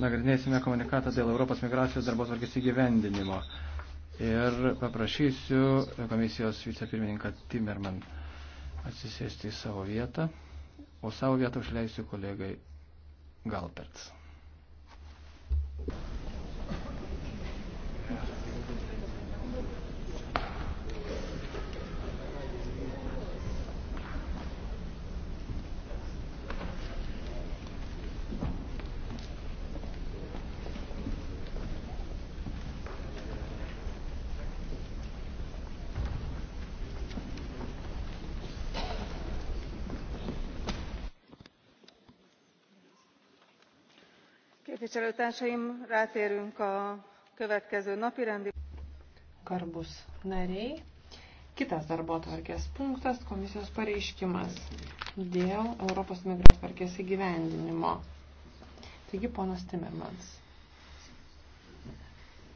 nagrinėsime komunikatą dėl Europos migracijos darbos vargės įgyvendinimo. Ir paprašysiu komisijos vicepirmininką Timerman atsisėsti į savo vietą, o savo vietą užleisiu kolegai Galperts. Képviselőtársaim, rátérünk a következő napirendi. Garbus nariai. Kitas darbo tvarkės punktas – komisijos pareiškimas dėl Europos migros tvarkės įgyvendinimo. Taigi, ponas Timmermans.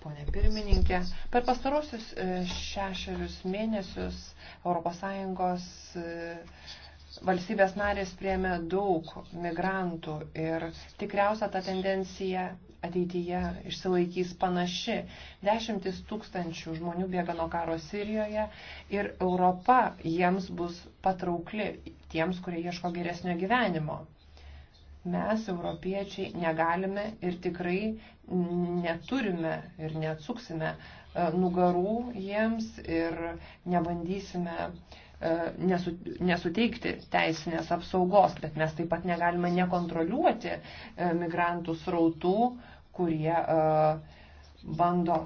Pone pirmininkė, per pastarosius e, šešerius mėnesius Europos Sąjungos e, Valstybės narės priemė daug migrantų ir tikriausia ta tendencija ateityje išsilaikys panaši. Dešimtis tūkstančių žmonių bėga nuo karo Sirijoje ir Europa jiems bus patraukli, tiems, kurie ieško geresnio gyvenimo. Mes, europiečiai, negalime ir tikrai neturime ir neatsuksime e, nugarų jiems ir nebandysime uh, E, nesuteikti teisinės apsaugos, bet mes taip pat negalime nekontroliuoti e, migrantų srautų, kurie e, bando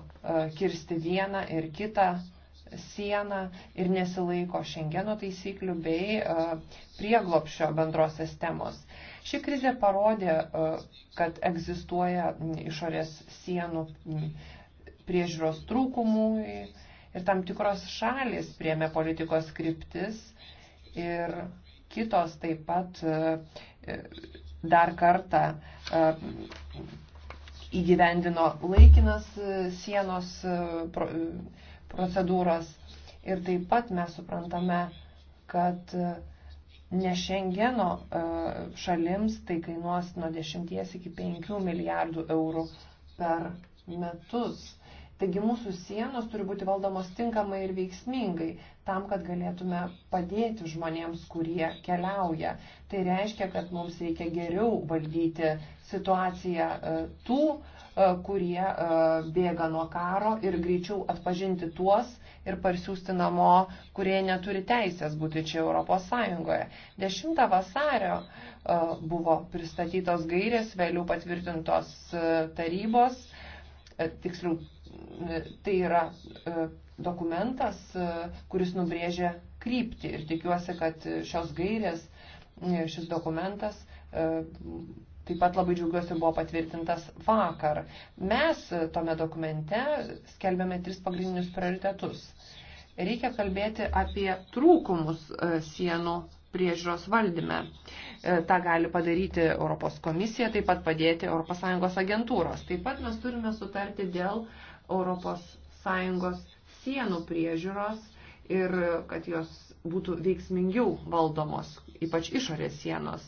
kirsti vieną ir kitą sieną ir nesilaiko Šengeno taisyklių bei prieglopšio bendros sistemos. Ši krizė parodė, kad egzistuoja išorės sienų priežiūros trūkumų ir tam tikros šalis priemė politikos kryptis ir kitos taip pat e, dar kartą e, įgyvendino laikinas e, sienos procedūras. Ir taip pat mes suprantame, kad ne Šengeno šalims tai kainuos nuo 10 iki 5 milijardų eurų per metus. Taigi mūsų sienos turi būti valdomos tinkamai ir veiksmingai, tam, kad galėtume padėti žmonėms, kurie keliauja. Tai reiškia, kad mums reikia geriau valdyti situaciją e, tų, e, kurie e, bėga nuo karo ir greičiau atpažinti tuos ir parsiųsti namo, kurie neturi teisės būti čia Europos Sąjungoje. 10 vasario buvo pristatytos gairės, vėliau patvirtintos tarybos, tiksliau E, tai yra e, dokumentas, e, kuris nubrėžia kryptį ir tikiuosi, kad šios gairės, šis dokumentas taip pat labai džiaugiuosi buvo patvirtintas vakar. Mes tome dokumente skelbėme tris pagrindinius prioritetus. Reikia kalbėti apie trūkumus sienų priežiūros valdyme. Ta gali padaryti Europos komisija, taip pat padėti ES agentūros. Taip pat mes turime sutarti dėl uh, ES sienų priežiūros ir kad jos būtų veiksmingiau valdomos, ypač išorės sienos.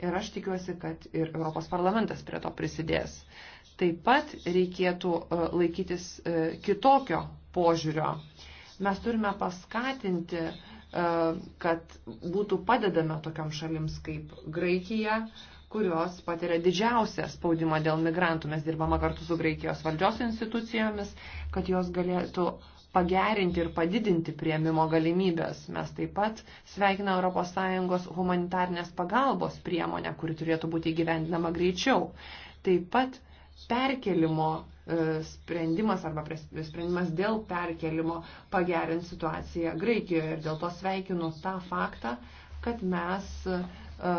Ir aš tikiuosi, kad ir Europos parlamentas prie to prisidės. Taip pat reikėtų e, laikytis e, kitokio požiūrio. Mes turime paskatinti, e, kad būtų padedame tokiam šalims kaip Graikija, kurios patiria didžiausią spaudimą dėl migrantų. Mes dirbama kartu su Graikijos valdžios institucijomis, kad jos galėtų pagerinti ir padidinti prieimimo galimybės. Mes taip pat sveikina ES humanitarnės pagalbos priemonę, kuri turėtų būti įgyvendinama greičiau. Taip pat perkelimo e, sprendimas arba sprendimas dėl perkelimo pagerint situaciją Graikijoje. Ir dėl to sveikinu tą faktą, kad mes e,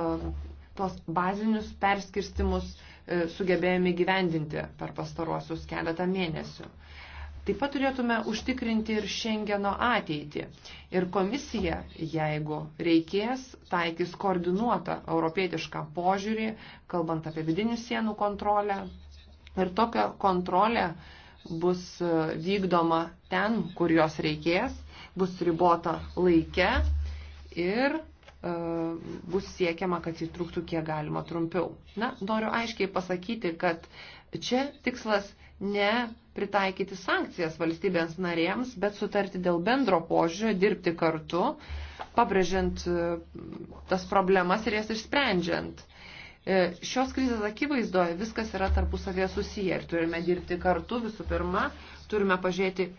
tos bazinius perskirstimus e, sugebėjome gyvendinti per pastaruosius keletą mėnesių. Taip pat turėtume užtikrinti ir Šengeno ateitį. Ir komisija, jeigu reikės, taikys koordinuotą europietišką požiūrį, kalbant apie vidinių sienų kontrolę. Ir tokia kontrolė bus e, vykdoma ten, kur jos reikės, bus ribota laike ir E, bus siekiama, kad jis truktų kiek galima trumpiau. Na, noriu aiškiai pasakyti, kad čia tikslas ne pritaikyti sankcijas valstybėms narėms, bet sutarti dėl bendro požiūrio, dirbti kartu, pabrėžiant e, tas problemas ir jas išsprendžiant. E, šios krizės akivaizdoje viskas yra tarpusavėje susiję ir turime dirbti kartu visų pirma, turime pažiūrėti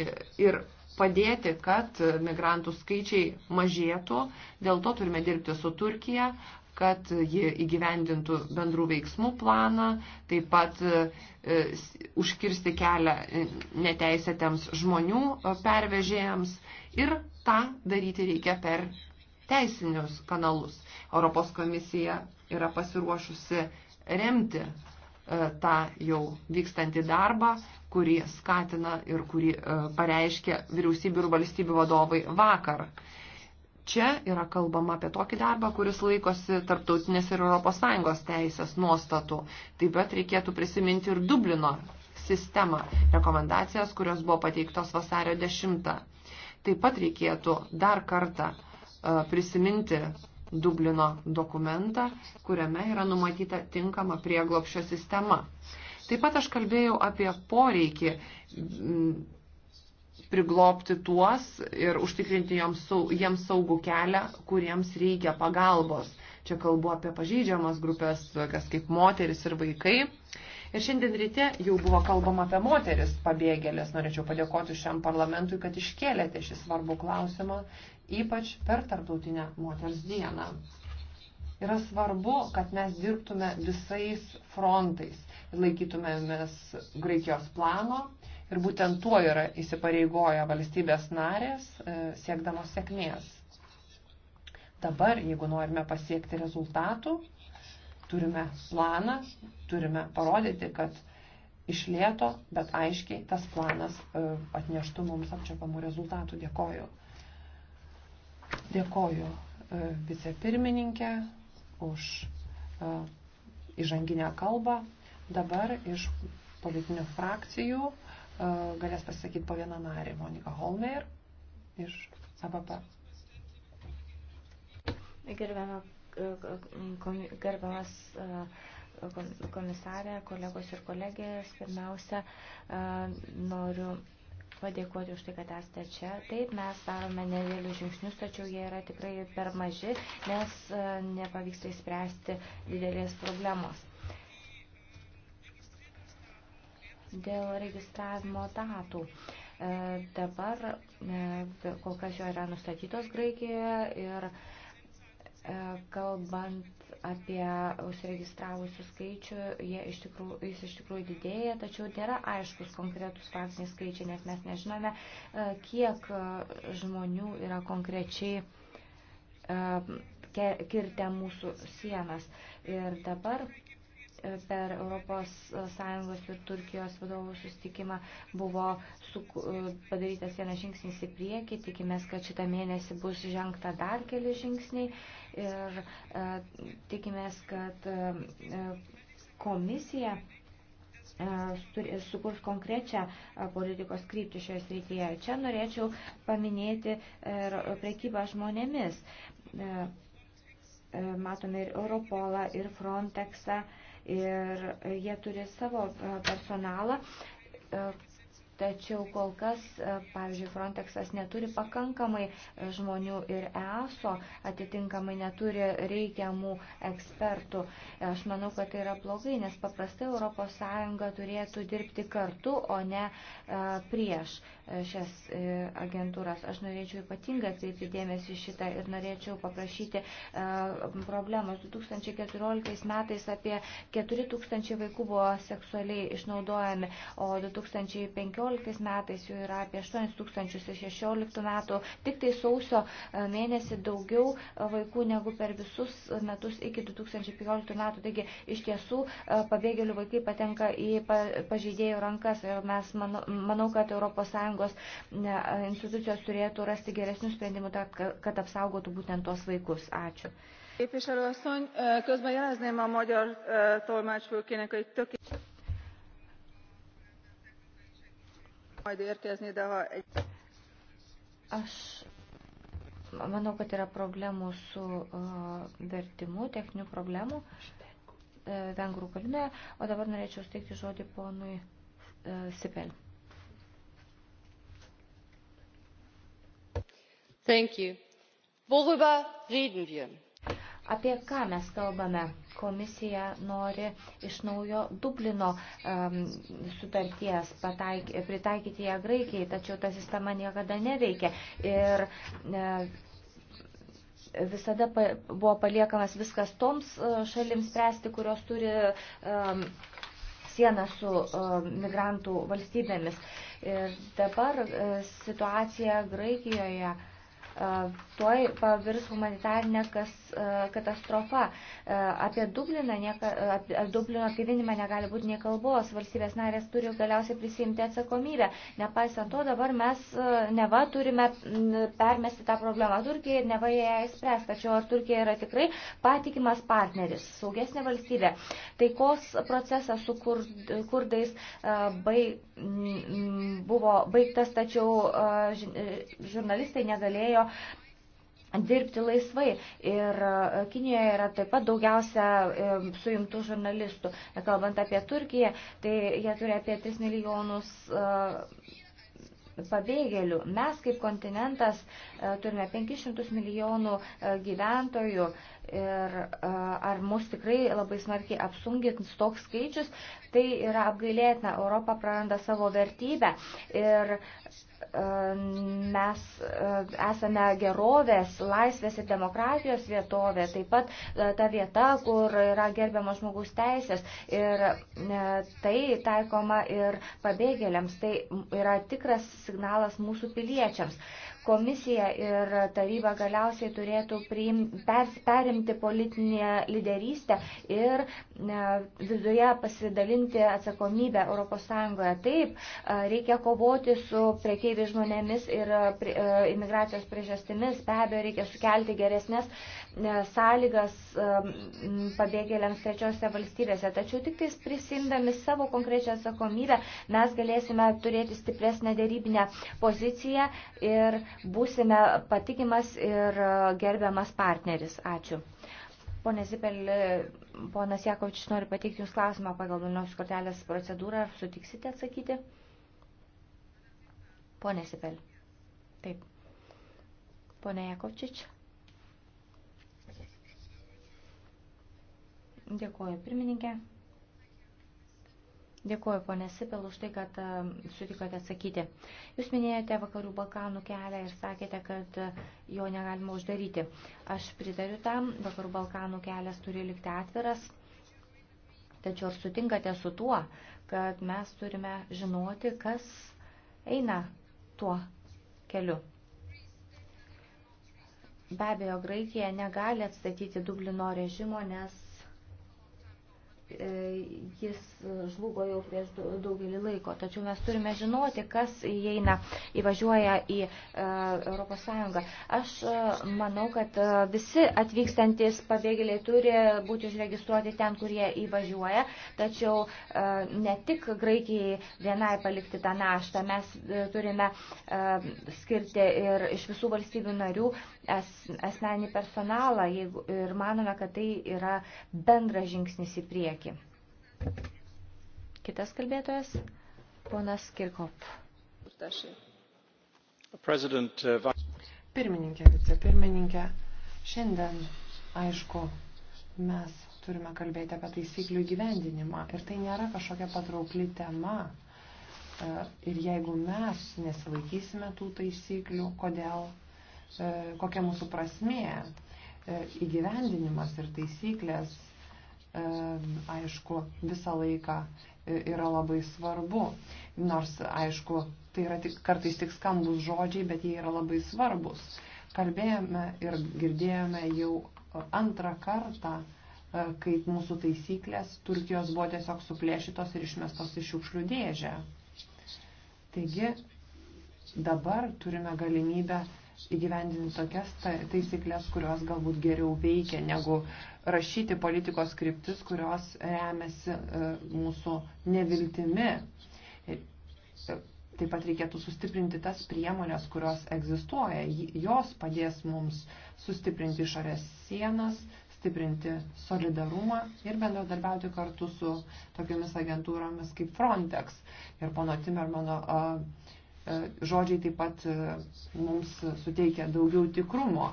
ir padėti, kad migrantų skaičiai mažėtų. Dėl to turime dirbti su Turkija, kad ji įgyvendintų bendrų veiksmų planą, taip pat e, užkirsti kelią e, neteisėtėms žmonių e, pervežėjams ir tą daryti reikia per teisinius kanalus. Europos komisija yra pasiruošusi remti E, tą jau vykstantį darbą, kurį skatina ir kurį e, pareiškė vyriausybių ir valstybių vadovai vakar. Čia yra kalbama apie tokį darbą, kuris laikosi tarptautinės ir ES teisės nuostatų. Taip pat reikėtų prisiminti ir Dublino sistemą, rekomendacijas, kurios buvo pateiktos vasario 10. Taip pat reikėtų dar kartą e, prisiminti Dublino dokumentą, kuriame yra numatyta tinkama prieglopščio sistema. Taip pat aš kalbėjau apie poreikį priglopti tuos ir užtikrinti joms, jiems saugų kelią, kuriems reikia pagalbos. Čia kalbu apie pažeidžiamas grupės, kas kaip moteris ir vaikai. Ir šiandien ryte jau buvo kalbama apie moteris pabėgėlės. Norėčiau padėkoti šiam parlamentui, kad iškėlėte šį svarbų klausimą ypač per tarptautinę moters dieną. Yra svarbu, kad mes dirbtume visais frontais ir laikytumėmės Graikijos plano ir būtent tuo yra įsipareigoja valstybės narės e, siekdamos sėkmės. Dabar, jeigu norime pasiekti rezultatų, turime planą, turime parodyti, kad išlėto, bet aiškiai tas planas e, atneštų mums apčiopamų rezultatų. Dėkoju. Dėkoju e, vicepirmininkė už e, įžanginę kalbą. Dabar iš politinių frakcijų e, galės pasakyti po vieną narį Monika Holmer iš ABP. Gerbiama, gerbiamas komisarė, kolegos ir kolegės, pirmiausia, noriu padėkoti už tai, kad esate čia. Taip, mes darome nedėlius žingsnius, tačiau jie yra tikrai per maži, nes e, nepavyksta įspręsti didelės problemos. Dėl registravimo datų. E, dabar e, kol kas jo yra nustatytos Graikijoje ir kalbant apie užsiregistravusių skaičių, iš tikrųjų, jis iš tikrųjų didėja, tačiau nėra aiškus konkretus faktiniai skaičiai, nes mes nežinome, e, kiek e, žmonių yra konkrečiai e, kirtę mūsų sienas. Ir dabar per ES ir Turkijos vadovų sustikimą buvo su, padarytas vienas žingsnis į priekį. Tikimės, kad šitą mėnesį bus žengta dar keli žingsniai ir e, tikimės, kad e, komisija e, sukurs konkrečią e, politikos kryptį šioje srityje. Čia norėčiau paminėti ir prekybą žmonėmis. E, matome ir Europolą, ir Frontexą, ir jie turi savo e, personalą e, tačiau kol kas, e, pavyzdžiui, Frontexas neturi pakankamai e, žmonių ir EASO atitinkamai neturi reikiamų ekspertų. E, aš manau, kad tai yra blogai, nes paprastai ES turėtų dirbti kartu, o ne prieš šias agentūras. Aš norėčiau ypatingai atkreipti dėmesį šitą ir norėčiau paprašyti problemos. 2014 metais apie 4000 vaikų buvo seksualiai išnaudojami, o 2015 15 metais jų yra apie 8 tūkstančius ir 16 metų. Tik tai sausio e, mėnesį daugiau e, vaikų negu per visus metus iki 2015 metų. Taigi iš tiesų e, pabėgėlių vaikai patenka į pažeidėjų rankas ir mes manau, manau kad ES institucijos turėtų rasti geresnių sprendimų, kad apsaugotų būtent tos vaikus. Ačiū képviselő asszony közben jelezném a magyar tolmács fülkének hogy tökéletes. Aš manau, kad yra problemų su vertimu, techninių problemų e, vengrų kalbėje, o dabar norėčiau steikti žodį ponui e, Sipel. Thank you. Worüber reden wir? Apie ką mes kalbame? Komisija nori iš naujo Dublino um, sutarties pataik, pritaikyti ją Graikijai, tačiau ta sistema niekada neveikia. Ir, uh, visada pa, buvo paliekamas viskas toms e, šalims spręsti, kurios turi um, sieną su um, migrantų valstybėmis. Ir dabar uh, situacija Graikijoje uh, tuoj pavirs humanitarinė kas, katastrofa. Apie Dubliną, nieka, apie Dublino atgyvinimą negali būti nei kalbos. Valstybės narės turi galiausiai prisimti atsakomybę. Nepaisant to, dabar mes neva turime permesti tą problemą Turkijai ir neva ją įspręs. Tačiau ar Turkija yra tikrai patikimas partneris, saugesnė valstybė. Taikos procesas su kur, kurdais bai, buvo baigtas, tačiau žurnalistai negalėjo galėjo dirbti laisvai. Ir e, Kinijoje yra taip pat daugiausia e, suimtų žurnalistų. E, kalbant apie Turkiją, tai jie turi apie 3 milijonus pabėgėlių. Mes kaip kontinentas turime 500 milijonų gyventojų ir ar mus tikrai labai smarkiai apsungins toks skaičius, tai yra apgailėtina, Europa praranda savo vertybę ir mes esame gerovės, laisvės ir demokratijos vietovė, taip pat ta vieta, kur yra gerbiamas žmogus teisės ir tai taikoma ir pabėgėliams, tai yra tikras signalas mūsų piliečiams. Komisija ir taryba galiausiai turėtų priim, per, perimti politinę lyderystę ir viduje pasidalinti atsakomybę ES. Taip, reikia kovoti su priekeiviai žmonėmis ir imigracijos priežastimis. Be abejo, reikia sukelti geresnės sąlygas pabėgėliams trečiose valstybėse. Tačiau tik tais prisimdami savo konkrečią atsakomybę mes galėsime turėti stipresnę dėrybinę poziciją ir būsime patikimas ir gerbiamas partneris. Ačiū. Pone Zipel, Ponas Jakovičius nori pateikti Jums klausimą pagal Vilniaus kortelės procedūrą. Ar sutiksite atsakyti? Pone Sipel. Taip. Pone Jakovčič. Dėkuoju pirmininkė. Dėkuoju, ponė Sipel, už tai, kad e, sutikote atsakyti. Jūs minėjote Vakarų Balkanų kelią ir sakėte, kad e, jo negalima uždaryti. Aš pritariu tam, Vakarų Balkanų kelias turi likti atviras. Tačiau ar sutinkate su tuo, kad mes turime žinoti, kas eina tuo keliu? Be abejo, Graikija negali atstatyti Dublino režimo, nes E, jis žlugo jau prieš daugelį laiko. Tačiau mes turime žinoti, kas įeina, įvažiuoja į ES. Aš e, manau, kad e, visi atvykstantis pabėgėliai turi būti užregistruoti ten, kur jie įvažiuoja. Tačiau ne tik Graikijai vienai palikti tą naštą. Mes turime skirti ir iš visų valstybių narių asmenį personalą jeigu, ir manome, kad tai yra bendras žingsnis į priekį priekį. Kitas kalbėtojas, ponas Kirkop. Uh, Pirmininkė, vicepirmininkė, šiandien, aišku, mes turime kalbėti apie taisyklių gyvendinimą ir tai nėra kažkokia patraukli tema. Uh, ir jeigu mes nesilaikysime tų taisyklių, kodėl, uh, kokia mūsų prasmė, įgyvendinimas ir taisyklės aišku, visą laiką e, yra labai svarbu. Nors, aišku, tai yra tik, kartais tik skambus žodžiai, bet jie yra labai svarbus. Kalbėjome ir girdėjome jau antrą kartą, e, kai mūsų taisyklės Turkijos buvo tiesiog suplėšytos ir išmestos iš šiukšlių dėžę. Taigi dabar turime galimybę įgyvendinti tokias taisyklės, kurios galbūt geriau veikia, negu rašyti politikos kryptis, kurios remiasi e, mūsų neviltimi. E, taip pat reikėtų sustiprinti tas priemonės, kurios egzistuoja. Jos padės mums sustiprinti išorės sienas, stiprinti solidarumą ir bendradarbiauti kartu su tokiamis agentūromis kaip Frontex. Ir pono Timermano uh, E, žodžiai taip pat e, mums suteikia daugiau tikrumo.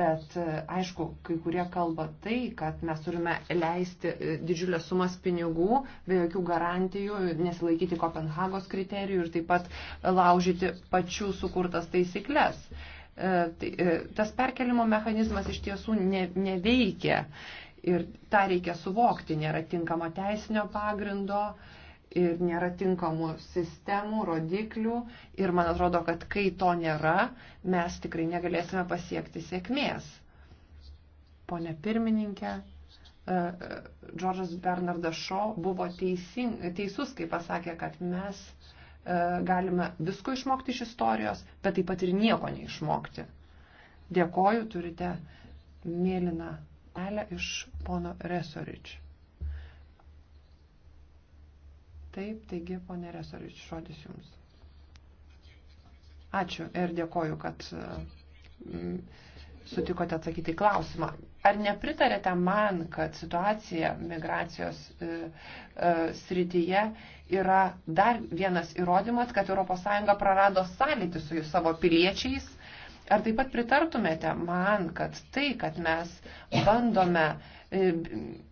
Bet e, aišku, kai kurie kalba tai, kad mes turime leisti didžiulės sumas pinigų be jokių garantijų, nesilaikyti Kopenhagos kriterijų ir taip pat laužyti pačių sukurtas taisyklės. Tai, tas perkelimo mechanizmas iš tiesų ne, neveikia ir tą reikia suvokti, nėra tinkamo teisinio pagrindo ir nėra tinkamų sistemų, rodiklių ir man atrodo, kad kai to nėra, mes tikrai negalėsime pasiekti sėkmės. Pone pirmininkė, e, e, Džordžas Bernardas Šo buvo teising, teisus, kai pasakė, kad mes e, galime visko išmokti iš istorijos, bet taip pat ir nieko neišmokti. Dėkoju, turite mėlyną elę iš pono Resorič. Taip, taigi, ponė Resorič, žodis jums. Ačiū ir dėkoju, kad mm, sutikote atsakyti klausimą. Ar nepritarėte man, kad situacija migracijos e, e, srityje yra dar vienas įrodymas, kad ES prarado sąlytį su jų savo piliečiais? Ar taip pat pritartumėte man, kad tai, kad mes bandome E,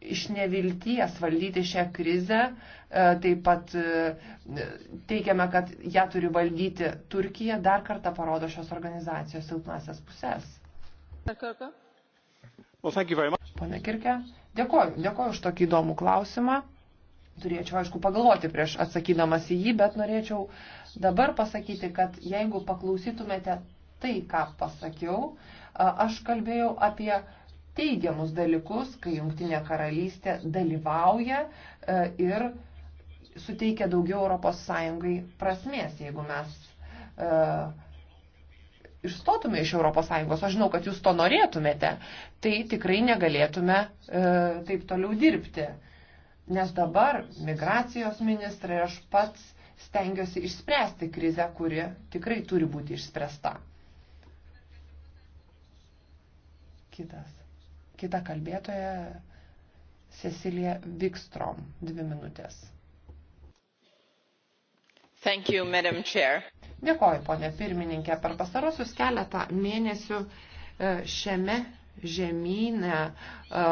iš nevilties valdyti šią krizę. E, taip pat e, teigiame, kad ją turi valdyti Turkija, dar kartą parodo šios organizacijos silpnasias pusės. Pane Kirke, dėkoju, dėkoju už tokį įdomų klausimą. Turėčiau, aišku, pagalvoti prieš atsakydamas į jį, bet norėčiau dabar pasakyti, kad jeigu paklausytumėte tai, ką pasakiau, aš kalbėjau apie teigiamus dalykus, kai Jungtinė karalystė dalyvauja e, ir suteikia daugiau Europos Sąjungai prasmės, jeigu mes e, išstotume iš Europos Sąjungos, aš žinau, kad jūs to norėtumėte, tai tikrai negalėtume e, taip toliau dirbti. Nes dabar migracijos ministrai aš pats stengiuosi išspręsti krizę, kuri tikrai turi būti išspręsta. Kitas Kita kalbėtoja Cecilija Vikstrom, dvi minutės. Thank you, Madam Chair. Dėkoju, ponė pirmininkė. Per pastarosius keletą mėnesių e, šiame žemynė e,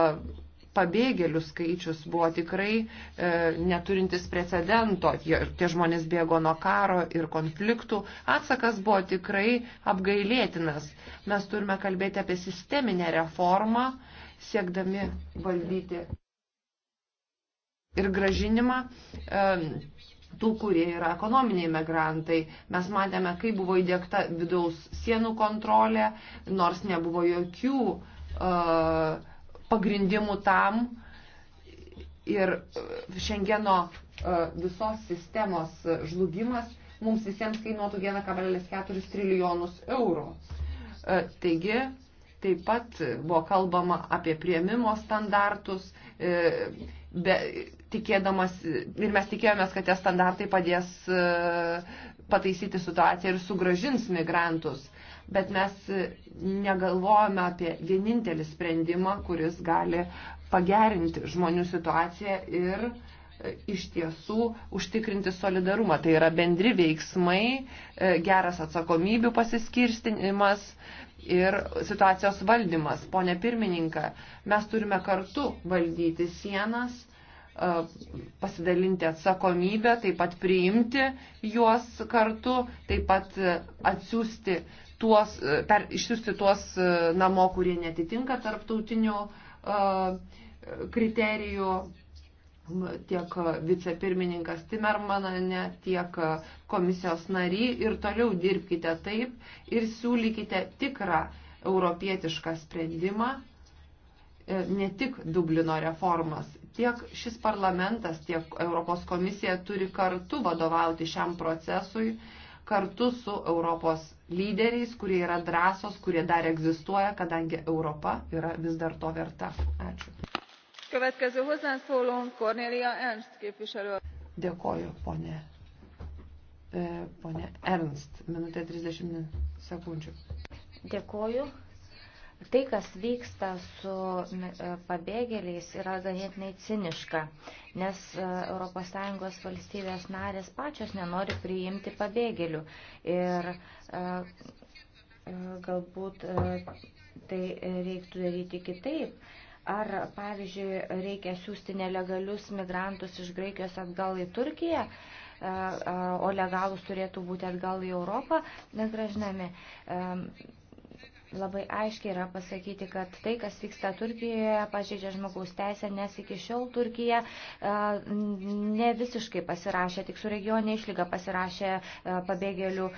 pabėgėlių skaičius buvo tikrai e, neturintis precedento. Tie, tie žmonės bėgo nuo karo ir konfliktų. Atsakas buvo tikrai apgailėtinas. Mes turime kalbėti apie sisteminę reformą, e, siekdami valdyti ir gražinimą tų, kurie yra ekonominiai migrantai. Mes matėme, kaip buvo įdėkta vidaus sienų kontrolė, nors nebuvo jokių uh, pagrindimų tam. Ir e, Šengeno uh, visos sistemos žlugimas mums visiems kainuotų 1,4 trilijonus eurų. Uh, taigi, Taip pat buvo kalbama apie prieimimo standartus, e, be, tikėdamas, ir mes tikėjomės, kad tie standartai padės e, pataisyti situaciją ir sugražins migrantus. Bet mes negalvojame apie vienintelį sprendimą, kuris gali pagerinti žmonių situaciją ir e, iš tiesų užtikrinti solidarumą. Tai yra bendri veiksmai, geras atsakomybių pasiskirstinimas, ir situacijos valdymas. Pone pirmininką, mes turime kartu valdyti sienas, e, pasidalinti atsakomybę, taip pat priimti juos kartu, taip pat e, atsiųsti tuos, e, per, išsiųsti tuos namo, kurie netitinka tarptautinių kriterijų tiek vicepirmininkas Timermanane, tiek komisijos nary ir toliau dirbkite taip ir siūlykite tikrą europietišką sprendimą, e, ne tik Dublino reformas. Tiek šis parlamentas, tiek Europos komisija turi kartu vadovauti šiam procesui, kartu su Europos lyderiais, kurie yra drąsos, kurie dar egzistuoja, kadangi Europa yra vis dar to verta. Ačiū. Dėkoju, ponė. E, Pone Ernst, minutė 30 sekundžių. Dėkoju. Tai, kas vyksta su e, pabėgėliais, yra ganėtinai ciniška, nes ES valstybės narės pačios nenori priimti pabėgėlių. Ir e, galbūt tai reiktų daryti kitaip Ar, pavyzdžiui, reikia siūsti nelegalius migrantus iš Graikijos atgal į Turkiją, o legalus turėtų būti atgal į Europą negražinami labai aiškiai yra pasakyti, kad tai, kas vyksta Turkijoje, pažeidžia žmogaus teisę, nes iki šiol Turkija ne visiškai pasirašė, tik su regionė išlyga pasirašė pabėgėlių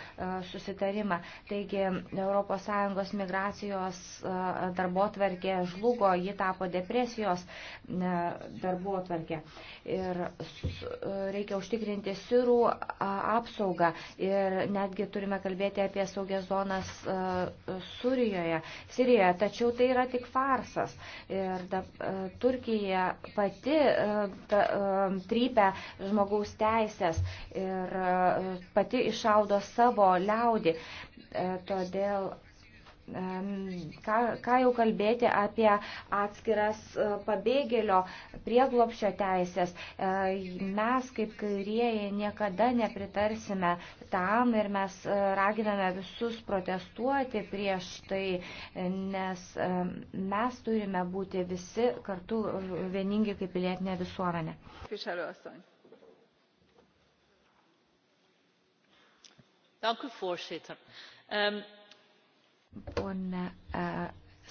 susitarimą. Taigi ES migracijos darbo tvarkė žlugo, ji tapo depresijos darbo tvarkė. Ir reikia užtikrinti sirų apsaugą ir netgi turime kalbėti apie saugias zonas Surijoje Sirijoje, Sirijoje, tačiau tai yra tik farsas. Ir da, e, Turkija pati e, ta, e, trypia žmogaus teisės ir pati išaudo savo liaudį. Todėl ką, ką jau kalbėti apie atskiras e, pabėgėlio prieglopščio teisės. E, mes kaip kairieji niekada nepritarsime tam ir mes e, raginame visus protestuoti prieš tai, nes mes turime būti visi kartu vieningi kaip pilietinė visuomenė. Dank u voorzitter. Um, Pone e,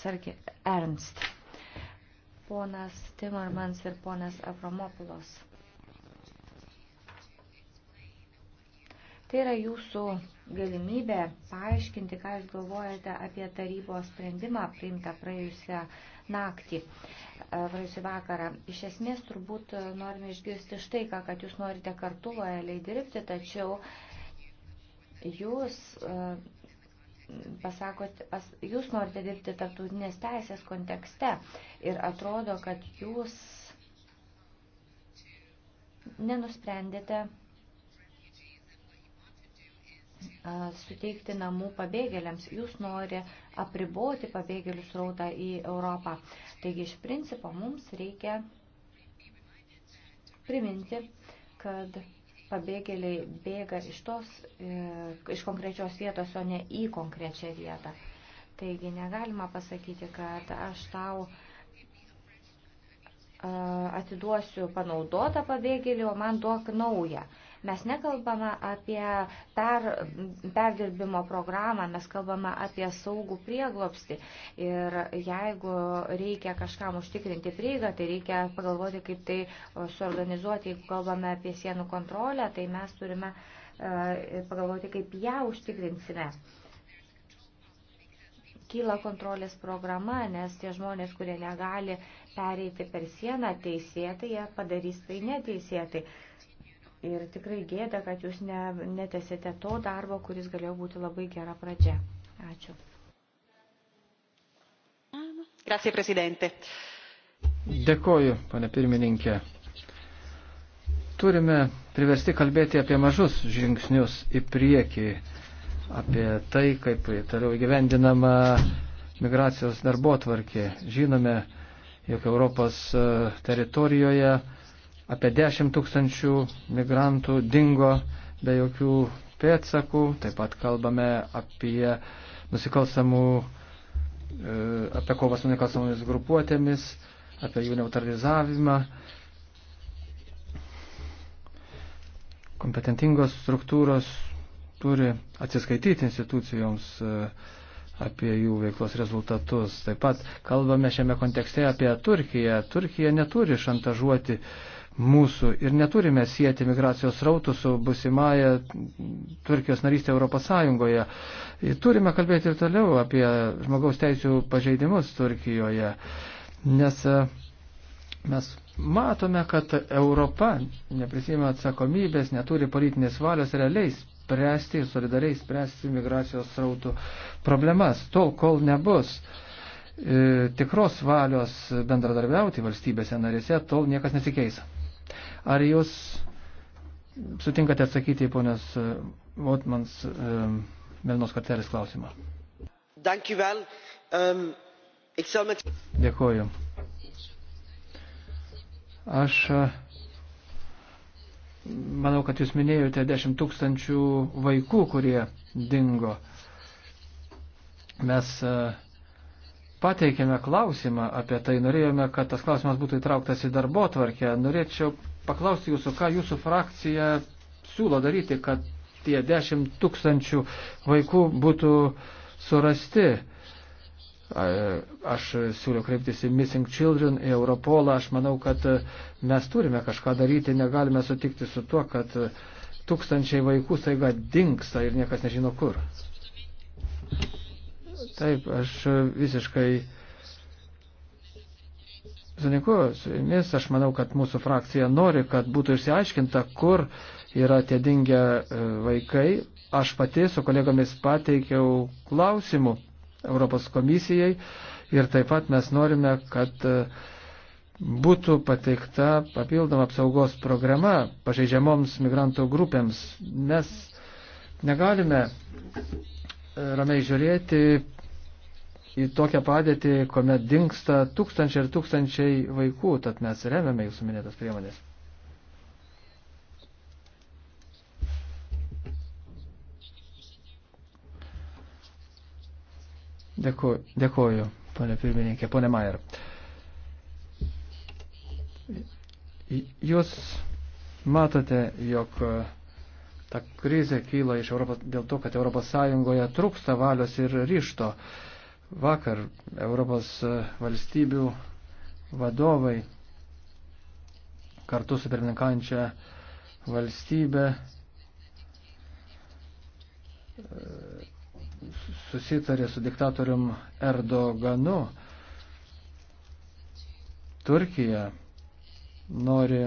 Sarkė Ernst, ponas Timmermans ir ponas Avramopulos. Tai yra jūsų galimybė paaiškinti, ką jūs galvojate apie tarybos sprendimą priimtą praėjusią naktį, e, praėjusią vakarą. Iš esmės turbūt e, norime išgirsti štai ką, kad jūs norite kartu lojaliai dirbti, tačiau jūs pasakot, pas, jūs norite dirbti tarptautinės teisės kontekste ir atrodo, kad jūs nenusprendėte suteikti namų pabėgėliams. Jūs nori apriboti pabėgėlių srautą į Europą. Taigi iš principo mums reikia priminti, kad pabėgėliai bėga iš, tos, e, iš konkrečios vietos, o ne į konkrečią vietą. Taigi negalima pasakyti, kad aš tau e, atiduosiu panaudotą pabėgėlį, o man duok naują. Mes nekalbame apie per, perdirbimo programą, mes kalbame apie saugų prieglopstį. Ir jeigu reikia kažkam užtikrinti prieigą, tai reikia pagalvoti, kaip tai suorganizuoti. Jeigu kalbame apie sienų kontrolę, tai mes turime e, pagalvoti, kaip ją užtikrinsime kyla kontrolės programa, nes tie žmonės, kurie negali pereiti per sieną teisėtai, jie padarys tai neteisėtai. Ir tikrai gėda, kad jūs ne, netesėte to darbo, kuris galėjo būti labai gera pradžia. Ačiū. Grazie, prezidente. Dėkoju, pane pirmininkė. Turime priversti kalbėti apie mažus žingsnius į priekį, apie tai, kaip toliau gyvendinama migracijos darbo tvarkė. Žinome, jog Europos e, teritorijoje Apie 10 tūkstančių migrantų dingo be jokių pėdsakų. Taip pat kalbame apie nusikalstamų, e, apie kovą su nusikalstamomis grupuotėmis, apie jų neutralizavimą. Kompetentingos struktūros turi atsiskaityti institucijoms e, apie jų veiklos rezultatus. Taip pat kalbame šiame kontekste apie Turkiją. Turkija neturi šantažuoti uh, mūsų ir neturime sieti migracijos rautų su busimaja Turkijos narystė Europos Sąjungoje. Turime kalbėti ir toliau apie žmogaus teisų pažeidimus Turkijoje, nes e, mes matome, kad Europa neprisima atsakomybės, neturi politinės valios realiai spręsti ir solidariai spręsti migracijos rautų problemas, tol kol nebus e, tikros valios bendradarbiauti valstybėse narėse, tol niekas nesikeis. Ar jūs sutinkate atsakyti į ponios e, Votmans e, Melnos kortelės klausimą? Um, Dėkuoju. Aš e, manau, kad jūs minėjote 10 tūkstančių vaikų, kurie dingo. Mes pateikėme klausimą apie tai, norėjome, kad tas klausimas būtų įtrauktas į darbo tvarkę. Norėčiau paklausti jūsų, ką jūsų frakcija siūlo daryti, kad tie 10 tūkstančių vaikų būtų surasti. Aš siūliu kreiptis į Missing Children, į Europolą. Aš manau, kad mes turime kažką daryti, negalime sutikti su tuo, kad tūkstančiai vaikų staiga dinksta ir niekas nežino kur. Taip, aš visiškai Zuninku, su jumis aš manau, kad mūsų frakcija nori, kad būtų išsiaiškinta, kur yra tie dingę e, vaikai. Aš pati su kolegomis pateikiau klausimų Europos komisijai ir taip pat mes norime, kad e, būtų pateikta papildoma apsaugos programa pažeidžiamoms migrantų grupėms. Mes negalime ramiai žiūrėti į tokią padėtį, kuomet dinksta tūkstančiai ir tūkstančiai vaikų, tad mes remiame jūsų minėtas priemonės. Dėku, dėkuoju, ponė pirmininkė, ponė Majer. Jūs matote, jog e, ta krizė kyla iš Europos, dėl to, kad Europos Sąjungoje trūksta valios ir ryšto. Uh, Vakar Europos e, valstybių vadovai kartu su pirmininkaujančia valstybė e, susitarė su diktatorium Erdoganu. Turkija nori,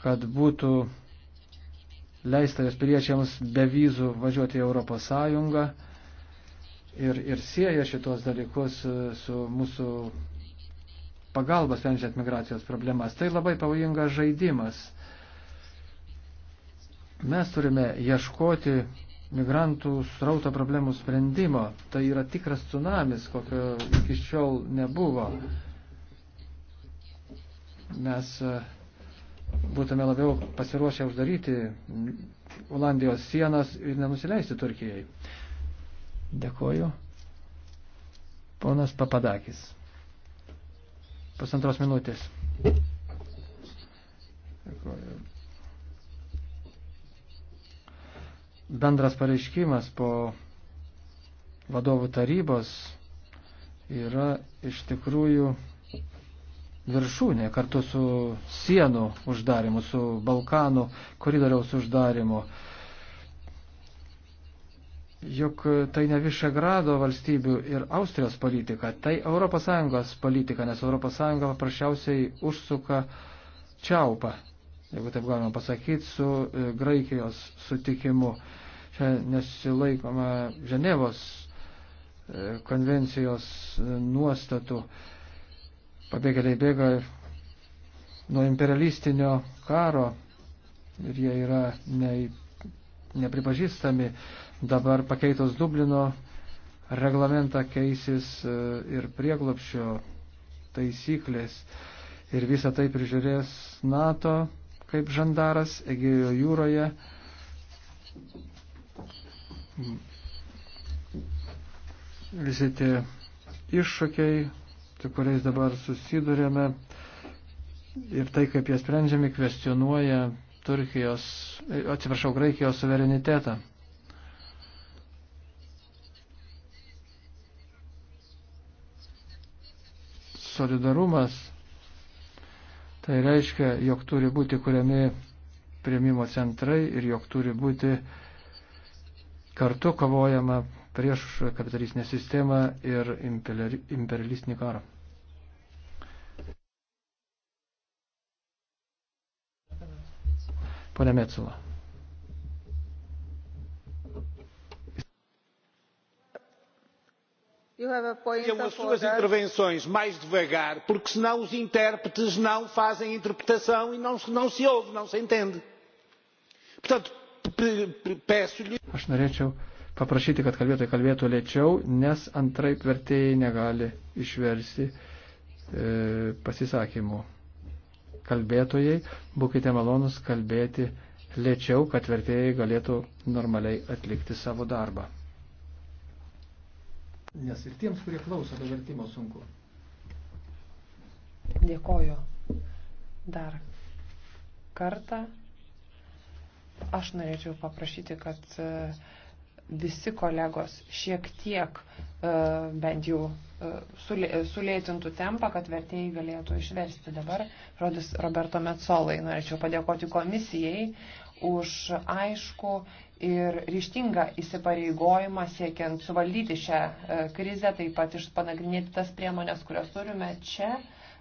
kad būtų leista jos piliečiams be vizų važiuoti į Europos Sąjungą ir, ir sieja šitos dalykus e, su mūsų pagalba sprendžiant migracijos problemas. Tai labai pavojingas žaidimas. Mes turime ieškoti migrantų srauto problemų sprendimo. Tai yra tikras tsunamis, kokio iki šiol nebuvo. Mes e, būtume labiau pasiruošę uždaryti Olandijos sienas ir nenusileisti Turkijai. Dėkoju. Ponas Papadakis. Pusantros minutės. Dėkoju. Bendras pareiškimas po vadovų tarybos yra iš tikrųjų viršūnė kartu su sienų uždarimu, su Balkanų koridoriaus uždarimu juk tai ne Višegrado valstybių ir Austrijos politika, tai ES politika, nes ES paprasčiausiai užsuka čiaupą, jeigu taip galima pasakyti, su e, Graikijos sutikimu. Čia nesilaikoma Ženevos e, konvencijos e, nuostatų. Pabėgėliai bėga nuo imperialistinio karo ir jie yra ne, nepripažįstami. Dabar pakeitos Dublino reglamentą keisis e, ir prieglopščio taisyklės. Ir visą tai prižiūrės NATO kaip žandaras Egėjo jūroje. Visi tie iššūkiai, su kuriais dabar susidurėme ir tai, kaip jie sprendžiami, kvestionuoja Turkijos, atsiprašau, Graikijos suverenitetą. solidarumas, tai reiškia, jog turi būti kuriami prieimimo centrai ir jog turi būti kartu kovojama prieš kapitalistinę sistemą ir imperialistinį karą. Pone Metsula. Tenham as e suas intervenções mais devagar, porque senão os intérpretes não fazem interpretação e não, não se ouve, não se entende. Portanto, peço-lhe. Aš norėčiau paprašyti, kad kalbėtojai kalbėtų lėčiau, nes antraip vertėjai negali išversti e, pasisakymų. Kalbėtojai, būkite malonus kalbėti lėčiau, kad vertėjai galėtų normaliai atlikti savo darbą nes ir tiems, kurie klauso be vertimo sunku. Dėkoju dar kartą. Aš norėčiau paprašyti, kad e, visi kolegos šiek tiek e, bent jau e, sulėtintų tempą, kad vertėjai galėtų išversti dabar. Rodis Roberto Metsolai. Norėčiau padėkoti komisijai už aišku ir ryštingą įsipareigojimą siekiant suvaldyti šią e, krizę, taip pat išpanagrinėti tas priemonės, kurias turime čia.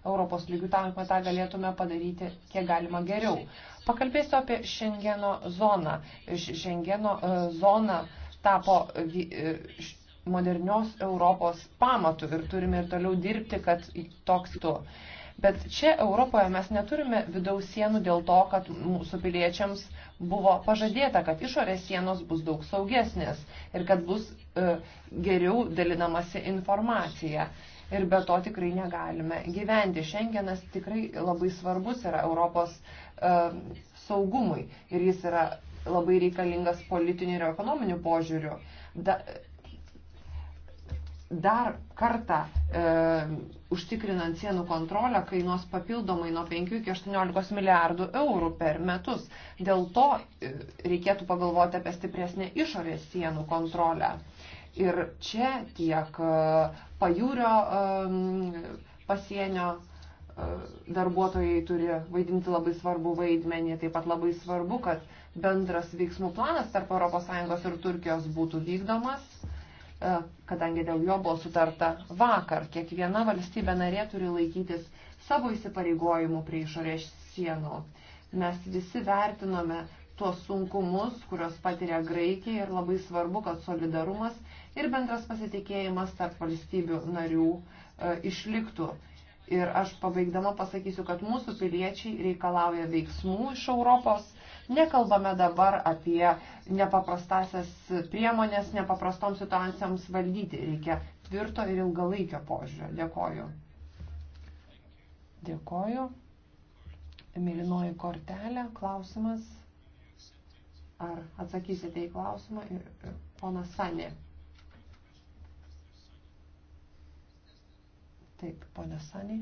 Europos lygių tam, kad tą galėtume padaryti kiek galima geriau. Pakalbėsiu apie Šengeno zoną. Šengeno e, zona tapo e, modernios Europos pamatu ir turime ir toliau dirbti, kad toks tu. To. Bet čia Europoje mes neturime vidaus sienų dėl to, kad mūsų piliečiams buvo pažadėta, kad išorės sienos bus daug saugesnės ir kad bus e, geriau dalinamasi informacija. Ir be to tikrai negalime gyventi. Šengenas tikrai labai svarbus yra Europos e, saugumui ir jis yra labai reikalingas politiniu ir ekonominiu požiūriu. Da, dar kartą e, užtikrinant sienų kontrolę kainuos papildomai nuo 5 iki 18 milijardų eurų per metus. Dėl to e, reikėtų pagalvoti apie stipresnę išorės sienų kontrolę. Ir čia tiek e, pajūrio e, pasienio e, darbuotojai turi vaidinti labai svarbu vaidmenį, taip pat labai svarbu, kad bendras veiksmų planas tarp ES ir Turkijos būtų vykdomas E, kadangi dėl jo buvo sutarta vakar. Kiekviena valstybė narė turi laikytis savo įsipareigojimų prie išorės sienų. Mes visi vertinome tuos sunkumus, kurios patiria Graikija ir labai svarbu, kad solidarumas ir bendras pasitikėjimas tarp valstybių narių e, išliktų. Ir aš pabaigdama pasakysiu, kad mūsų piliečiai reikalauja veiksmų iš Europos Nekalbame dabar apie nepaprastasias priemonės, nepaprastoms situacijoms valdyti. Reikia tvirto ir ilgalaikio požiūrio. Dėkoju. Dėkoju. Mėlynoji kortelė, klausimas. Ar atsakysite į klausimą? Ponas Sanė. Taip, ponas Sanė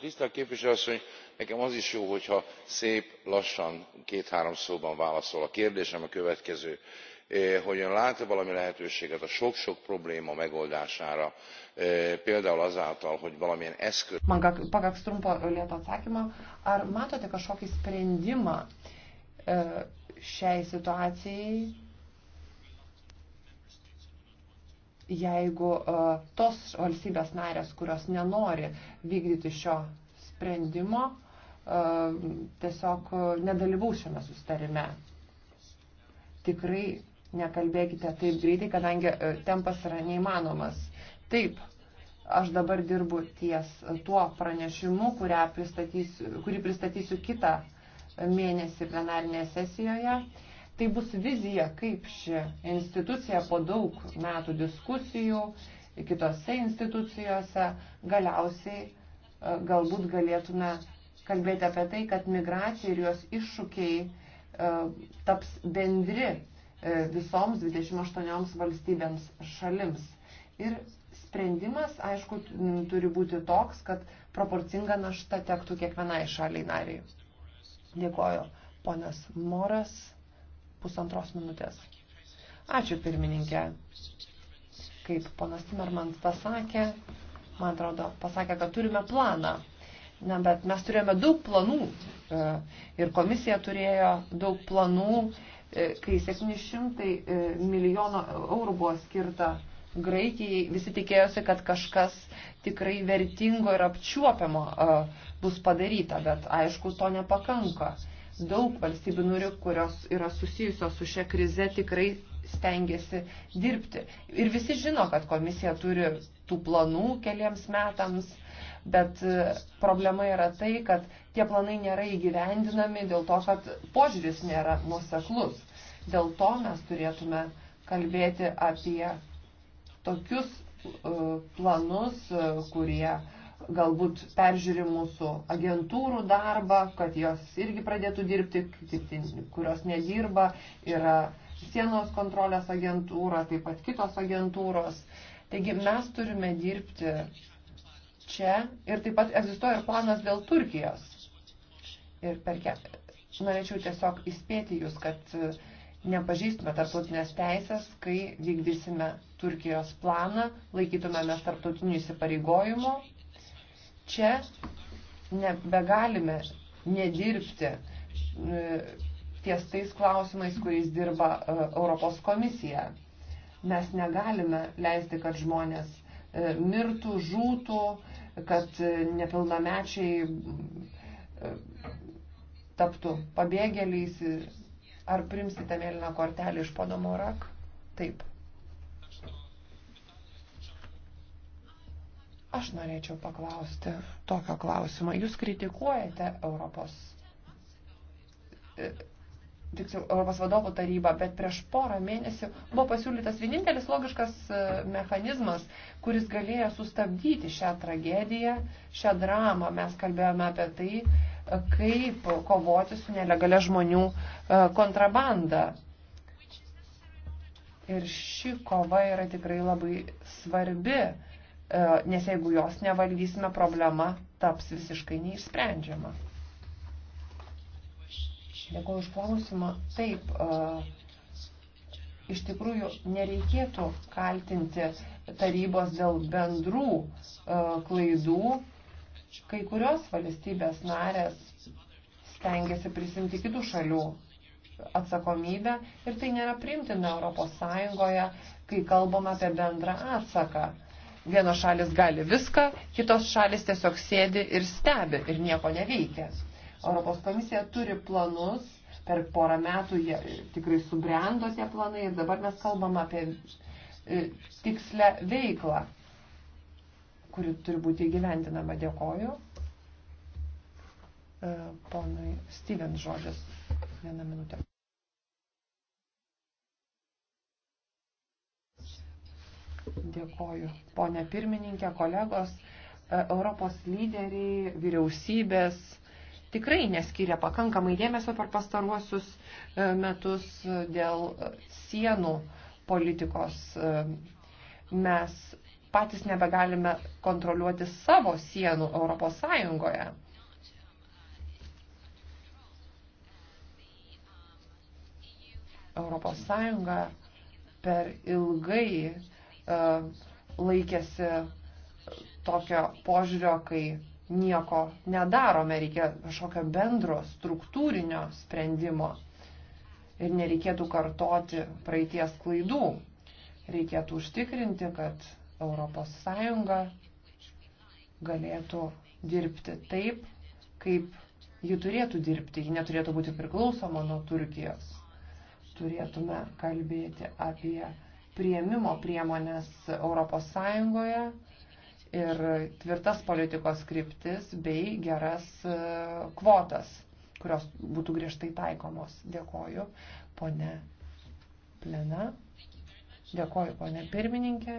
tisztelt képviselő asszony nekem az is jó hogyha szép lassan két három szóban válaszol. a kérdésem a következő eh, hogy ön lát e valami lehetőséget a sok sok probléma megoldására eh, például azáltal hogy valamilyen eszköz. man pakaks trumpo lėto atsakymo ar matote kažkokį sprendimą šiai situacijai jeigu tos valstybės narės, kurios nenori vykdyti šio sprendimo, tiesiog nedalyvaus šiame sustarime. Tikrai nekalbėkite taip greitai, kadangi tempas yra neįmanomas. Taip, aš dabar dirbu ties tuo pranešimu, pristatysiu, kurį pristatysiu kitą mėnesį plenarinėje sesijoje. Tai bus vizija, kaip ši institucija po daug metų diskusijų kitose institucijose galiausiai e, galbūt galėtume kalbėti apie tai, kad migracija ir jos iššūkiai e, taps bendri e, visoms 28 valstybėms šalims. Ir sprendimas, aišku, turi būti toks, kad proporcinga našta tektų kiekvienai šaliai nariai. Dėkoju, ponas Moras pusantros minutės. Ačiū pirmininkė. Kaip ponas Timermans pasakė, man atrodo, pasakė, kad turime planą. Na, bet mes turėjome daug planų e, ir komisija turėjo daug planų, e, kai 700 e, milijono eurų buvo skirta Graikijai, visi tikėjosi, kad kažkas tikrai vertingo ir apčiuopiamo bus padaryta, bet aišku, to nepakanka. Daug valstybių norių, kurios yra susijusios su šia krize, tikrai stengiasi dirbti. Ir visi žino, kad komisija turi tų planų keliems metams, bet e, problema yra tai, kad tie planai nėra įgyvendinami dėl to, kad požiūris nėra nuoseklus. Dėl to mes turėtume kalbėti apie tokius e, planus, e, kurie uh, galbūt peržiūri mūsų agentūrų darbą, kad jos irgi pradėtų dirbti, kurios nedirba, yra sienos kontrolės agentūra, taip pat kitos agentūros. Taigi mes turime dirbti čia ir taip pat egzistuoja ir planas dėl Turkijos. Ir per ketvirtį. Norėčiau tiesiog įspėti jūs, kad e, nepažįstume tarptautinės teisės, kai vykdysime Turkijos planą, laikytumėme tarptautinių įsipareigojimų Čia nebegalime nedirbti e, ties tais klausimais, kuriais dirba e, Europos komisija. Mes negalime leisti, kad žmonės e, mirtų, žūtų, kad nepilnamečiai taptų pabėgėliais. Ar primsite mėlyną kortelį iš pono Morak? Taip. Aš norėčiau paklausti tokio klausimo. Jūs kritikuojate Europos, e, tiksliau, Europos vadovų tarybą, bet prieš porą mėnesių buvo pasiūlytas vienintelis logiškas e, mechanizmas, kuris galėjo sustabdyti šią tragediją, šią dramą. Mes kalbėjome apie tai, e, kaip kovoti su nelegalia žmonių kontrabanda. Ir ši kova yra tikrai labai svarbi E, nes jeigu jos nevaldysime, problema taps visiškai neišsprendžiama. Dėkuoju už klausimą. Taip, e, iš tikrųjų nereikėtų kaltinti tarybos dėl bendrų e, klaidų. Kai kurios valstybės narės stengiasi prisimti kitų šalių atsakomybę ir tai nėra primtina Europos Sąjungoje, kai kalbam apie bendrą atsaką. Vienos šalis gali viską, kitos šalis tiesiog sėdi ir stebi ir nieko neveikia. Europos komisija turi planus, per porą metų jie tikrai subrendo tie planai ir dabar mes kalbam apie e, tikslę veiklą, kuri turi būti įgyvendinama. Dėkoju. E, ponui Steven žodis. Vieną minutę. Dėkoju. Pone pirmininkė, kolegos, e, Europos lyderiai, vyriausybės tikrai neskiria pakankamai dėmesio per pastaruosius e, metus dėl sienų politikos. E, mes patys nebegalime kontroliuoti savo sienų Europos Sąjungoje. Europos Sąjunga per ilgai E, laikėsi tokio požiūrio, kai nieko nedarome, reikia kažkokio bendro struktūrinio sprendimo ir nereikėtų kartoti praeities klaidų. Reikėtų užtikrinti, kad ES galėtų dirbti taip, kaip ji turėtų dirbti, ji neturėtų būti priklausoma nuo Turkijos. Turėtume kalbėti apie prieimimo priemonės Europos Sąjungoje ir tvirtas politikos kryptis bei geras e, kvotas, kurios būtų griežtai taikomos. Dėkoju, ponė Plena. Dėkoju, ponė pirmininkė.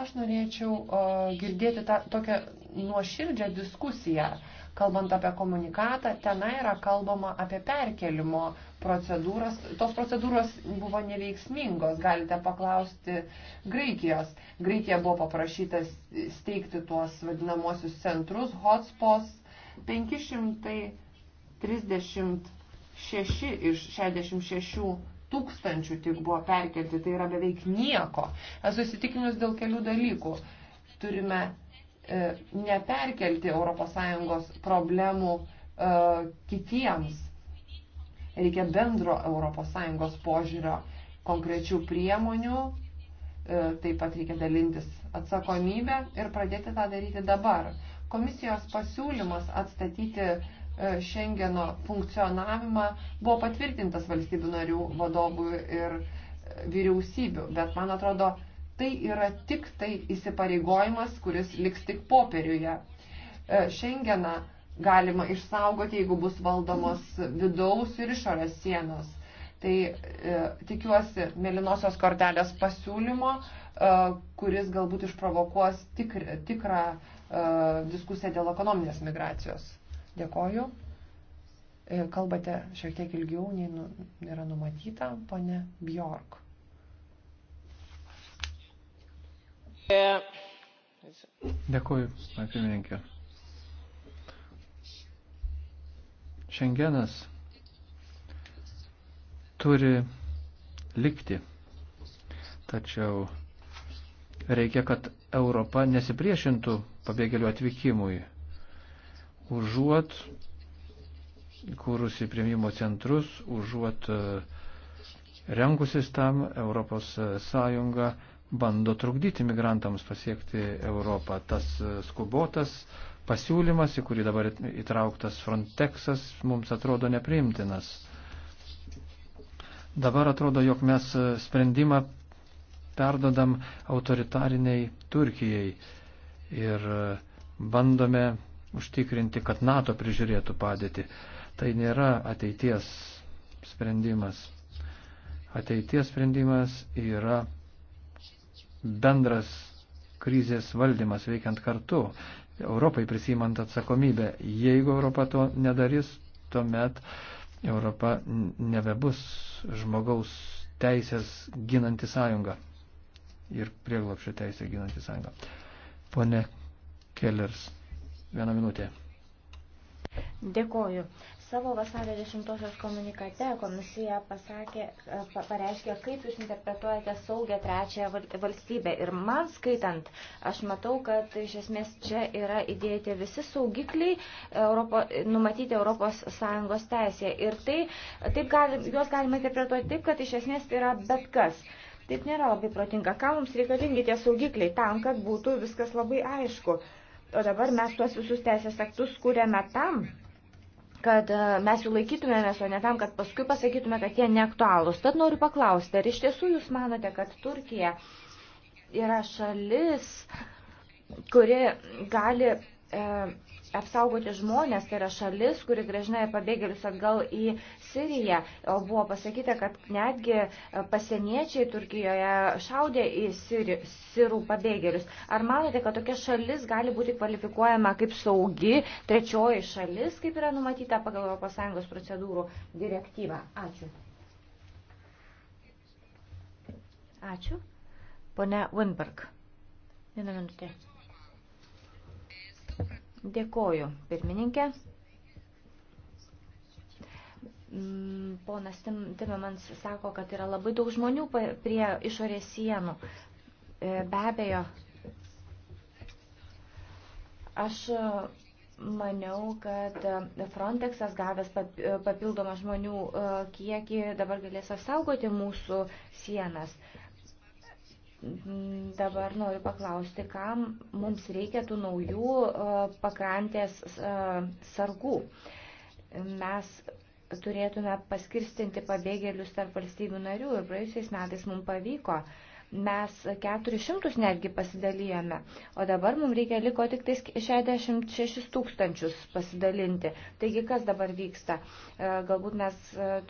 Aš norėčiau uh, girdėti tą tokią nuoširdžią diskusiją, kalbant apie komunikatą, tenai yra kalbama apie perkelimo uh, procedūros, tos procedūros buvo neveiksmingos, galite paklausti Graikijos. Graikija buvo paprašytas steigti tuos vadinamosius centrus, hotspots, 536 iš 66 tūkstančių tik buvo perkelti, tai yra beveik nieko. Esu įsitikinus dėl kelių dalykų. Turime e, neperkelti ES problemų e, kitiems Reikia bendro ES požiūrio konkrečių priemonių, e, taip pat reikia dalintis atsakomybę ir pradėti tą daryti dabar. Komisijos pasiūlymas atstatyti Šengeno e, funkcionavimą buvo patvirtintas valstybių narių vadovų ir e, vyriausybių, bet man atrodo, tai yra tik tai įsipareigojimas, kuris liks tik popieriuje. Šengeną galima išsaugoti, jeigu bus valdomos vidaus ir išorės sienos. Tai e, tikiuosi mėlynosios kortelės pasiūlymo, e, kuris galbūt išprovokuos tikr, tikrą e, diskusiją dėl ekonominės migracijos. Dėkoju. E, kalbate šiek tiek ilgiau, nei nu, yra numatyta, ponė Bjork. Dėkoju, pirmininkė. Šengenas turi likti. Tačiau reikia, kad Europa nesipriešintų pabėgėlių atvykimui. Užuot kūrusi prieimimo centrus, užuot e, rengusis tam, Europos e, Sąjunga bando trukdyti migrantams pasiekti Europą. Tas e, skubotas pasiūlymas, į kurį dabar įtrauktas Frontexas, mums atrodo nepriimtinas. Dabar atrodo, jog mes sprendimą perdodam autoritariniai Turkijai ir bandome užtikrinti, kad NATO prižiūrėtų padėtį. Tai nėra ateities sprendimas. Ateities sprendimas yra bendras krizės valdymas veikiant kartu. Europai prisimant atsakomybę. Jeigu Europa to nedarys, tuomet Europa nebebus žmogaus teisės ginanti sąjunga ir prieglopščio teisę ginanti sąjunga. Pone Kellers, vieną minutę. Dėkoju. Savo vasario 10-osios komunikate komisija pasakė, e, pareiškė, kaip jūs interpretuojate saugę trečią valstybę. Ir man skaitant, aš matau, kad iš esmės čia yra įdėti visi saugikliai Europo, numatyti ES teisėje. Ir tai, taip gali, juos galima interpretuoti taip, kad iš esmės tai yra bet kas. Taip nėra labai protinga. Ką mums reikalingi tie saugikliai tam, kad būtų viskas labai aišku. O dabar mes tuos visus teisės aktus kūrėme tam, kad e, mes jų laikytumėmės, o ne tam, kad paskui pasakytume, kad jie neaktualūs. Tad noriu paklausti, ar iš tiesų jūs manote, kad Turkija yra šalis, kuri gali e, apsaugoti žmonės, tai yra šalis, kuri gražina pabėgėlius atgal į Siriją. O buvo pasakyta, kad netgi e, pasieniečiai Turkijoje šaudė į Siri, sirų pabėgėlius. Ar manote, kad tokia šalis gali būti kvalifikuojama kaip saugi trečioji šalis, kaip yra numatyta pagal ES procedūrų direktyvą? Ačiū. Ačiū. Pone Winberg. Vieną minutę. Dėkoju, pirmininkė. Mm, ponas Timemans sako, kad yra labai daug žmonių prie išorės sienų. E, be abejo, aš e, maniau, kad Frontexas gavęs e, papildomą žmonių kiekį dabar galės apsaugoti mūsų sienas. Dabar noriu paklausti, kam mums reikia tų naujų e, pakrantės e, sargų. Mes turėtume paskirstinti pabėgėlius tarp valstybių narių ir praėjusiais metais mums pavyko. Mes 400 netgi pasidalijome, o dabar mums reikia liko tik 66 tūkstančius pasidalinti. Taigi kas dabar vyksta? E, galbūt mes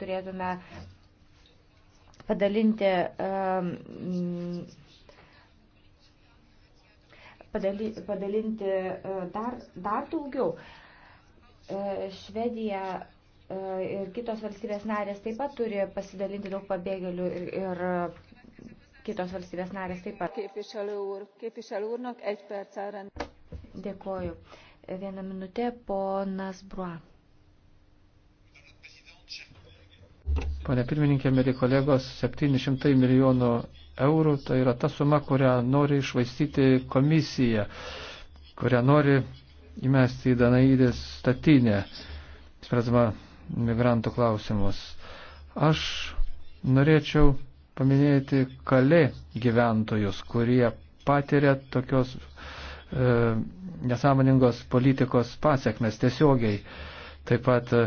turėtume padalinti padalinti e, dar, dar daugiau. E, Švedija e, ir kitos valstybės narės taip pat turi pasidalinti daug pabėgėlių ir, ir kitos valstybės narės taip pat. Dėkoju. Vieną minutę ponas Brua. Pane pirmininkė, mėly kolegos, 700 milijonų eurų, tai yra ta suma, kurią nori išvaistyti komisija, kurią nori įmesti į Danaidės statinę, spręsdama migrantų klausimus. Aš norėčiau paminėti kalė gyventojus, kurie patiria tokios e, nesąmoningos politikos pasiekmes tiesiogiai. Taip pat e,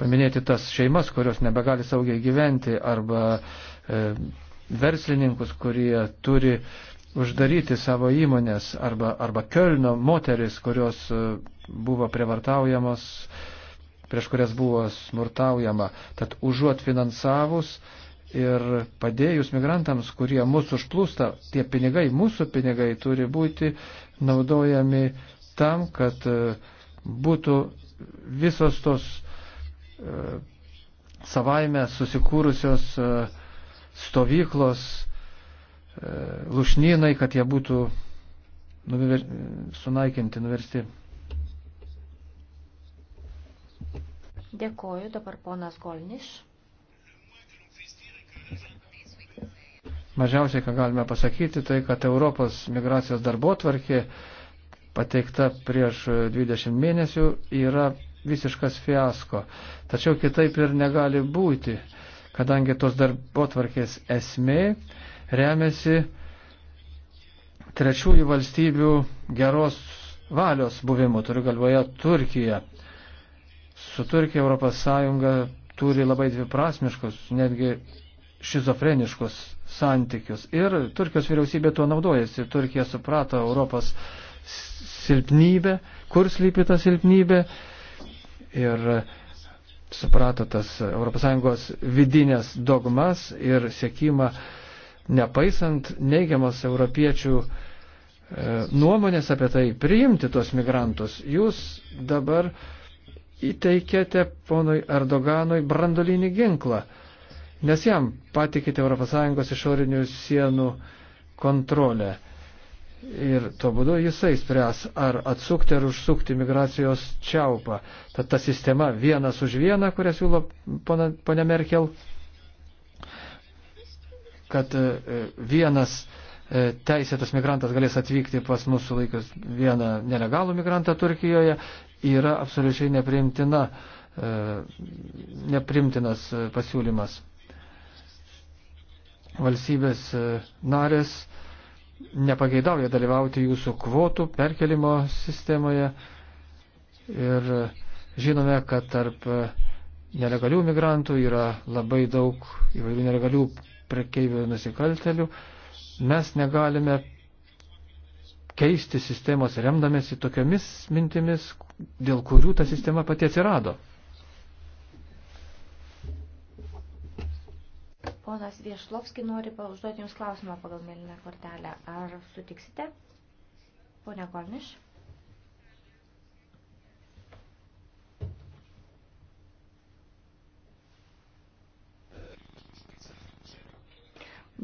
paminėti tas šeimas, kurios nebegali saugiai gyventi arba e, verslininkus, kurie turi uždaryti savo įmonės arba, arba Kölno moteris, kurios e, buvo prievartaujamos, prieš kurias buvo smurtaujama. Tad užuot finansavus ir padėjus migrantams, kurie mūsų užplūsta, tie pinigai, mūsų pinigai turi būti naudojami tam, kad e, būtų visos tos e, savaime susikūrusios uh, stovyklos, e, lušnynai, kad jie būtų nuver... sunaikinti, nuversti. Dėkoju, dabar ponas Golniš. Mažiausiai, ką galime pasakyti, tai, kad Europos migracijos darbo tvarkė pateikta prieš 20 mėnesių yra visiškas fiasko. Tačiau kitaip ir negali būti kadangi tos darbo tvarkės esmė remiasi trečiųjų valstybių geros valios buvimu, turiu galvoje Turkiją. Su Turkija ES turi labai dviprasmiškus, netgi šizofreniškus santykius. Ir Turkijos vyriausybė tuo naudojasi. Turkija suprato Europos silpnybę, kur slypi ta silpnybė. Ir suprato tas ES vidinės dogmas ir siekimą, nepaisant neigiamos europiečių e, nuomonės apie tai, priimti tuos migrantus. Jūs dabar įteikėte ponui Erdoganui brandolinį ginklą, nes jam patikite ES išorinių sienų kontrolę. Ir tuo būdu jisai spręs, ar atsukti ar užsukti migracijos čiaupą. Tad ta sistema vienas už vieną, kurią siūlo ponia Merkel, kad e, vienas e, teisėtas migrantas galės atvykti pas mūsų laikas vieną nelegalų migrantą Turkijoje, yra absoliučiai neprimtina, e, neprimtinas pasiūlymas. Valstybės narės nepageidauja dalyvauti jūsų kvotų perkelimo sistemoje. Ir žinome, kad tarp nelegalių migrantų yra labai daug įvairių nelegalių prekeivių nusikaltelių. Mes negalime keisti sistemos remdamėsi tokiamis mintimis, dėl kurių ta sistema pati atsirado. Ponas Viešlovski nori užduoti Jums klausimą pagal mėlyną kortelę. Ar sutiksite? Pone Golniš.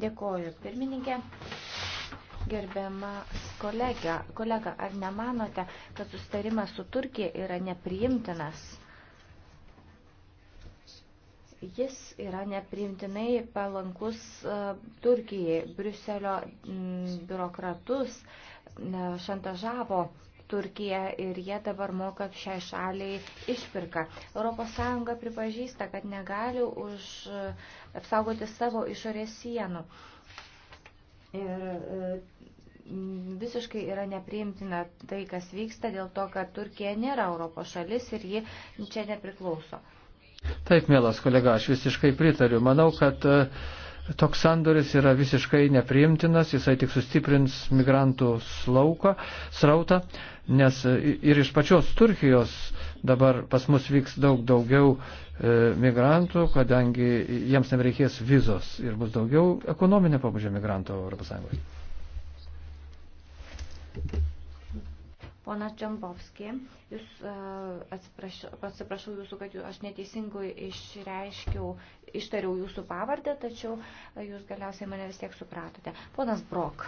Dėkoju, pirmininkė. Gerbiama kolega, kolega, ar nemanote, kad sustarimas su Turkija yra nepriimtinas? Jis yra nepriimtinai palankus e, Turkijai. Briuselio biurokratus e, šantažavo Turkiją ir jie dabar moka šiai šaliai išpirką. ES pripažįsta, kad negali už, e, apsaugoti savo išorės sienų. Ir visiškai yra nepriimtina tai, kas vyksta dėl to, kad Turkija nėra Europos šalis ir ji čia nepriklauso. Taip, mielas kolega, aš visiškai pritariu. Manau, kad e, toks sandoris yra visiškai nepriimtinas, jisai tik sustiprins migrantų slauką, srautą, nes e, ir iš pačios Turkijos dabar pas mus vyks daug daugiau e, migrantų, kadangi jiems nereikės vizos ir bus daugiau ekonominio pabudžio migrantų Europos Sąjungoje. Ponas Džambovski, jūs e, atsiprašau, atsiprašau jūsų, kad jūs, aš neteisingai išreiškiau, ištariau jūsų pavardę, tačiau e, jūs galiausiai mane vis tiek supratote. Ponas Brok.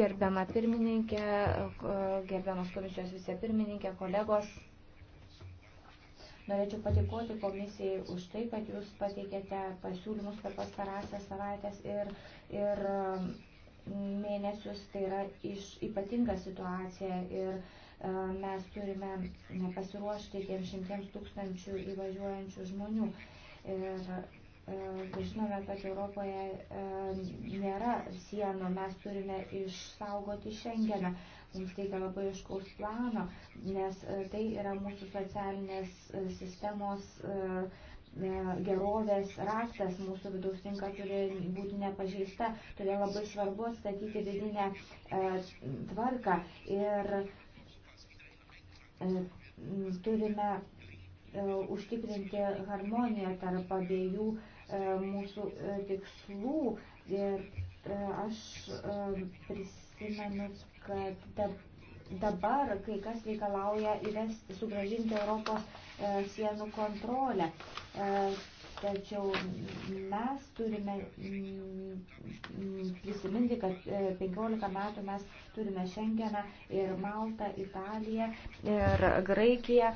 Gerbiama pirmininkė, e, gerbiamas komisijos vicepirmininkė, kolegos. Norėčiau padėkoti komisijai už tai, kad jūs pateikėte pasiūlymus per pastarąsias savaitės ir, ir mėnesius, tai yra iš, ypatinga situacija ir e, mes turime pasiruošti tiems šimtiems tūkstančių įvažiuojančių žmonių. Ir e, tai žinome, kad Europoje e, nėra sienų, mes turime išsaugoti šiandieną. Mums reikia labai iškaus plano, nes tai yra mūsų socialinės sistemos uh, gerovės raktas mūsų vidaus rinka turi būti nepažeista, todėl labai svarbu atstatyti vidinę e, tvarką ir e, turime e, užtikrinti harmoniją tarp abiejų mūsų tikslų ir aš prisimenu, kad dabar kai kas reikalauja įvesti, sugražinti Europos E, sienų kontrolę. E, tačiau mes turime prisiminti, kad 15 e, metų mes turime Šengeną ir Maltą, Italiją ir Graikiją.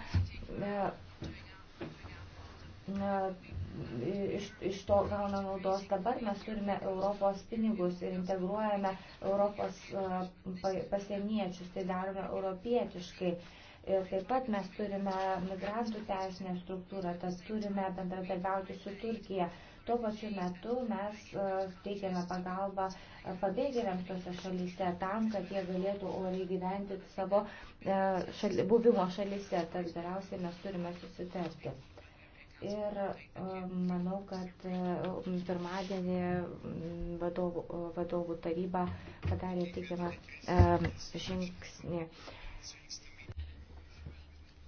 Iš, iš to gauna naudos dabar mes turime Europos pinigus ir integruojame Europos pasieniečius, tai darome europietiškai. Uh, Ir taip pat mes turime migrantų teisinę struktūrą, tas turime bendradarbiauti su Turkija. Tuo pačiu metu mes e, teikiame pagalbą e, pabėgėliams tose šalyse tam, kad jie galėtų oriai gyventi savo e, šali, buvimo šalyse. Tad geriausiai mes turime susitarti. Ir manau, kad pirmadienį vadovų, vadovų taryba padarė tikimą žingsnį.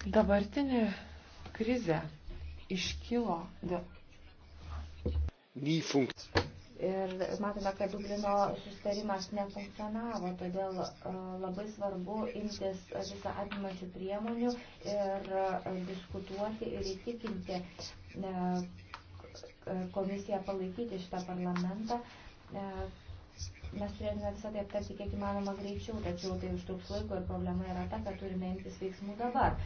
Dabartinė krizė iškilo dėl. Ir matome, kad Dublino sustarimas nefunkcionavo, todėl e, labai svarbu imtis visą apimančių priemonių ir e, diskutuoti ir įtikinti e, komisiją palaikyti šitą parlamentą. Mes turėtume visą tai aptarti kiek įmanoma greičiau, tačiau tai užtruks laiko ir problema yra ta, kad turime imtis veiksmų dabar.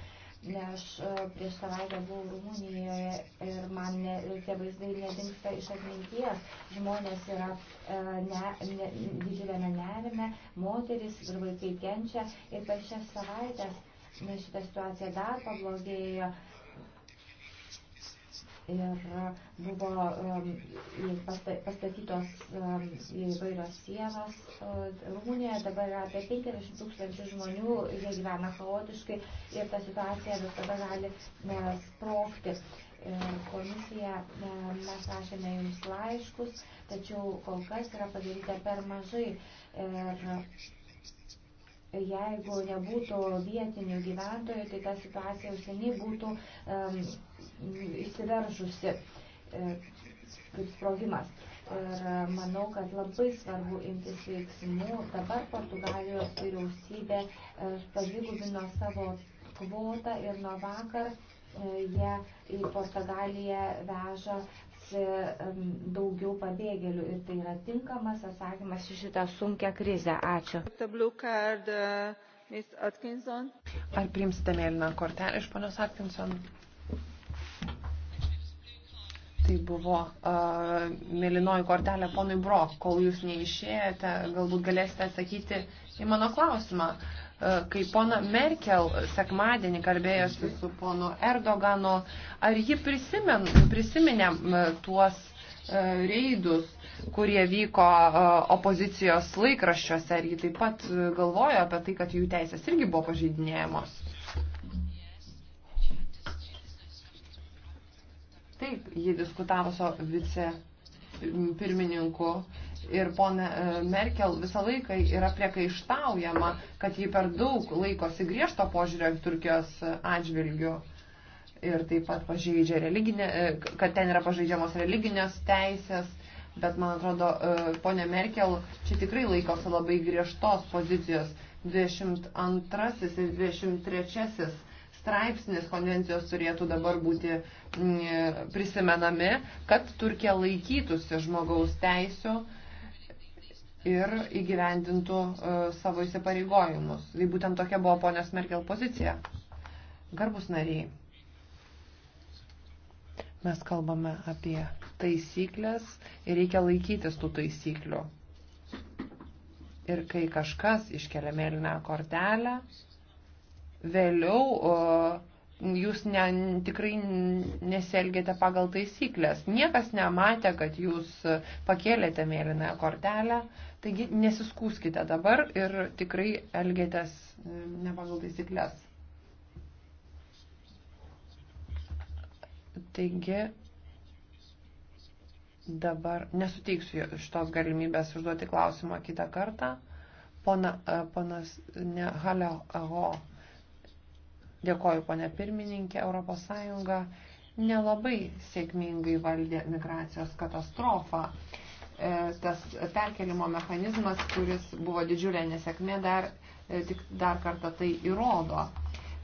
Aš e, prieš savaitę buvau Rumunijoje ir man ne, tie vaizdai nedingsta iš atminties. Žmonės yra e, ne, ne, didžiuliame nerime, moteris ir vaikai kenčia. Ir per šias savaitės šitą situaciją dar pablogėjo ir e, buvo e, pastatytos e, įvairios sienos. Rumunijoje dabar yra apie 50 tūkstančių žmonių, jie gyvena chaotiškai ir ta situacija visada gali sprogti komisija, mes rašėme jums laiškus, tačiau kol kas yra padaryta per mažai. Ir jeigu nebūtų vietinių gyventojų, tai ta situacija jau seniai būtų um, įsiveržusi e, kaip sprogimas. Ir e, manau, kad labai svarbu imtis veiksmų. Dabar Portugalijos vyriausybė e, padvigubino savo kvotą ir nuo vakar e, jie į Portugaliją veža renkasi daugiau pabėgėlių ir tai yra tinkamas atsakymas į šitą sunkę krizę. Ačiū. Uh, Ar priimsite mėlyną kortelę iš ponios Atkinson? Tai buvo uh, mėlynoji kortelė ponui Brok. Kol jūs neišėjote, galbūt galėsite atsakyti į mano klausimą. Uh, kai pona Merkel sekmadienį kalbėjosi su ponu Erdoganu, ar ji prisimen, prisiminė tuos e, reidus, kurie vyko e, opozicijos laikraščiuose, ar ji taip pat e, galvojo apie tai, kad jų teisės irgi buvo pažeidinėjamos? Taip, ji diskutavo su vice pirmininku ir ponė e, Merkel visą laiką yra priekaištaujama, kad ji per daug laikosi griežto požiūrio Turkijos atžvilgių. Ir taip pat pažeidžia religinė, e, kad ten yra pažeidžiamos religinės teisės, bet man atrodo, e, ponė Merkel čia tikrai laikosi labai griežtos pozicijos. 22 ir 23 straipsnis konvencijos turėtų dabar būti prisimenami, kad Turkija laikytųsi žmogaus teisų ir įgyvendintų e, savo įsipareigojimus. Tai būtent tokia buvo ponios Merkel pozicija. Garbus nariai, mes kalbame apie taisyklės ir reikia laikytis tų taisyklių. Ir kai kažkas iškelia mėlyną kortelę, vėliau o, e, jūs ne, tikrai nesielgėte pagal taisyklės. Niekas nematė, kad jūs pakėlėte mėlynąją kortelę, Taigi nesiskūskite dabar ir tikrai elgėtės e, ne pagal taisyklės. Taigi dabar nesuteiksiu šitos galimybės užduoti klausimą kitą kartą. Pona, e, ponas ne, Haleho, dėkoju ponė pirmininkė, Europos Sąjunga nelabai sėkmingai valdė migracijos katastrofą. E, tas perkelimo mechanizmas, kuris buvo didžiulė nesėkmė, dar, e, tik dar kartą tai įrodo.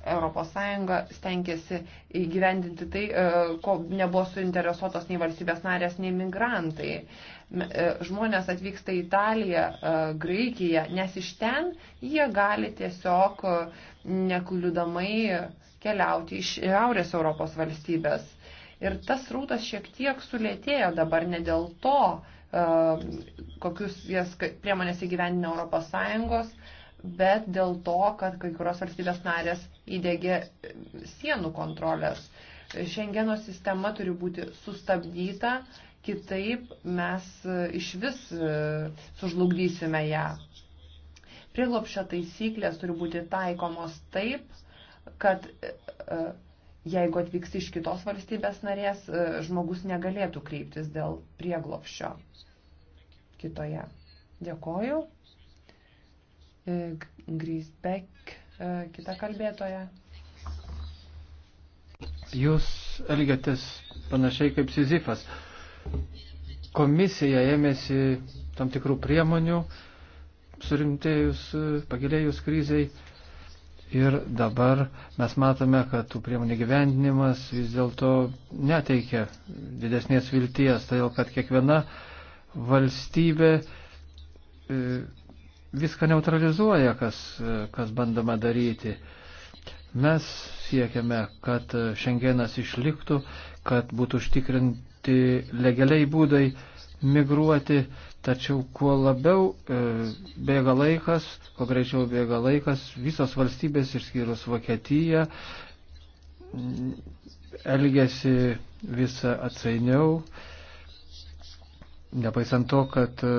ES stengiasi įgyvendinti tai, e, ko nebuvo suinteresuotos nei valstybės narės, nei migrantai. Žmonės atvyksta į Italiją, Graikiją, nes iš ten jie gali tiesiog nekliudamai keliauti iš Šiaurės Europos valstybės. Ir tas rūtas šiek tiek sulėtėjo dabar ne dėl to, kokius jas priemonės įgyvendina Europos Sąjungos, bet dėl to, kad kai kurios valstybės narės įdėgė e, sienų kontrolės. Šengeno sistema turi būti sustabdyta, kitaip mes e, iš vis e, sužlugdysime ją. Priglopšio taisyklės turi būti taikomos taip, kad jeigu atvyks iš kitos valstybės narės, e, žmogus negalėtų kreiptis dėl prieglopščio kitoje. Dėkoju. E, Grisbek, e, kita kalbėtoja. Jūs elgiatės panašiai kaip Sizifas. Komisija ėmėsi tam tikrų priemonių, surimtėjus, pagilėjus kriziai Ir dabar mes matome, kad tų priemonių gyvendinimas vis dėlto neteikia didesnės vilties, todėl kad kiekviena valstybė e, viską neutralizuoja, kas, e, kas bandoma daryti. Mes siekiame, kad šiandienas išliktų, kad būtų užtikrinti legaliai būdai migruoti, tačiau kuo labiau e, bėga laikas, kuo greičiau bėga laikas, visos valstybės išskyrus Vokietiją elgesi visą atsainiau, nepaisant to, kad e,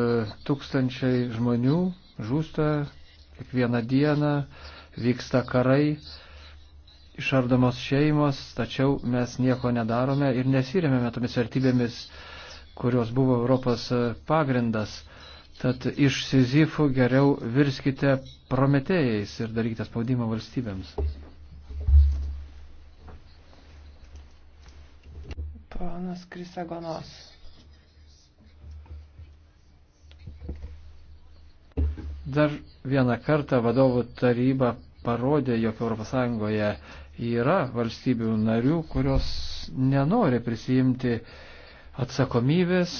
tūkstančiai žmonių žūsta kiekvieną dieną, vyksta karai, išardomos šeimos, tačiau mes nieko nedarome ir nesiremėme tomis vertybėmis kurios buvo Europos pagrindas. Tad iš Sizifų geriau virskite prometėjais ir darykite spaudimą valstybėms. Ponas Krisagonos. Dar vieną kartą vadovų taryba parodė, jog ES yra valstybių narių, kurios nenori prisijimti uh, atsakomybės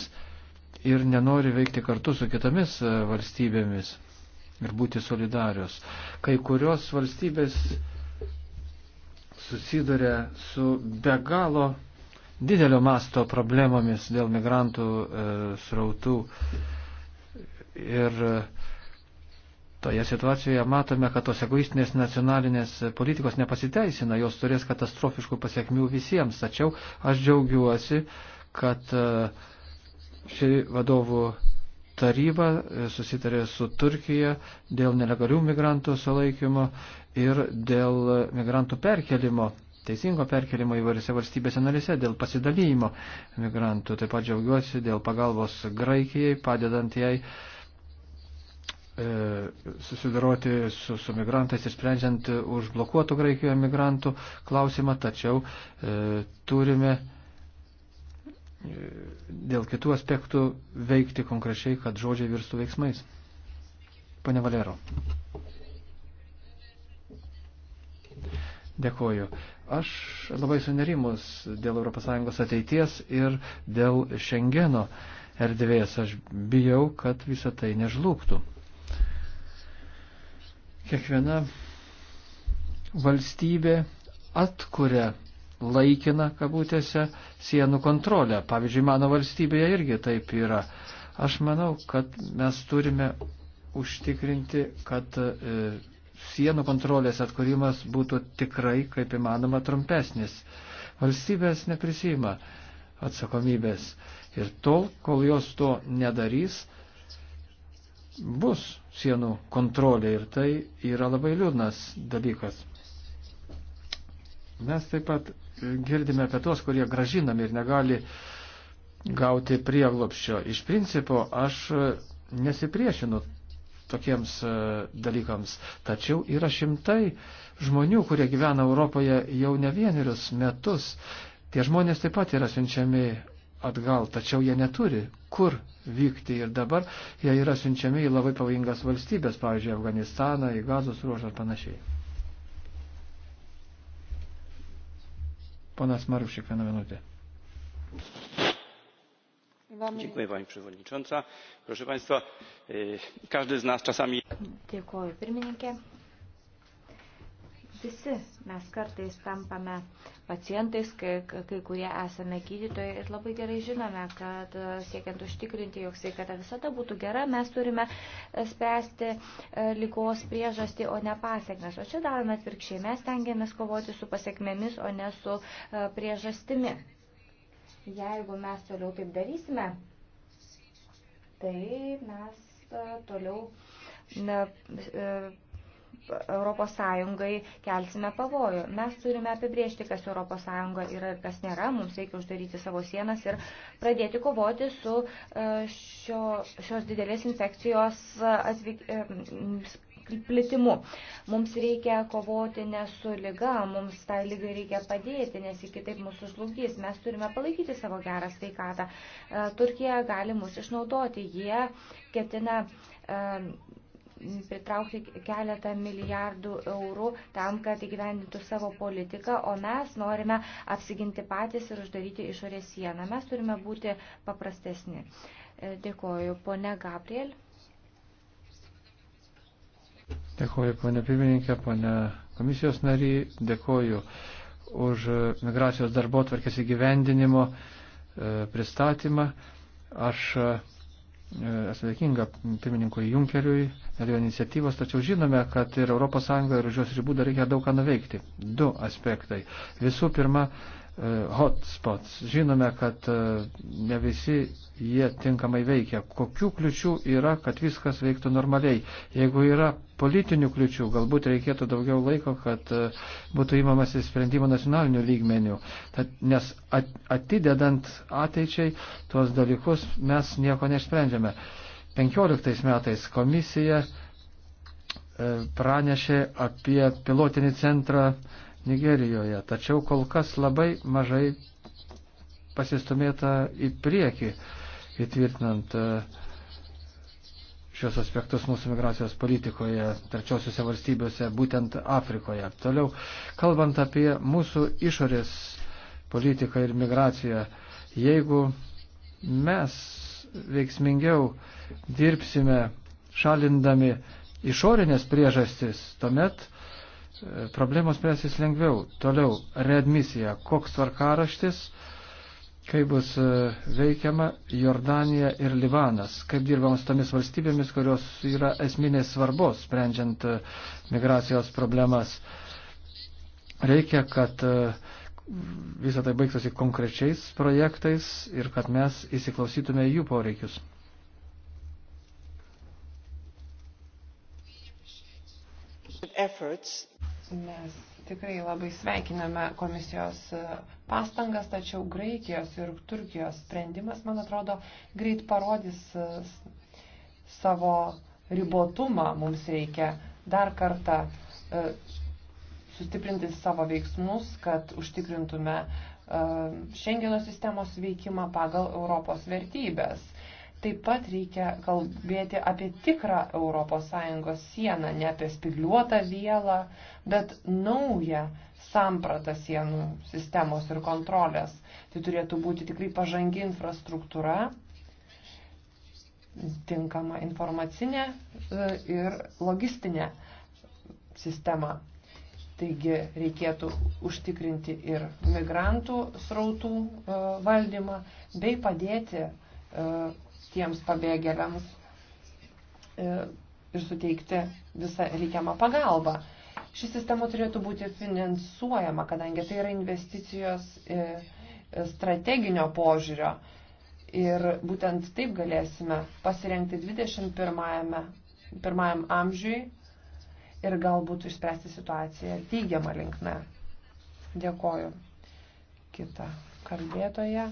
ir nenori veikti kartu su kitomis e, valstybėmis ir būti solidarios. Kai kurios valstybės susiduria su be galo didelio masto problemomis dėl migrantų e, srautų. Ir e, toje situacijoje matome, kad tos egoistinės nacionalinės politikos nepasiteisina, jos turės katastrofiškų pasiekmių visiems. Tačiau aš džiaugiuosi, kad e, ši vadovų taryba e, susitarė su Turkija dėl nelegalių migrantų sulaikymo ir dėl migrantų perkelimo teisingo perkelimo įvairiose valstybėse narėse, dėl pasidalymo migrantų. Taip pat džiaugiuosi dėl pagalbos Graikijai, padedant jai e, susidaroti su, su migrantais ir sprendžiant užblokuotų Graikijoje migrantų klausimą, tačiau e, turime dėl kitų aspektų veikti konkrečiai, kad žodžiai virstų veiksmais. Pane Valero. Dėkuoju. Aš labai sunerimus dėl ES ateities ir dėl Šengeno erdvės. Aš bijau, kad visa tai nežlugtų. Kiekviena valstybė atkuria laikiną, kabutėse, sienų kontrolę. Pavyzdžiui, mano valstybėje irgi taip yra. Aš manau, kad mes turime užtikrinti, kad e, sienų kontrolės atkūrimas būtų tikrai, kaip įmanoma, trumpesnis. Valstybės neprisima atsakomybės. Ir tol, kol jos to nedarys, bus sienų kontrolė ir tai yra labai liūdnas dalykas. Mes taip pat girdime apie tos, kurie gražinami ir negali gauti prieglopščio. Iš principo aš nesipriešinu tokiems e, dalykams. Tačiau yra šimtai žmonių, kurie gyvena Europoje jau ne vienerius metus. Tie žmonės taip pat yra siunčiami atgal, tačiau jie neturi kur vykti ir dabar jie yra siunčiami į labai pavojingas valstybės, pavyzdžiui, Afganistaną, į gazos ruožą ar panašiai. Ponas Marušik, vieną minutę. Dziękuję Pani Przewodnicząca. Proszę Państwa, każdy z nas czasami. Dziękuję, pirmininkė. Visi mes kartais tampame pacientais, kai, kai kurie esame gydytojai ir labai gerai žinome, kad e, siekiant užtikrinti, jog sveikata visada būtų gera, mes turime spręsti e, lygos priežastį, o ne pasiekmes. O čia darome atvirkščiai. Mes tengiamės kovoti su pasiekmėmis, o ne su e, priežastimi. Jeigu mes toliau taip darysime, tai mes toliau. Ne, e, Europos Sąjungai kelsime pavojų. Mes turime apibriežti, kas Europos Sąjunga yra ir kas nėra. Mums reikia uždaryti savo sienas ir pradėti kovoti su e, šio, šios didelės infekcijos e, atvyk, e, plitimu. Mums reikia kovoti ne su lyga, mums tai lygai reikia padėti, nes kitaip mūsų žlugdys. Mes turime palaikyti savo gerą sveikatą. Turkija gali mus išnaudoti. Jie ketina pritraukti keletą milijardų eurų tam, kad įgyvendintų savo politiką, o mes norime apsiginti patys ir uždaryti išorės sieną. Mes turime būti paprastesni. E, dėkoju. Pone Gabriel. Dėkoju, ponė pirmininkė, ponė komisijos nary, dėkoju už migracijos darbo tvarkės įgyvendinimo e, pristatymą. Aš E, esu dėkinga pirmininkui Junkeriui ir jo iniciatyvos, tačiau žinome, kad ir ES ir už jos ribų dar reikia daug ką nuveikti. Du aspektai. Visų pirma, E, hotspots. Žinome, kad e, ne visi jie tinkamai veikia. Kokių kliučių yra, kad viskas veiktų normaliai? Jeigu yra politinių kliučių, galbūt reikėtų daugiau laiko, kad e, būtų įmamasi sprendimo nacionalinių lygmenių. Tad, nes atidedant ateičiai tuos dalykus mes nieko nesprendžiame. 15 metais komisija pranešė apie pilotinį centrą Nigerijoje. Tačiau kol kas labai mažai pasistumėta į priekį įtvirtinant e, šios aspektus mūsų migracijos politikoje trečiosiuose valstybėse, būtent Afrikoje. Toliau, kalbant apie mūsų išorės politiką ir migraciją, jeigu mes veiksmingiau dirbsime šalindami išorinės priežastis, tuomet problemos spręsis lengviau. Toliau, readmisija, koks tvarkaraštis, kaip bus e, veikiama Jordanija ir Livanas, kaip dirbamos tomis valstybėmis, kurios yra esminės svarbos sprendžiant e, migracijos problemas. Reikia, kad e, visą tai baigtųsi konkrečiais projektais ir kad mes įsiklausytume jų poreikius. efforts Mes tikrai labai sveikiname komisijos pastangas, tačiau Graikijos ir Turkijos sprendimas, man atrodo, greit parodys e, savo ribotumą. Mums reikia dar kartą e, sustiprinti savo veiksmus, kad užtikrintume Šengeno e, sistemos veikimą pagal Europos vertybės. Taip pat reikia kalbėti apie tikrą ES sieną, ne apie spigliuotą vielą, bet naują sampratą sienų sistemos ir kontrolės. Tai turėtų būti tikrai pažangi infrastruktūra, tinkama informacinė e, ir logistinė sistema. Taigi reikėtų užtikrinti ir migrantų srautų e, valdymą bei padėti e, tiems pabėgėliams e, ir suteikti visą reikiamą pagalbą. Ši sistema turėtų būti finansuojama, kadangi tai yra investicijos e, e, strateginio požiūrio. Ir būtent taip galėsime pasirengti 21 amžiui ir galbūt išspręsti situaciją teigiamą linkme. Dėkoju. Kita kalbėtoja,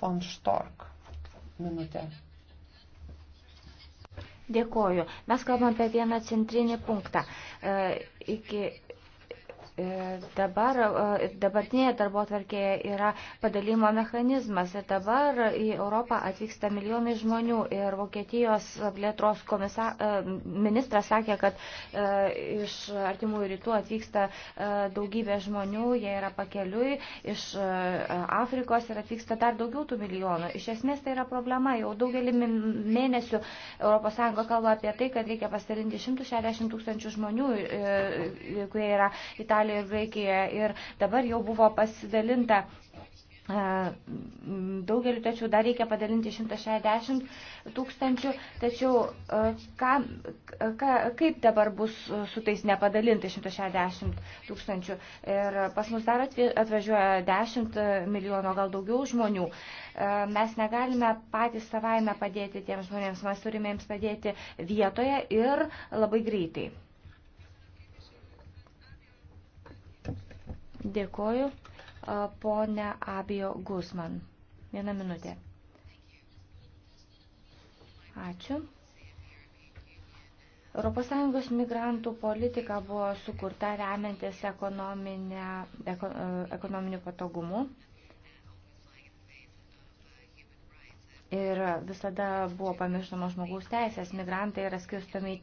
von Stork. Minutė. Dėkoju. Mes kalbam apie vieną centrinį punktą. E, iki E, dabar, e, dabartinėje darbo tvarkėje yra padalymo mechanizmas ir dabar į Europą atvyksta milijonai žmonių ir Vokietijos plėtros komisa, e, ministras sakė, kad iš artimųjų rytų atvyksta daugybė žmonių, jie yra pakeliui, iš Afrikos ir atvyksta dar daugiau tų milijonų. Iš esmės tai yra problema, jau daugelį mėnesių ES kalba apie tai, kad reikia pasidalinti 160 tūkstančių žmonių, kurie yra Italijoje Italijoje ir Graikijoje. Ir dabar jau buvo pasidalinta e, daugeliu, tačiau dar reikia padalinti 160 tūkstančių, tačiau e, ka, ka, kaip dabar bus su tais nepadalinti 160 tūkstančių. Ir pas mus dar atvažiuoja 10 milijono, gal daugiau žmonių. E, mes negalime patys savaime padėti tiems žmonėms, mes turime jiems padėti vietoje ir labai greitai. Dėkoju, ponė Abijo Guzman. Vieną minutę. Ačiū. ES migrantų politika buvo sukurta remiantis eko, e, ekonominiu patogumu. Ir visada buvo pamirštama žmogaus teisės. Migrantai yra skirstomi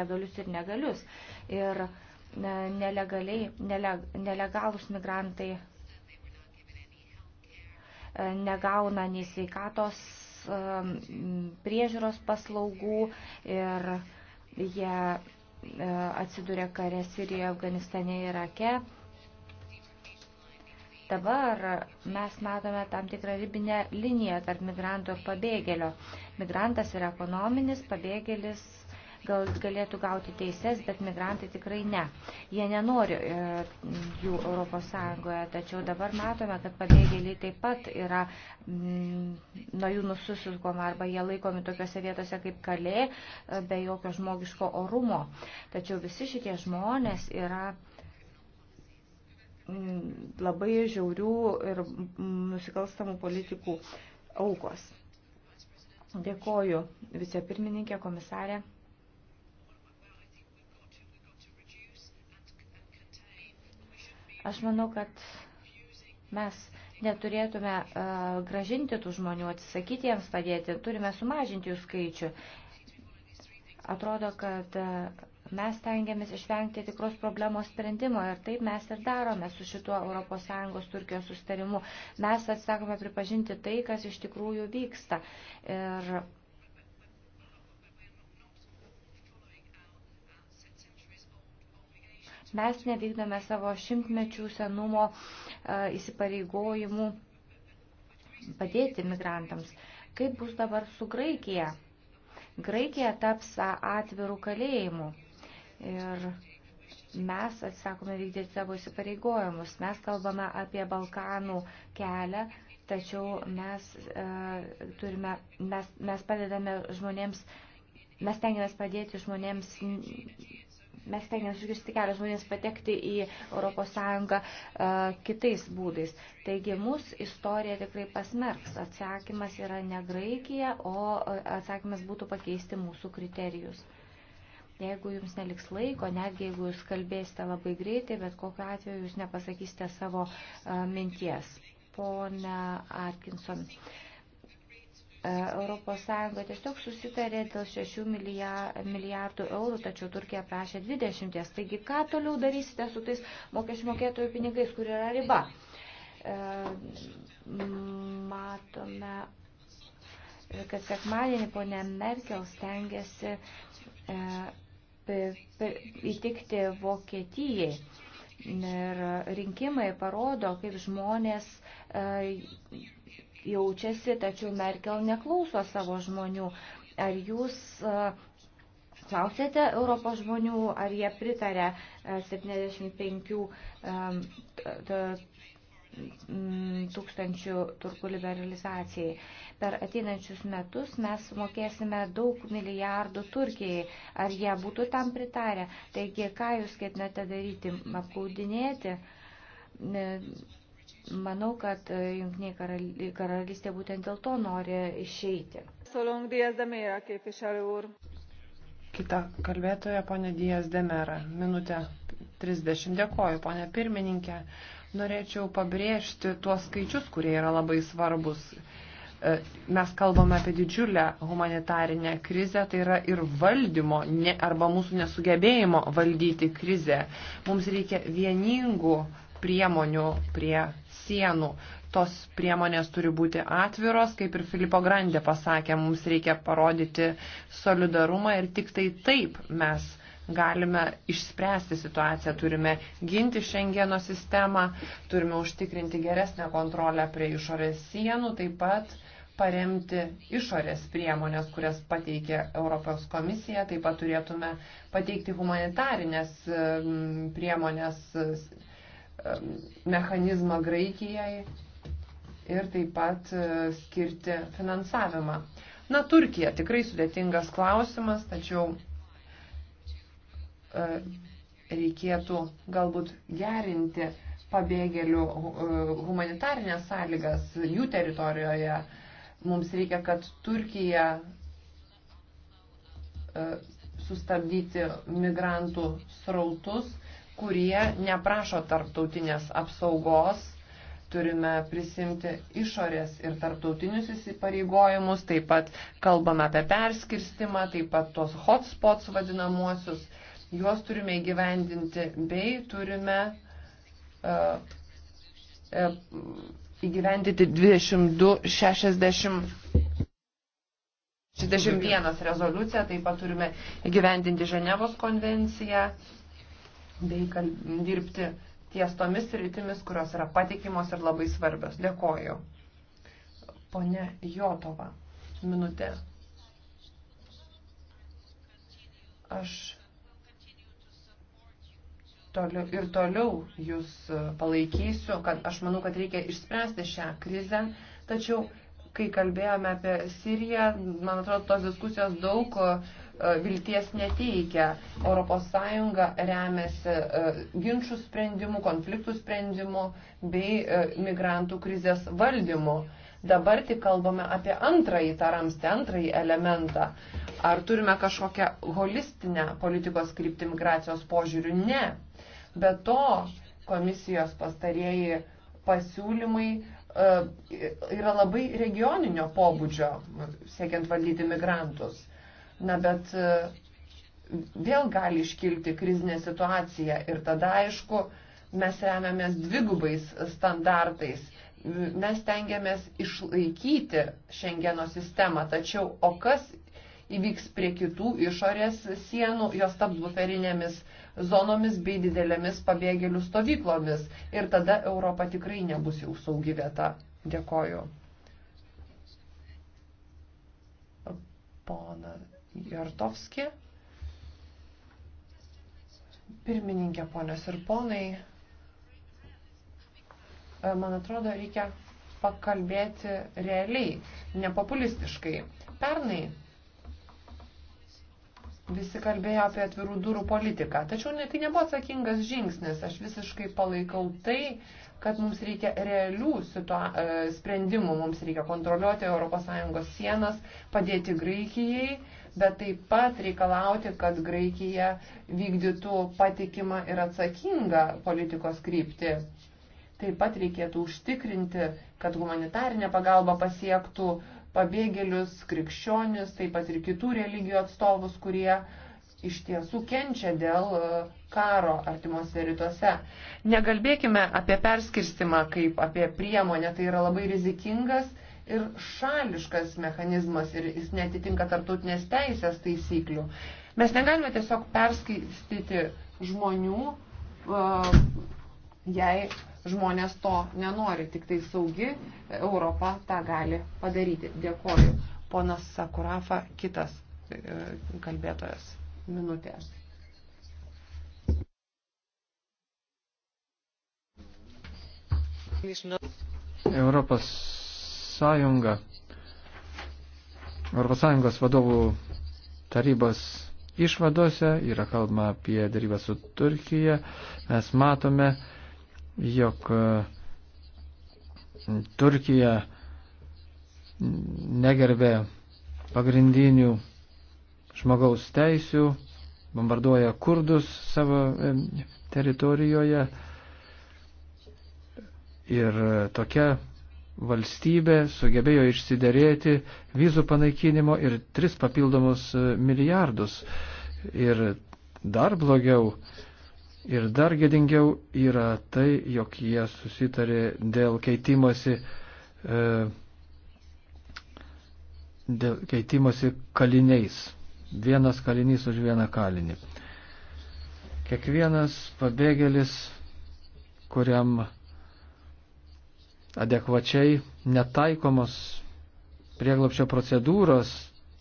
legalius ir negalius. Ir uh, nelegaliai, neleg, nelegalus migrantai e, negauna nei sveikatos e, priežiūros paslaugų ir jie e, atsiduria kare Sirijoje, Afganistane ir Irake. Dabar mes matome tam tikrą ribinę liniją tarp migrantų ir pabėgėlio. Migrantas yra ekonominis, pabėgėlis gal galėtų gauti teises, bet migrantai tikrai ne. Jie nenori e, jų Europos Sąjungoje, tačiau dabar matome, kad pabėgėliai taip pat yra m, mm, nuo jų nususukoma arba jie laikomi tokiuose vietose kaip kalė, e, be jokio žmogiško orumo. Tačiau visi šitie žmonės yra mm, labai žiaurių ir mm, nusikalstamų politikų aukos. Dėkoju vicepirmininkė, komisarė. Aš manau, kad mes neturėtume uh, gražinti tų žmonių, atsisakyti jiems padėti, turime sumažinti jų skaičių. Atrodo, kad uh, mes tengiamės išvengti tikros problemos sprendimo ir taip mes ir darome su šituo ES Turkijos sustarimu. Mes atsakome pripažinti tai, kas iš tikrųjų vyksta. Ir mes nevykdome savo šimtmečių senumo e, įsipareigojimų padėti migrantams. Kaip bus dabar su Graikija? Graikija taps atvirų kalėjimų. Ir mes atsakome vykdyti savo įsipareigojimus. Mes kalbame apie Balkanų kelią, tačiau mes, e, turime, mes, mes padedame žmonėms, mes tengiamės padėti žmonėms mes stengiamės užkirsti kelią žmonėms patekti į ES e, kitais būdais. Taigi mūsų istorija tikrai pasmerks. Atsakymas yra ne Graikija, o e, atsakymas būtų pakeisti mūsų kriterijus. Jeigu jums neliks laiko, netgi jeigu jūs kalbėsite labai greitai, bet kokiu atveju jūs nepasakysite savo e, minties. Pone Atkinson. Uh, ES tiesiog susitarė dėl 6 milijardų eurų, tačiau Turkija prašė 20. Taigi, ką toliau darysite su tais mokesčių mokėtojų pinigais, kur yra riba? E, matome, kad sekmadienį ponė Merkel stengiasi e, įtikti Vokietijai. Ir rinkimai parodo, kaip žmonės e, jaučiasi, tačiau Merkel neklauso savo žmonių. Ar jūs e, klausėte Europos žmonių, ar jie pritarė 75 e, e, tūkstančių turkų liberalizacijai. Per ateinančius metus mes mokėsime daug milijardų Turkijai. Ar jie būtų tam pritarę? Taigi, ką jūs ketinate daryti? Apkaudinėti? Manau, kad e, Junktinė karalystė būtent dėl to nori išeiti. Kita kalbėtoja, ponė Dijas Demera, minutė 30. Dėkoju, ponė pirmininkė. Norėčiau pabrėžti tuos skaičius, kurie yra labai svarbus e, mes kalbame apie didžiulę humanitarinę krizę, tai yra ir valdymo ne, arba mūsų nesugebėjimo valdyti krizę. Mums reikia vieningų uh, priemonių prie sienų. Tos priemonės turi būti atviros, kaip ir Filipo Grandė pasakė, mums reikia parodyti solidarumą ir tik tai taip mes galime išspręsti situaciją, turime ginti Šengeno sistemą, turime užtikrinti geresnę kontrolę prie išorės sienų, taip pat paremti išorės priemonės, kurias pateikė Europos komisija, taip pat turėtume pateikti humanitarinės mm, priemonės mechanizmą Graikijai ir taip pat e, skirti finansavimą. Na, Turkija tikrai sudėtingas klausimas, tačiau e, reikėtų galbūt gerinti pabėgėlių e, humanitarinės sąlygas jų teritorijoje. Mums reikia, kad Turkija sustabdyti migrantų srautus kurie neprašo tarptautinės apsaugos. Turime prisimti išorės ir tarptautinius įsipareigojimus, taip pat kalbame apie perskirstimą, taip pat tos hotspots vadinamuosius, juos turime įgyvendinti bei turime uh, uh, įgyvendinti 2261 rezoliuciją, taip pat turime įgyvendinti Ženevos konvenciją. Uh, bei dirbti ties tomis rytimis, kurios yra patikimos ir labai svarbios. Dėkoju. Pone Jotova, minutė. Aš toliau, ir toliau jūs palaikysiu, kad aš manau, kad reikia išspręsti šią krizę, tačiau kai kalbėjome apie Siriją, man atrodo, tos diskusijos daug uh, E, vilties neteikia. ES remiasi e, ginčių sprendimu, konfliktų sprendimu bei e, migrantų krizės valdymu. Dabar tik kalbame apie antrąjį taramstį, antrąjį elementą. Ar turime kažkokią holistinę politikos kryptį migracijos požiūrių? Ne. Be to, komisijos pastarieji pasiūlymai yra labai regioninio pobūdžio, siekiant valdyti migrantus. Na, bet e, vėl gali iškilti krizinė situacija ir tada, aišku, mes remiamės dvigubais standartais. Mes tengiamės išlaikyti Šengeno sistemą, tačiau o kas įvyks prie kitų išorės sienų, jos taps buferinėmis zonomis bei didelėmis pabėgėlių stovyklomis. Ir tada Europa tikrai nebus jau saugi vieta. Dėkoju. Ponas Jortovski. Pirmininkė, ponios ir ponai, e, man atrodo, reikia pakalbėti realiai, nepopulistiškai. Pernai visi kalbėjo apie atvirų durų politiką, tačiau ne, tai nebuvo atsakingas žingsnis. Aš visiškai palaikau tai, kad mums reikia realių situa e, sprendimų, mums reikia kontroliuoti ES sienas, padėti Graikijai bet taip pat reikalauti, kad Graikija vykdytų patikimą ir atsakingą politikos kryptį. Taip pat reikėtų užtikrinti, kad humanitarinė pagalba pasiektų pabėgėlius, krikščionis, taip pat ir kitų religijų atstovus, kurie iš tiesų kenčia dėl e, karo artimuose rytuose. Negalbėkime apie perskirstimą kaip apie priemonę, tai yra labai rizikingas ir šališkas mechanizmas ir jis netitinka tarptautinės teisės taisyklių. Mes negalime tiesiog perskaityti žmonių, jei žmonės to nenori. Tik tai saugi Europa tą gali padaryti. Dėkoju. Ponas Sakurafa, kitas e, kalbėtojas. Minutės. Europos Sąjunga, Europos Sąjungos vadovų tarybos išvadose yra kalbama apie darybą su Turkija. Mes matome, jog mm, Turkija negerbė pagrindinių žmogaus teisių, bombarduoja kurdus savo teritorijoje ir tokia valstybė sugebėjo išsiderėti vizų panaikinimo ir tris papildomus e, milijardus. Ir dar blogiau ir dar gėdingiau yra tai, jog jie susitarė dėl keitimosi, e, dėl keitimosi kaliniais. Vienas kalinys už vieną kalinį. Kiekvienas pabėgėlis, kuriam adekvačiai netaikomos prieglopščio procedūros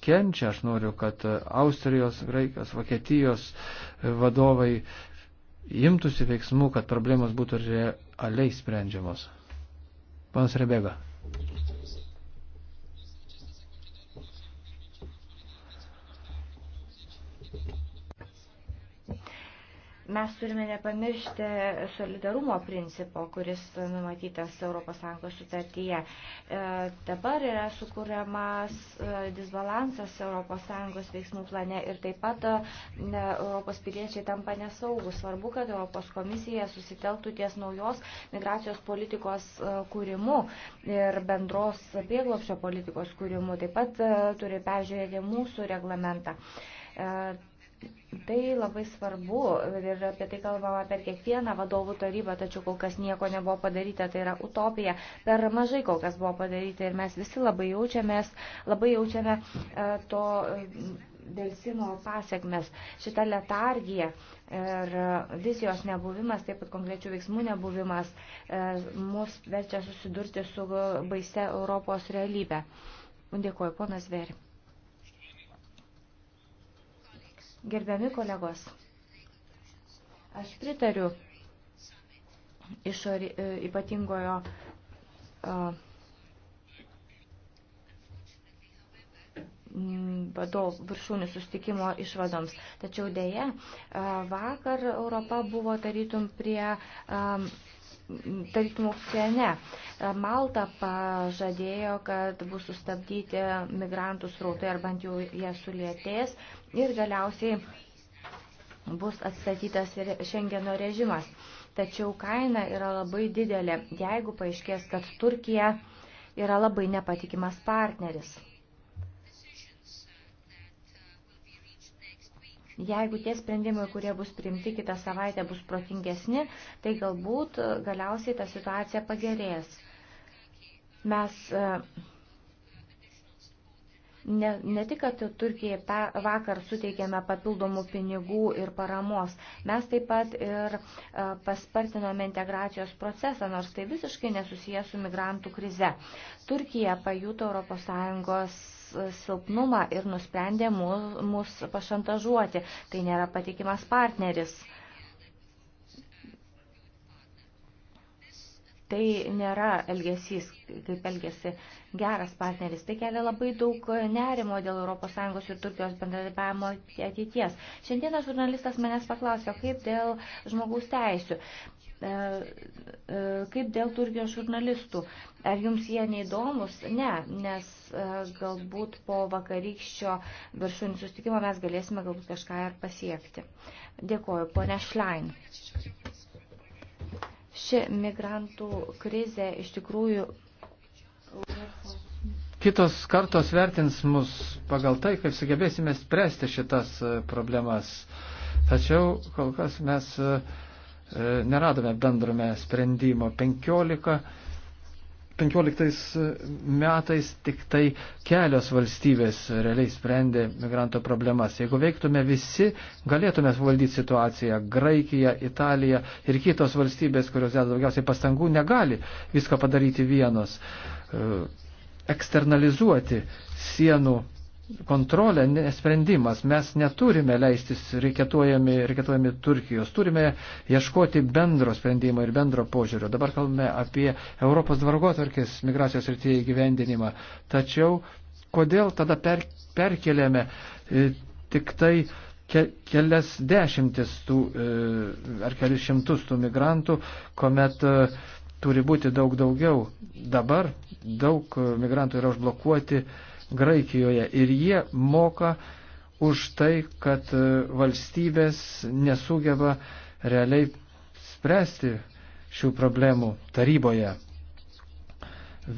kenčia. Aš noriu, kad Austrijos, Graikijos, Vokietijos vadovai imtųsi veiksmų, kad problemos būtų realiai sprendžiamos. Panas Rebega. Mes turime nepamiršti solidarumo principo, kuris numatytas ES sutartyje. E, dabar yra sukūriamas e, disbalansas ES veiksmų plane ir taip pat e, Europos piliečiai tampa nesaugus. Svarbu, kad Europos komisija susitelktų ties naujos migracijos politikos kūrimu ir bendros prieglopščio politikos kūrimu. Taip pat turi peržiūrėti mūsų reglamentą. Tai labai svarbu ir apie tai kalbama per kiekvieną vadovų tarybą, tačiau kol kas nieko nebuvo padaryta, tai yra utopija. Per mažai kol kas buvo padaryta ir mes visi labai jaučiamės, labai jaučiame e, to e, dėlsimo pasiekmes. Šita letargija ir e, vizijos nebuvimas, taip pat konkrečių veiksmų nebuvimas, mus verčia susidurti su baise Europos realybė. Dėkuoju, ponas Veri. Gerbiami kolegos, aš pritariu išori, e, ypatingojo e, vadovų viršūnių sustikimo išvadoms. Tačiau dėje e, vakar Europa buvo tarytum prie tarytum aukcione. Malta pažadėjo, kad bus sustabdyti migrantų srautai, ar bant jau jie sulėtės, ir galiausiai bus atstatytas ir Šengeno režimas. Tačiau kaina yra labai didelė, jeigu paaiškės, kad Turkija yra labai nepatikimas partneris. Jeigu tie sprendimai, kurie bus priimti kitą savaitę, bus protingesni, tai galbūt galiausiai ta situacija pagerės. Mes uh, Ne, ne tik, kad Turkijai pe, vakar suteikėme papildomų pinigų ir paramos, mes taip pat ir e, paspartinome integracijos procesą, nors tai visiškai nesusijęs su migrantų krize. Turkija pajuto ES silpnumą ir nusprendė mus, mus pašantažuoti. Tai nėra patikimas partneris. Tai nėra elgesys, kaip elgesi geras partneris. Tai kelia labai daug nerimo dėl ES ir Turkijos bendradarbiavimo ateities. Šiandieną žurnalistas manęs paklausė, kaip dėl žmogaus teisių, e, e, kaip dėl Turkijos žurnalistų. Ar jums jie neįdomus? Ne, nes e, galbūt po vakarykščio viršūnį sustikimo mes galėsime galbūt kažką ir pasiekti. Dėkuoju, ponia Šlein. Ši migrantų krizė iš tikrųjų. Kitos kartos vertins mus pagal tai, kaip sugebėsime spręsti šitas e, problemas. Tačiau kol kas mes e, e, neradome bendrame sprendimo. 15 15 e, metais tik tai kelios valstybės realiai sprendė migranto problemas. Jeigu veiktume visi, galėtume valdyti situaciją. Graikija, Italija ir kitos valstybės, kurios deda daugiausiai pastangų, negali visko padaryti vienos. E, eksternalizuoti sienų kontrolė, nesprendimas. Mes neturime leistis reiketuojami, reiketuojami Turkijos. Turime ieškoti bendro sprendimo ir bendro požiūrio. Dabar kalbame apie Europos dvargotvarkės migracijos rytyje įgyvendinimą. Tačiau kodėl tada per, perkeliame e, tik tai ke, kelias dešimtis tų, e, ar kelius šimtus tų migrantų, kuomet e, turi būti daug daugiau. Dabar daug migrantų yra užblokuoti Graikijoje ir jie moka už tai, kad e, valstybės nesugeba realiai spręsti šių problemų taryboje.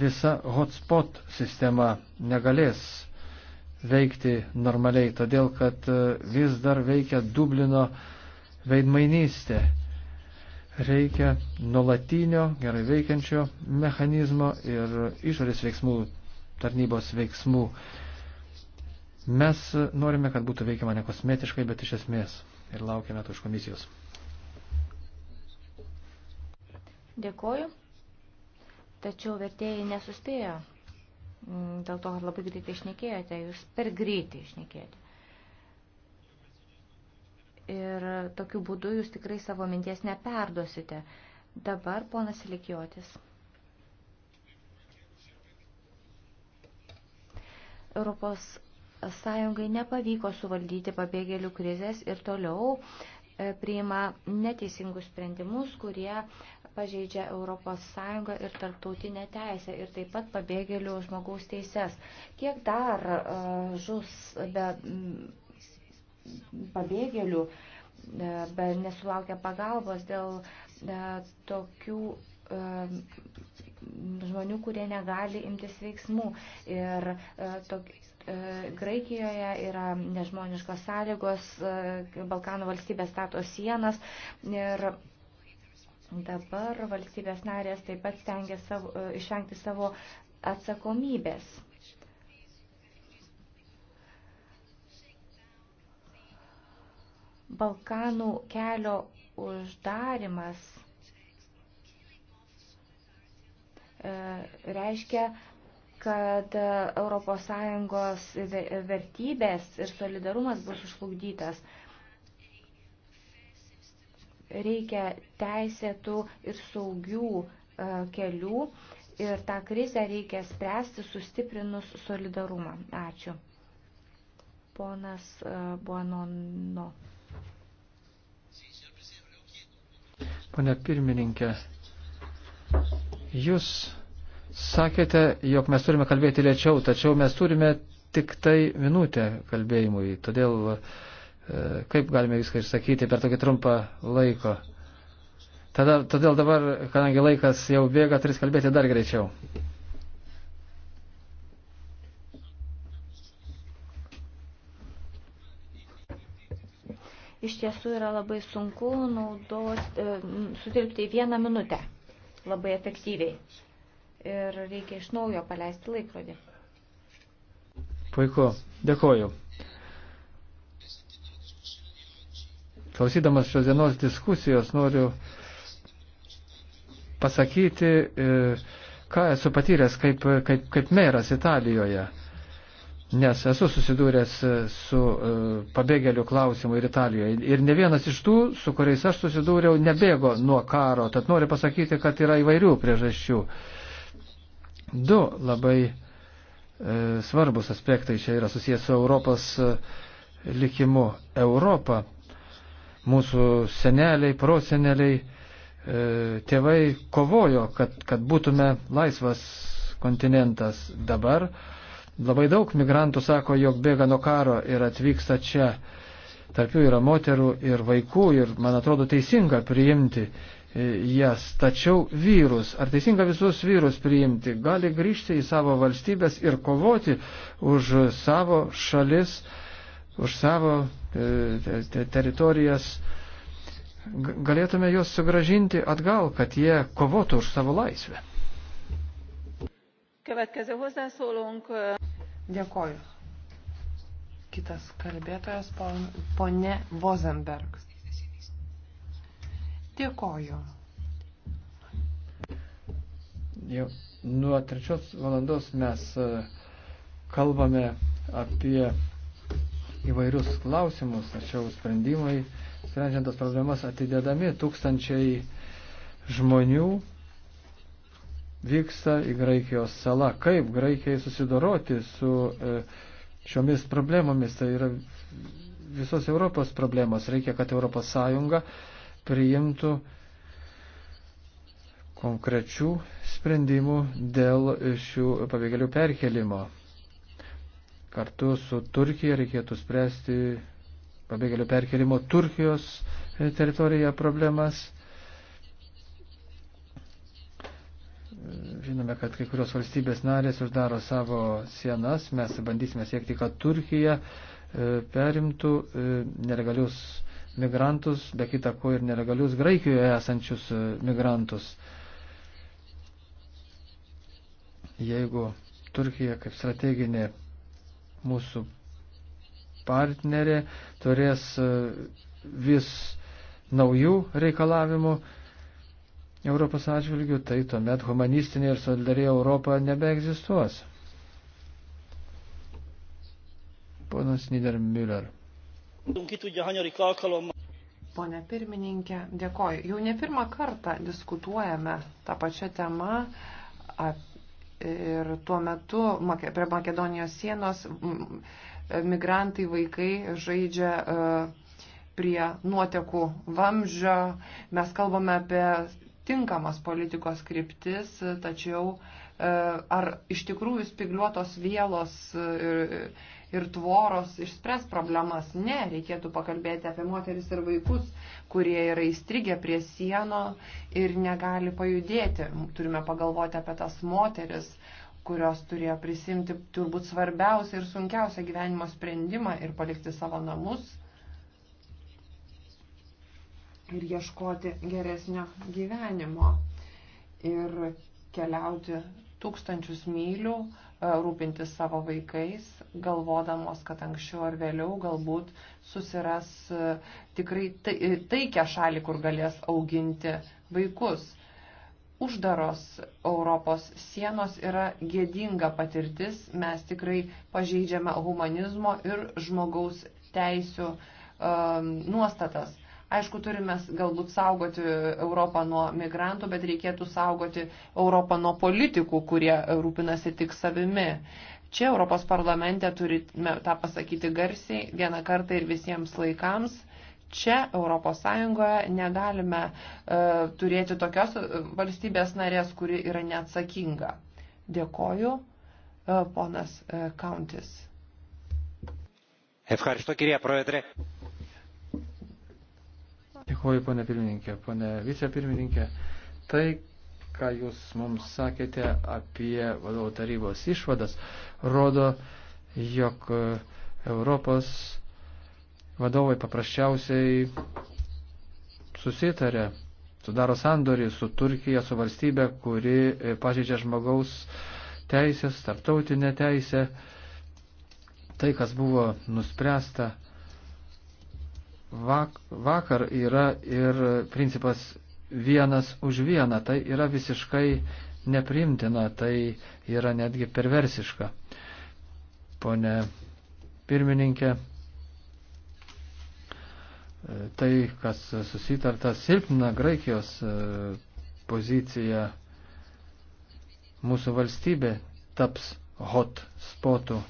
Visa hotspot sistema negalės veikti normaliai, todėl kad e, vis dar veikia Dublino veidmainystė. Reikia nuolatinio, gerai veikiančio mechanizmo ir išorės veiksmų tarnybos veiksmų. Mes norime, kad būtų veikiama ne kosmetiškai, bet iš esmės ir laukiame to iš komisijos. Dėkoju, tačiau vertėjai nesuspėjo. Mm, dėl to, kad labai greitai išnekėjote, jūs per greitai išnekėjote. Ir tokiu būdu jūs tikrai savo minties neperduosite. Dabar ponas Likiotis. Europos Sąjungai nepavyko suvaldyti pabėgėlių krizės ir toliau e, priima neteisingus sprendimus, kurie pažeidžia Europos Sąjungą ir tarptautinę teisę ir taip pat pabėgėlių žmogaus teises. Kiek dar uh, žus be m, pabėgėlių, e, be nesulaukia pagalbos dėl uh, tokių uh, žmonių, kurie negali imtis veiksmų. Ir e, tokiais e, Graikijoje yra nežmoniškos sąlygos, e, Balkanų valstybės stato sienas ir dabar valstybės narės taip pat stengia savo, išvengti savo atsakomybės. Balkanų kelio uždarimas E, reiškia, kad ES vertybės ir solidarumas bus išlugdytas. Reikia teisėtų ir saugių e, kelių ir tą krizę reikia spręsti sustiprinus solidarumą. Ačiū. Ponas e, Buonono. Pone pirmininkė, Jūs sakėte, jog mes turime kalbėti lėčiau, tačiau mes turime tik tai minutę kalbėjimui. Todėl e, kaip galime viską išsakyti per tokį trumpą laiką. Tada, todėl dabar, kadangi laikas jau bėga, turis kalbėti dar greičiau. Iš tiesų yra labai sunku naudos, e, sutilpti į vieną minutę labai efektyviai. Ir reikia iš naujo paleisti laikrodį. Puiku, dėkoju. Klausydamas šios dienos diskusijos noriu pasakyti, e, ką esu patyręs kaip, kaip, kaip meras Italijoje. Nes esu susidūręs e, su e, pabėgėlių klausimu ir Italijoje. Ir ne vienas iš tų, su kuriais aš susidūriau, nebėgo nuo karo. Tad noriu pasakyti, kad yra įvairių priežasčių. Du labai e, svarbus aspektai čia yra susijęs su Europos e, likimu. Europa, mūsų seneliai, proseneliai, e, tėvai kovojo, kad, kad būtume laisvas kontinentas dabar. E, Labai daug migrantų sako, jog bėga nuo karo ir atvyksta čia. Tarp jų yra moterų ir vaikų ir, man atrodo, teisinga priimti e, jas. Tačiau vyrus, ar teisinga visus vyrus priimti, gali grįžti į savo valstybės ir kovoti už savo šalis, už savo e, teritorijas. Galėtume juos sugražinti atgal, kad jie kovotų už savo laisvę. Dėkoju. Kitas kalbėtojas, ponė Vozenberg. Dėkoju. Jau nuo trečios valandos mes e, kalbame apie įvairius klausimus, tačiau sprendimai, sprendžiant tas problemas, atidedami tūkstančiai žmonių vyksta į Graikijos salą. Kaip Graikijai susidoroti su e, šiomis problemomis? Tai yra visos Europos problemos. Reikia, kad Europos Sąjunga priimtų konkrečių sprendimų dėl šių pabėgėlių perkelimo. Kartu su Turkija reikėtų spręsti pabėgėlių perkelimo Turkijos e, teritorijoje problemas. Žinome, kad kai kurios valstybės narės uždaro savo sienas, mes bandysime siekti, kad Turkija e, perimtų e, nelegalius migrantus, be kita ko ir nelegalius Graikijoje esančius e, migrantus. Jeigu Turkija kaip strateginė mūsų partnerė turės vis naujų reikalavimų, Europos atžvilgių, tai tuomet humanistinė ir solidariai Europa nebeegzistuos. Ponas Niedermüller. Pone pirmininkė, dėkoju. Jau ne pirmą kartą diskutuojame tą pačią temą ir tuo metu prie Makedonijos sienos migrantai vaikai žaidžia e, prie nuotekų vamzdžio. Mes kalbame apie tinkamas politikos kryptis, tačiau e, ar iš tikrųjų spigliuotos vėlos ir, e, ir tvoros išspręs problemas? Ne, reikėtų pakalbėti apie moteris ir vaikus, kurie yra įstrigę prie sieno ir negali pajudėti. Turime pagalvoti apie tas moteris kurios turėjo prisimti turbūt svarbiausią ir sunkiausią gyvenimo sprendimą ir palikti savo namus, ir ieškoti geresnio gyvenimo ir keliauti tūkstančius mylių, e, rūpintis savo vaikais, galvodamos, kad anksčiau ar vėliau galbūt susiras e, tikrai tai, e, taikę šalį, kur galės auginti vaikus. Uždaros Europos sienos yra gėdinga patirtis, mes tikrai pažeidžiame humanizmo ir žmogaus teisių um, nuostatas. Aišku, turime galbūt saugoti Europą nuo migrantų, bet reikėtų saugoti Europą nuo politikų, kurie rūpinasi tik savimi. Čia Europos parlamente turime tą pasakyti garsiai, vieną kartą ir visiems laikams. Čia Europos Sąjungoje negalime uh, turėti tokios e, valstybės narės, kuri yra neatsakinga. Dėkoju, uh, ponas uh, Kauntis. Ευχαριστώ κυρία Πρόεδρε. Dėkuoju, ponė pirmininkė, ponė vicepirmininkė. Tai, ką jūs mums sakėte apie vadovų tarybos išvadas, rodo, jog Europos vadovai paprasčiausiai susitarė, sudaro sandorį su Turkija, su valstybė, kuri pažeidžia žmogaus teisės, tarptautinę teisę. Tai, kas buvo nuspręsta vak, vakar yra ir principas vienas už vieną. Tai yra visiškai neprimtina, tai yra netgi perversiška. Pone pirmininkė, tai, kas susitarta, silpna Graikijos e, poziciją mūsų valstybė taps hot spotu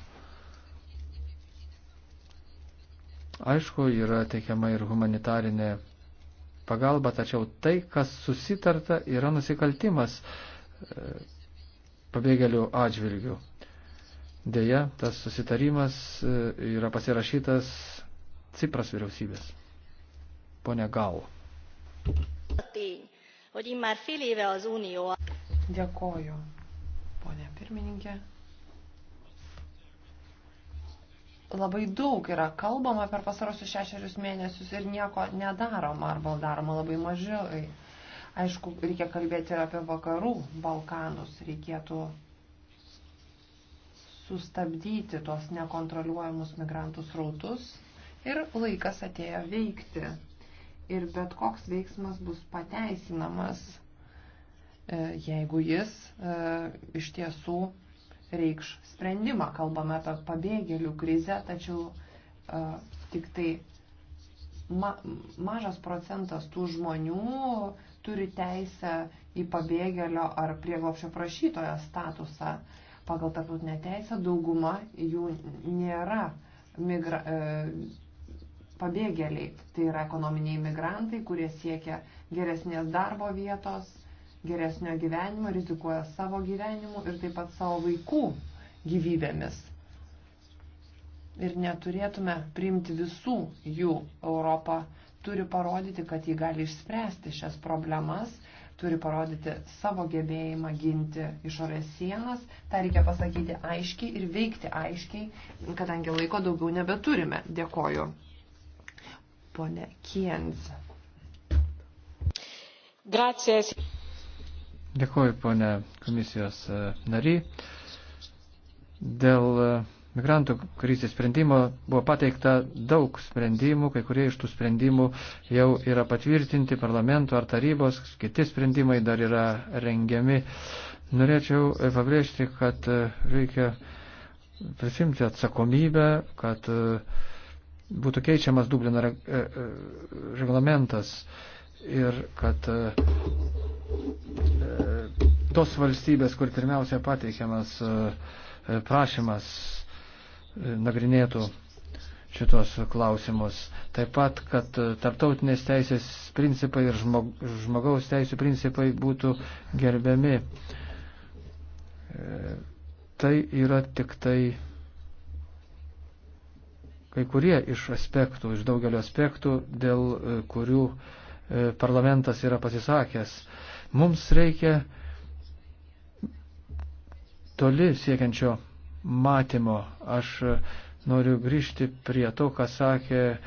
Aišku, yra teikiama ir humanitarinė pagalba, tačiau tai, kas susitarta, yra nusikaltimas e, pabėgėlių atžvilgių. Deja, tas susitarimas e, yra pasirašytas Cipras vyriausybės. Pone Gal. Dėkoju, ponė pirmininkė. labai daug yra kalbama per pasarosius šešerius mėnesius ir nieko nedaroma arba daroma labai mažai. Aišku, reikia kalbėti ir apie vakarų Balkanus, reikėtų sustabdyti tuos nekontroliuojamus migrantų srautus ir laikas atėjo veikti. Ir bet koks veiksmas bus pateisinamas, e, jeigu jis e, iš tiesų reikš sprendimą. Kalbame apie pabėgėlių krizę, tačiau uh, tik tai ma mažas procentas tų žmonių turi teisę į pabėgėlio ar prieglopšio prašytojo statusą. Pagal tarptautinę teisę dauguma jų nėra migra, e, pabėgėliai. Tai yra ekonominiai migrantai, kurie siekia geresnės darbo vietos, geresnio gyvenimo, rizikuoja savo gyvenimu ir taip pat savo vaikų gyvybėmis. Ir neturėtume priimti visų jų. Europą turi parodyti, kad jį gali išspręsti šias problemas, turi parodyti savo gebėjimą ginti išorės sienas. Ta reikia pasakyti aiškiai ir veikti aiškiai, kadangi laiko daugiau nebeturime. Dėkoju. Pone Kienz. Gracias. Dėkuoju, ponė komisijos e, nary. Dėl e, migrantų krizės sprendimo buvo pateikta daug sprendimų, kai kurie iš tų sprendimų jau yra patvirtinti parlamento ar tarybos, kiti sprendimai dar yra rengiami. Norėčiau e, pabrėžti, kad reikia prisimti atsakomybę, kad būtų keičiamas Dublino reglamentas ir kad tos valstybės, kur pirmiausia pateikiamas e, e, prašymas e, nagrinėtų šitos klausimus. Taip pat, kad tarptautinės teisės principai ir žmogaus teisų principai būtų gerbiami. Tai yra tik tai kai kurie iš aspektų, iš daugelio aspektų, dėl kurių parlamentas yra pasisakęs. Mums reikia toli siekiančio matymo. Aš e, noriu grįžti prie to, ką sakė e,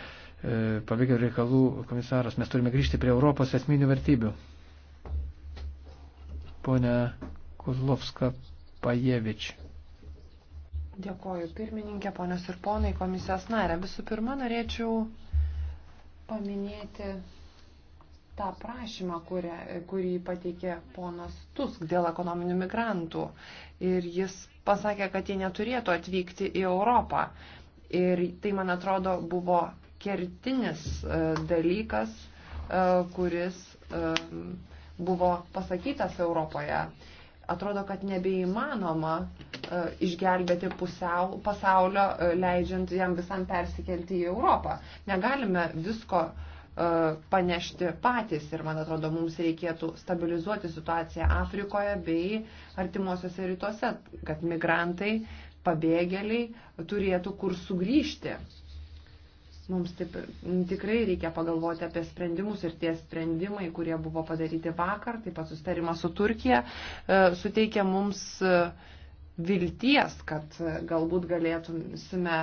pabėgėlių reikalų komisaras. Mes turime grįžti prie Europos esminių vertybių. Pone Kuzlovska Pajevič. Dėkoju pirmininkė, ponios ir ponai, komisijos narė. Visų pirma, norėčiau paminėti tą prašymą, kurį, kurį pateikė ponas Tusk dėl ekonominių migrantų. Ir jis pasakė, kad jie neturėtų atvykti į Europą. Ir tai, man atrodo, buvo kertinis e, dalykas, e, kuris e, buvo pasakytas Europoje. Atrodo, kad nebeįmanoma išgelbėti pusiau pasaulio, leidžiant jam visam persikelti į Europą. Negalime visko uh, E, panešti patys ir, man atrodo, mums reikėtų stabilizuoti situaciją Afrikoje bei artimuosiuose rytuose, kad migrantai, pabėgėliai turėtų kur sugrįžti. Mums taip, tikrai reikia pagalvoti apie sprendimus ir tie sprendimai, kurie buvo padaryti vakar, taip pat sustarimas su Turkija, e, suteikia mums e, vilties, kad galbūt galėtume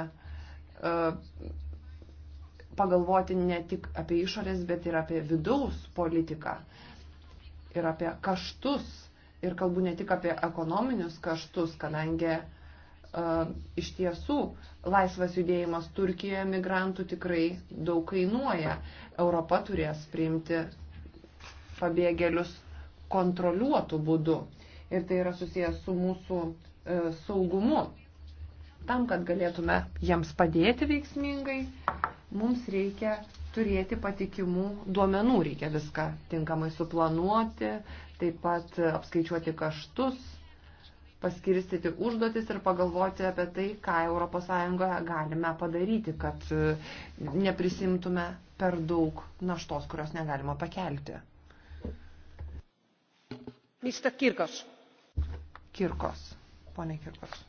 pagalvoti ne tik apie išorės, bet ir apie vidaus politiką ir apie kaštus. Ir kalbu ne tik apie ekonominius kaštus, kadangi uh, iš tiesų laisvas judėjimas Turkijoje migrantų tikrai daug kainuoja. Europa turės priimti pabėgėlius kontroliuotų būdų. Ir tai yra susijęs su mūsų uh, saugumu. Tam, kad galėtume jiems padėti veiksmingai, uh, mums reikia turėti patikimų duomenų, reikia viską tinkamai suplanuoti, taip pat apskaičiuoti kaštus, paskirstyti užduotis ir pagalvoti apie tai, ką ES galime padaryti, kad e, neprisimtume per daug naštos, kurios negalima pakelti. Mr. Kirkos. Kirkos. Pone Kirkos.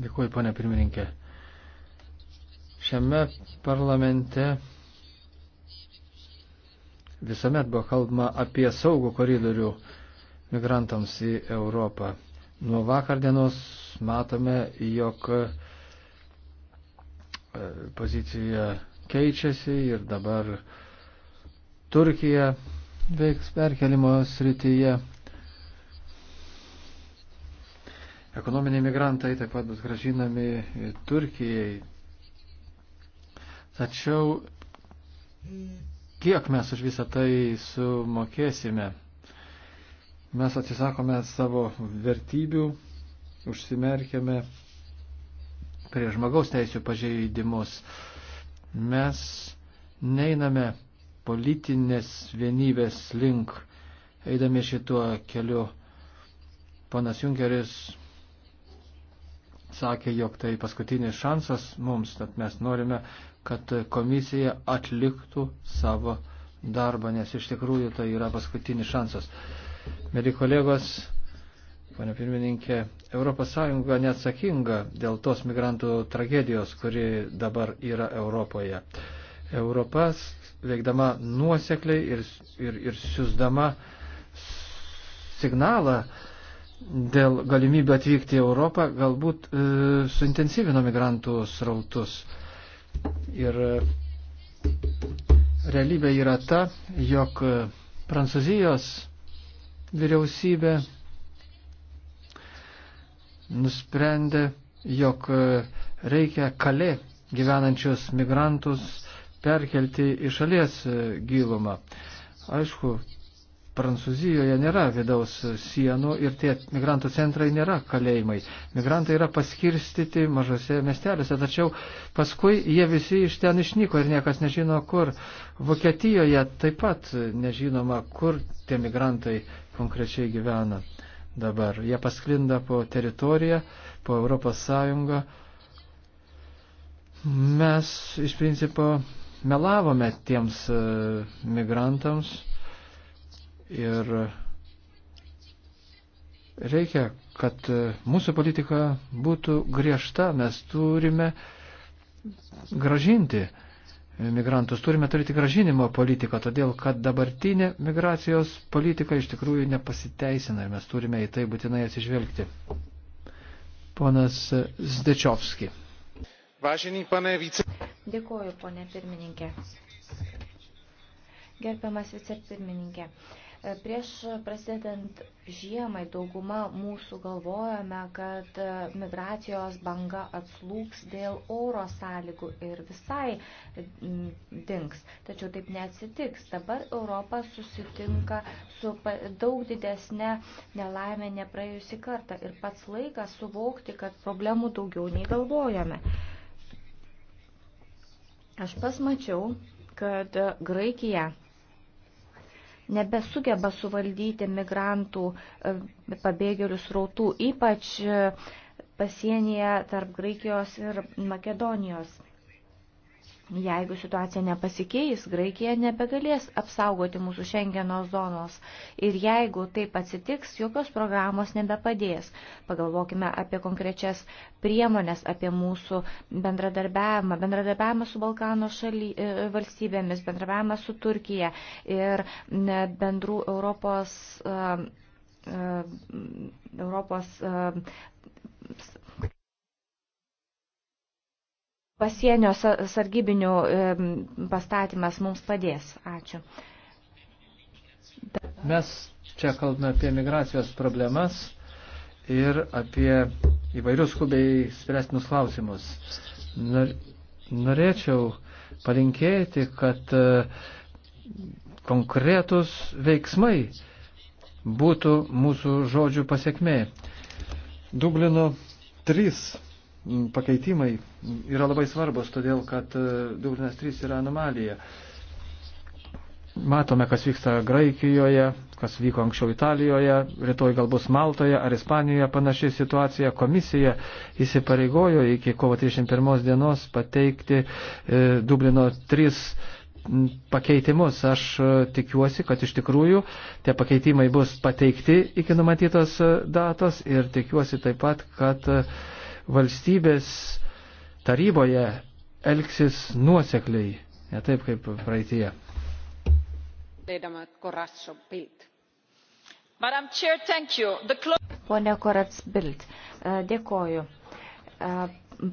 Dėkuoju, ponė pirmininkė. Šiame parlamente visuomet buvo kalbama apie saugų koridorių migrantams į Europą. Nuo vakardienos matome, jog e, pozicija keičiasi ir dabar Turkija veiks perkelimo srityje. Ekonominiai migrantai taip pat bus gražinami Turkijai. Tačiau kiek mes už visą tai sumokėsime? Mes atsisakome savo vertybių, užsimerkėme prie žmogaus teisų pažeidimus. Mes neiname politinės vienybės link, eidami šituo keliu. Panas Junkeris sakė, jog tai paskutinis šansas mums, tad mes norime kad komisija atliktų savo darbą, nes iš tikrųjų tai yra paskutinis šansas. Mėly kolegos, ponia pirmininkė, ES neatsakinga dėl tos migrantų tragedijos, kuri dabar yra Europoje. Europas veikdama nuosekliai ir, ir, ir siūsdama signalą dėl galimybę atvykti į Europą, galbūt e, suintensyvino migrantų srautus. E, Ir e, realybė yra ta, jog e, Prancūzijos vyriausybė nusprendė, jog e, reikia kalė gyvenančius migrantus perkelti į šalies gilumą. Aišku, Prancūzijoje nėra vidaus sienų ir tie migrantų centrai nėra kalėjimai. Migrantai yra paskirstyti mažose miesteliuose, tačiau paskui jie visi iš ten išnyko ir niekas nežino kur. Vokietijoje taip pat nežinoma, kur tie migrantai konkrečiai gyvena dabar. Jie pasklinda po teritoriją, po Europos Sąjungą. Mes iš principo melavome tiems e, migrantams Ir reikia, kad mūsų politika būtų griežta. Mes turime gražinti migrantus, turime turėti gražinimo politiką, todėl kad dabartinė migracijos politika iš tikrųjų nepasiteisina ir mes turime į tai būtinai atsižvelgti. Ponas Zdečiovski. Vážený pane více... Dėkuoju, ponė pirmininkė. Gerbiamas vicepirmininkė. pirmininkė. Prieš prasidedant žiemai dauguma mūsų galvojame, kad migracijos banga atslūks dėl oro sąlygų ir visai dinks. Tačiau taip neatsitiks. Dabar Europa susitinka su daug didesnė nelaimė nepraėjusi kartą ir pats laikas suvokti, kad problemų daugiau nei galvojame. Aš pasmačiau, kad Graikija nebesugeba suvaldyti migrantų e, pabėgėlių srautų, ypač e, pasienyje tarp Graikijos ir Makedonijos. Jeigu situacija nepasikeis, Graikija nebegalės apsaugoti mūsų Šengeno zonos. Ir jeigu taip atsitiks, jokios programos nebepadės. Pagalvokime apie konkrečias priemonės, apie mūsų bendradarbiavimą, bendradarbiavimą su Balkano šaly, e, valstybėmis, bendradarbiavimą su Turkija ir bendrų Europos. E, e, Europos pasienio sargybinių pastatymas mums padės. Ačiū. Mes čia kalbame apie migracijos problemas ir apie įvairius skubiai spręstinus klausimus. Nor, norėčiau palinkėti, kad e, konkretus veiksmai būtų mūsų žodžių pasiekmė. Dublino 3 pakeitimai yra labai svarbus, todėl kad e, Dublinas 3 yra anomalija. Matome, kas vyksta Graikijoje, kas vyko anksčiau Italijoje, rytoj galbūt Maltoje ar Ispanijoje panašiai situacija. Komisija įsipareigojo iki kovo 31 dienos pateikti e, Dublino 3 pakeitimus. Aš e, tikiuosi, kad iš tikrųjų tie pakeitimai bus pateikti iki numatytos datos ir tikiuosi taip pat, kad valstybės taryboje elgsis nuosekliai, ne taip kaip praeitie. Pone Korats Bild, e, dėkoju. E,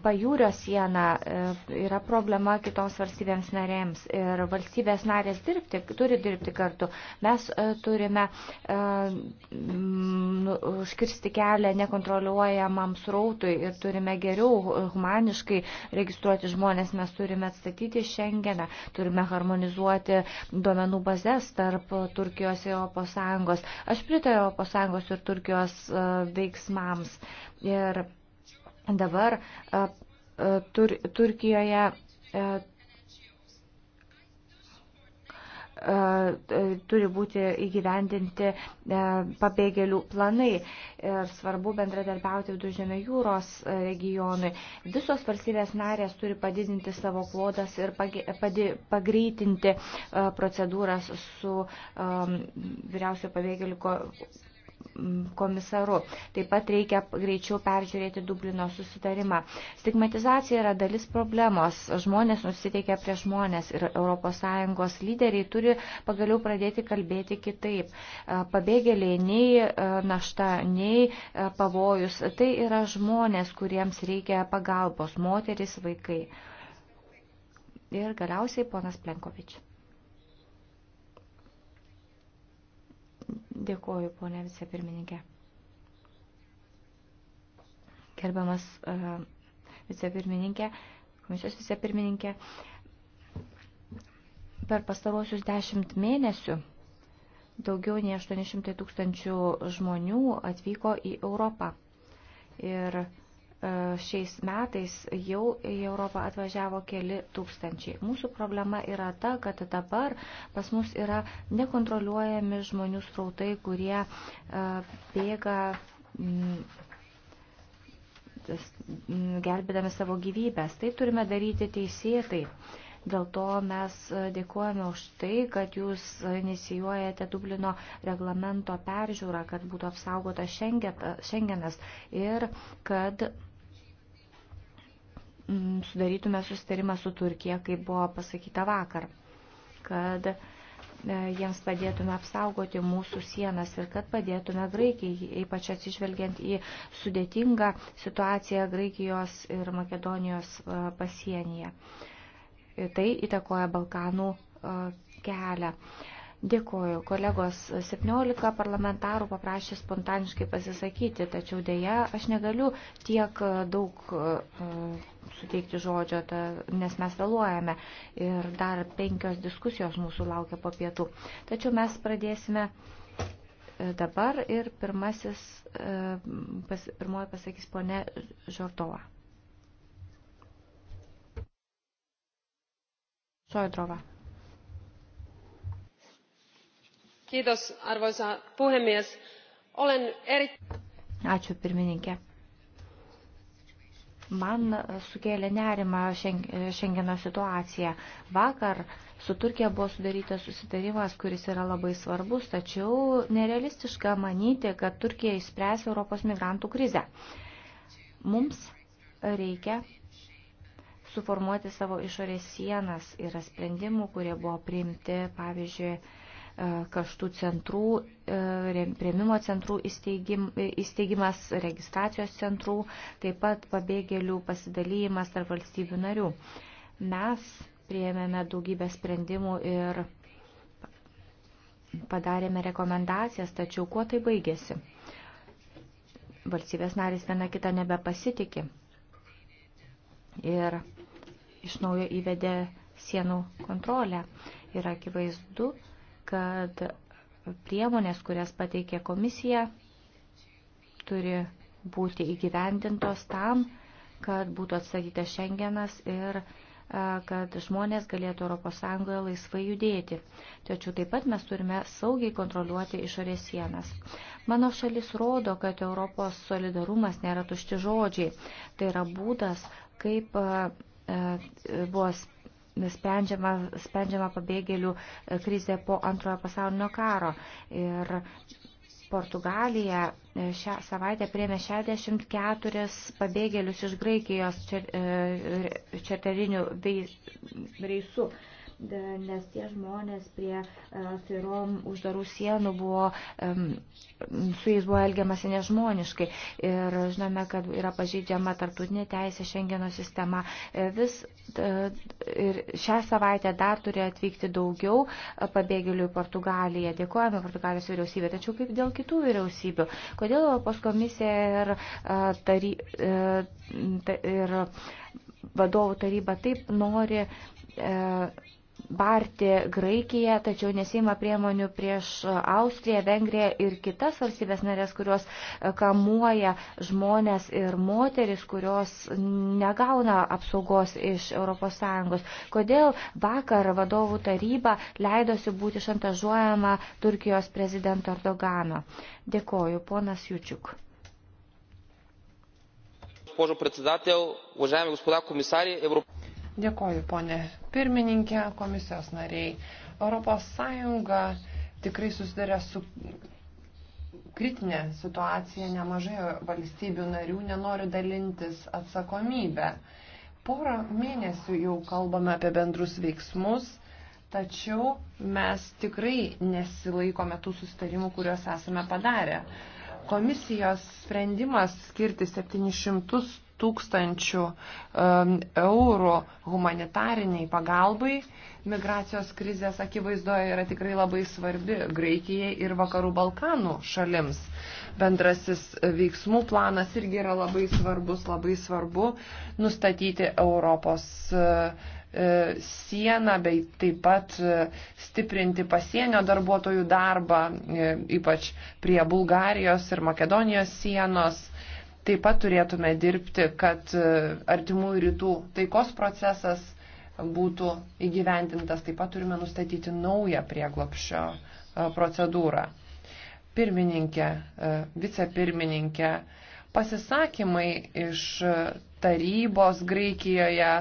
pajūrio siena e, yra problema kitoms valstybėms narėms ir valstybės narės dirbti, turi dirbti kartu. Mes e, turime e, nu, užkirsti kelią nekontroliuojamam srautui ir turime geriau humaniškai registruoti žmonės, mes turime atstatyti šiandieną, turime harmonizuoti duomenų bazės tarp Turkijos ir ES. Aš pritariu ES ir Turkijos veiksmams. Ir dabar e, e, tur, Turkijoje e, turi būti įgyvendinti pabėgėlių planai ir svarbu bendradarbiauti Viduržėmio jūros regionui. Visos valstybės narės turi padidinti savo kvotas ir pagreitinti procedūras su vyriausio pabėgėlių komisaru. Taip pat reikia greičiau peržiūrėti Dublino susitarimą. Stigmatizacija yra dalis problemos. Žmonės nusiteikia prie žmonės ir ES lyderiai turi pagaliau pradėti kalbėti kitaip. E, pabėgėliai nei e, našta, nei e, pavojus. Tai yra žmonės, kuriems reikia pagalbos - moteris, vaikai. Ir galiausiai ponas Plenkovičius. Dėkuoju, ponė vicepirmininkė. Gerbiamas uh, vicepirmininkė, komisijos vicepirmininkė, per pastaruosius dešimt mėnesių daugiau nei 800 tūkstančių žmonių atvyko į Europą. Ir uh, E, šiais metais jau į Europą atvažiavo keli tūkstančiai. Mūsų problema yra ta, kad dabar pas mus yra nekontroliuojami žmonių srautai, kurie e, bėga mm, mm, gelbėdami savo gyvybės. Tai turime daryti teisėtai. Dėl to mes e, dėkojame už tai, kad jūs inicijuojate Dublino reglamento peržiūrą, kad būtų apsaugota Šengenas ir kad sudarytume susitarimą su Turkija, kaip buvo pasakyta vakar, kad e, jiems padėtume apsaugoti mūsų sienas ir kad padėtume Graikijai, ypač atsižvelgiant į sudėtingą situaciją Graikijos ir Makedonijos e, pasienyje. Tai įtakoja Balkanų e, kelią. Dėkuoju. Kolegos, 17 parlamentarų paprašė spontaniškai pasisakyti, tačiau dėja aš negaliu tiek daug e, suteikti žodžio, ta, nes mes vėluojame ir dar penkios diskusijos mūsų laukia po pietų. Tačiau mes pradėsime e, dabar ir pirmasis, e, pas, pirmoji pasakys ponė Žortova. Šojdrova. arvoisa puhemies olen erittäin. ačiū pirmininke. Man sukėlė nerima Šengeno situacija. Vakar su Turkija buvo sudarytas susitarimas, kuris yra labai svarbus, tačiau nerealistiška manyti, kad Turkija išspręs Europos migrantų krizę. Mums reikia suformuoti savo išorės sienas. Yra sprendimų, kurie buvo priimti, pavyzdžiui, E, kaštų centrų, e, prieimimo centrų e, įsteigimas, registracijos centrų, taip pat pabėgėlių pasidalymas tarp valstybių narių. Mes prieėmėme daugybę sprendimų ir padarėme rekomendacijas, tačiau kuo tai baigėsi? Valstybės narys viena kita nebepasitikė ir iš naujo įvedė sienų kontrolę. Ir akivaizdu, kad priemonės, kurias pateikė komisija, turi būti įgyvendintos tam, kad būtų atstatytas Šengenas ir e, kad žmonės galėtų ES laisvai judėti. Tačiau taip pat mes turime saugiai kontroliuoti išorės sienas. Mano šalis rodo, kad Europos solidarumas nėra tušti žodžiai. Tai yra būdas, kaip e, e, buvo sprendžiama, sprendžiama pabėgėlių e, krizė po antrojo pasaulinio karo. Ir Portugalija e, šią savaitę priemė 64 pabėgėlius iš Graikijos čerterinių e, reisų. Čer, nes tie žmonės prie e, firom uždarų sienų buvo, su jais buvo elgiamasi nežmoniškai. Ir žinome, kad yra pažeidžiama tarptautinė teisė Šengeno sistema. E, vis ir šią savaitę dar turėjo atvykti daugiau e, pabėgėlių į Portugaliją. Dėkojame Portugalijos vyriausybė. Tačiau kaip dėl kitų vyriausybių? Kodėl Europos komisija ir, tary, ir vadovų taryba taip nori barti Graikiją, tačiau nesima priemonių prieš Austriją, Vengriją ir kitas valstybės narės, kurios e, kamuoja žmonės ir moteris, kurios negauna apsaugos iš ES. Kodėl vakar vadovų taryba leidosi būti šantažuojama Turkijos prezidento Erdogano? Dėkoju, ponas Jučiuk. Госпожо председател, уважаеми господа комисари, Европейския Dėkoju, ponė pirmininkė, komisijos nariai. Europos Sąjunga tikrai susidarė su kritinė situacija, nemažai valstybių narių nenori dalintis atsakomybę. Porą mėnesių jau kalbame apie bendrus veiksmus, tačiau mes tikrai nesilaikome tų sustarimų, kuriuos esame padarę. Komisijos sprendimas skirti 700 tūkstančių eurų humanitariniai pagalbai migracijos krizės akivaizdoje yra tikrai labai svarbi Graikijai ir Vakarų Balkanų šalims. Bendrasis veiksmų planas irgi yra labai svarbus, labai svarbu nustatyti Europos e, e, sieną, bei taip pat e, stiprinti pasienio darbuotojų darbą, ypač prie Bulgarijos ir Makedonijos sienos taip pat turėtume dirbti, kad e, artimųjų rytų taikos procesas būtų įgyvendintas. Taip pat turime nustatyti naują prieglopšio e, procedūrą. Pirmininkė, e, vicepirmininkė, pasisakymai iš tarybos Graikijoje,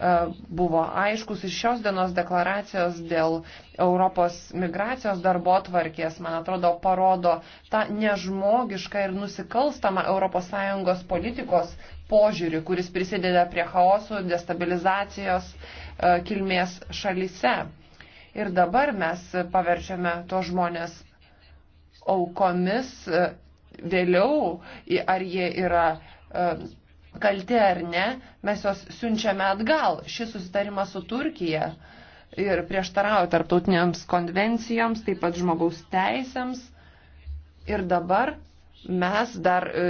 E, buvo aiškus ir šios dienos deklaracijos dėl Europos migracijos darbo tvarkės, man atrodo, parodo tą nežmogišką ir nusikalstamą ES politikos požiūrį, kuris prisideda prie chaosų, destabilizacijos e, kilmės šalyse. Ir dabar mes paverčiame tos žmonės aukomis e, vėliau, ar jie yra kalti ar ne, mes juos siunčiame atgal. Šis susitarimas su Turkija ir prieštarauja tarptautiniams konvencijoms, taip pat žmogaus teisėms. Ir dabar mes dar e,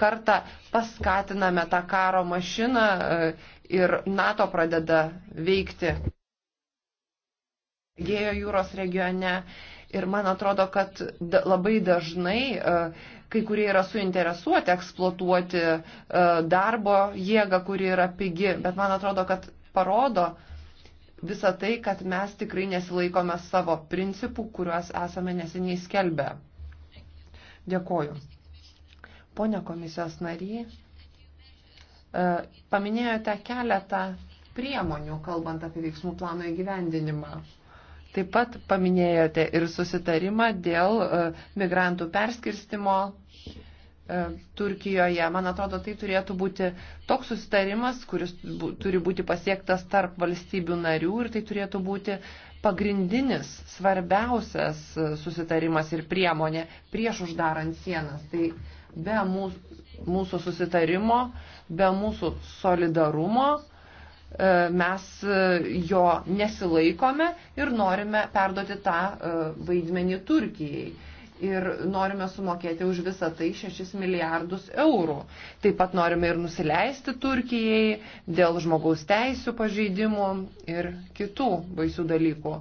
kartą paskatiname tą karo mašiną e, ir NATO pradeda veikti Gėjo jūros regione. Ir man atrodo, kad labai dažnai uh, kai kurie yra suinteresuoti eksploatuoti e, darbo jėgą, kuri yra pigi, bet man atrodo, kad parodo visą tai, kad mes tikrai nesilaikome savo principų, kuriuos esame neseniai skelbę. Dėkoju. Pone komisijos nary, e, paminėjote keletą priemonių, kalbant apie veiksmų plano įgyvendinimą. Taip pat paminėjote ir susitarimą dėl e, migrantų perskirstimo E, Turkijoje. Man atrodo, tai turėtų būti toks susitarimas, kuris turi būti pasiektas tarp valstybių narių ir tai turėtų būti pagrindinis, svarbiausias e, susitarimas ir priemonė prieš uždarant sienas. Tai be mūsų, mūsų susitarimo, be mūsų solidarumo e, mes jo nesilaikome ir norime perduoti tą vaidmenį Turkijai ir norime sumokėti už visą tai 6 milijardus eurų. Taip pat norime ir nusileisti Turkijai dėl žmogaus teisų pažeidimų ir kitų baisių dalykų.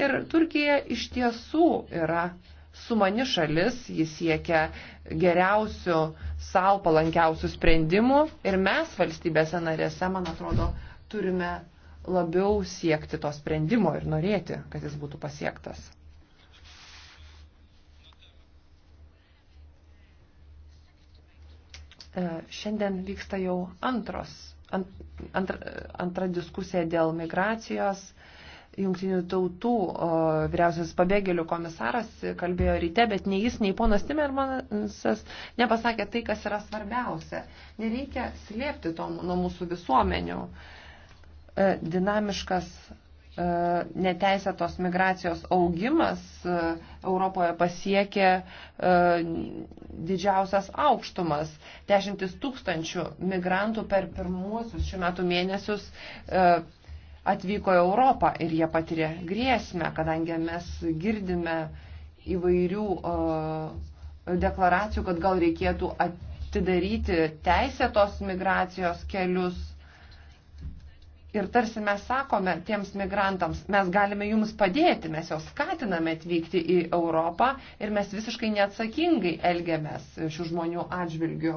Ir Turkija iš tiesų yra sumani šalis, jis siekia geriausių savo palankiausių sprendimų ir mes valstybėse narėse, man atrodo, turime labiau siekti to sprendimo ir norėti, kad jis būtų pasiektas. E, šiandien vyksta jau antros, ant, antra, antra diskusija dėl migracijos. Jungtinių tautų o, vyriausias pabėgėlių komisaras kalbėjo ryte, bet nei jis, nei ponas Timermansas nepasakė tai, kas yra svarbiausia. Nereikia slėpti to nuo mūsų visuomenių. E, dinamiškas E, neteisėtos migracijos augimas e, Europoje pasiekė e, didžiausias aukštumas. Dešimtis tūkstančių migrantų per pirmuosius šių metų mėnesius atvyko į Europą ir jie patiria grėsmę, kadangi mes girdime įvairių deklaracijų, kad gal reikėtų atidaryti teisėtos migracijos kelius Ir tarsi mes sakome tiems migrantams, mes galime jums padėti, mes jau skatiname atvykti į Europą ir mes visiškai neatsakingai elgiamės šių žmonių atžvilgių.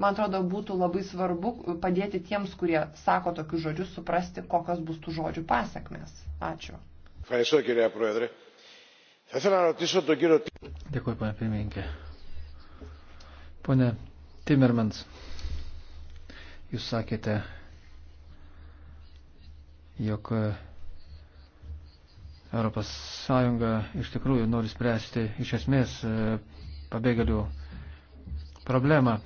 Man atrodo, būtų labai svarbu padėti tiems, kurie sako tokius žodžius, suprasti, kokios bus tų žodžių pasiekmes. Ačiū. Dėkui, pane pirmininkė. Pone Timmermans, jūs sakėte, jog ES iš tikrųjų nori spręsti iš esmės e, pabėgėlių problemą.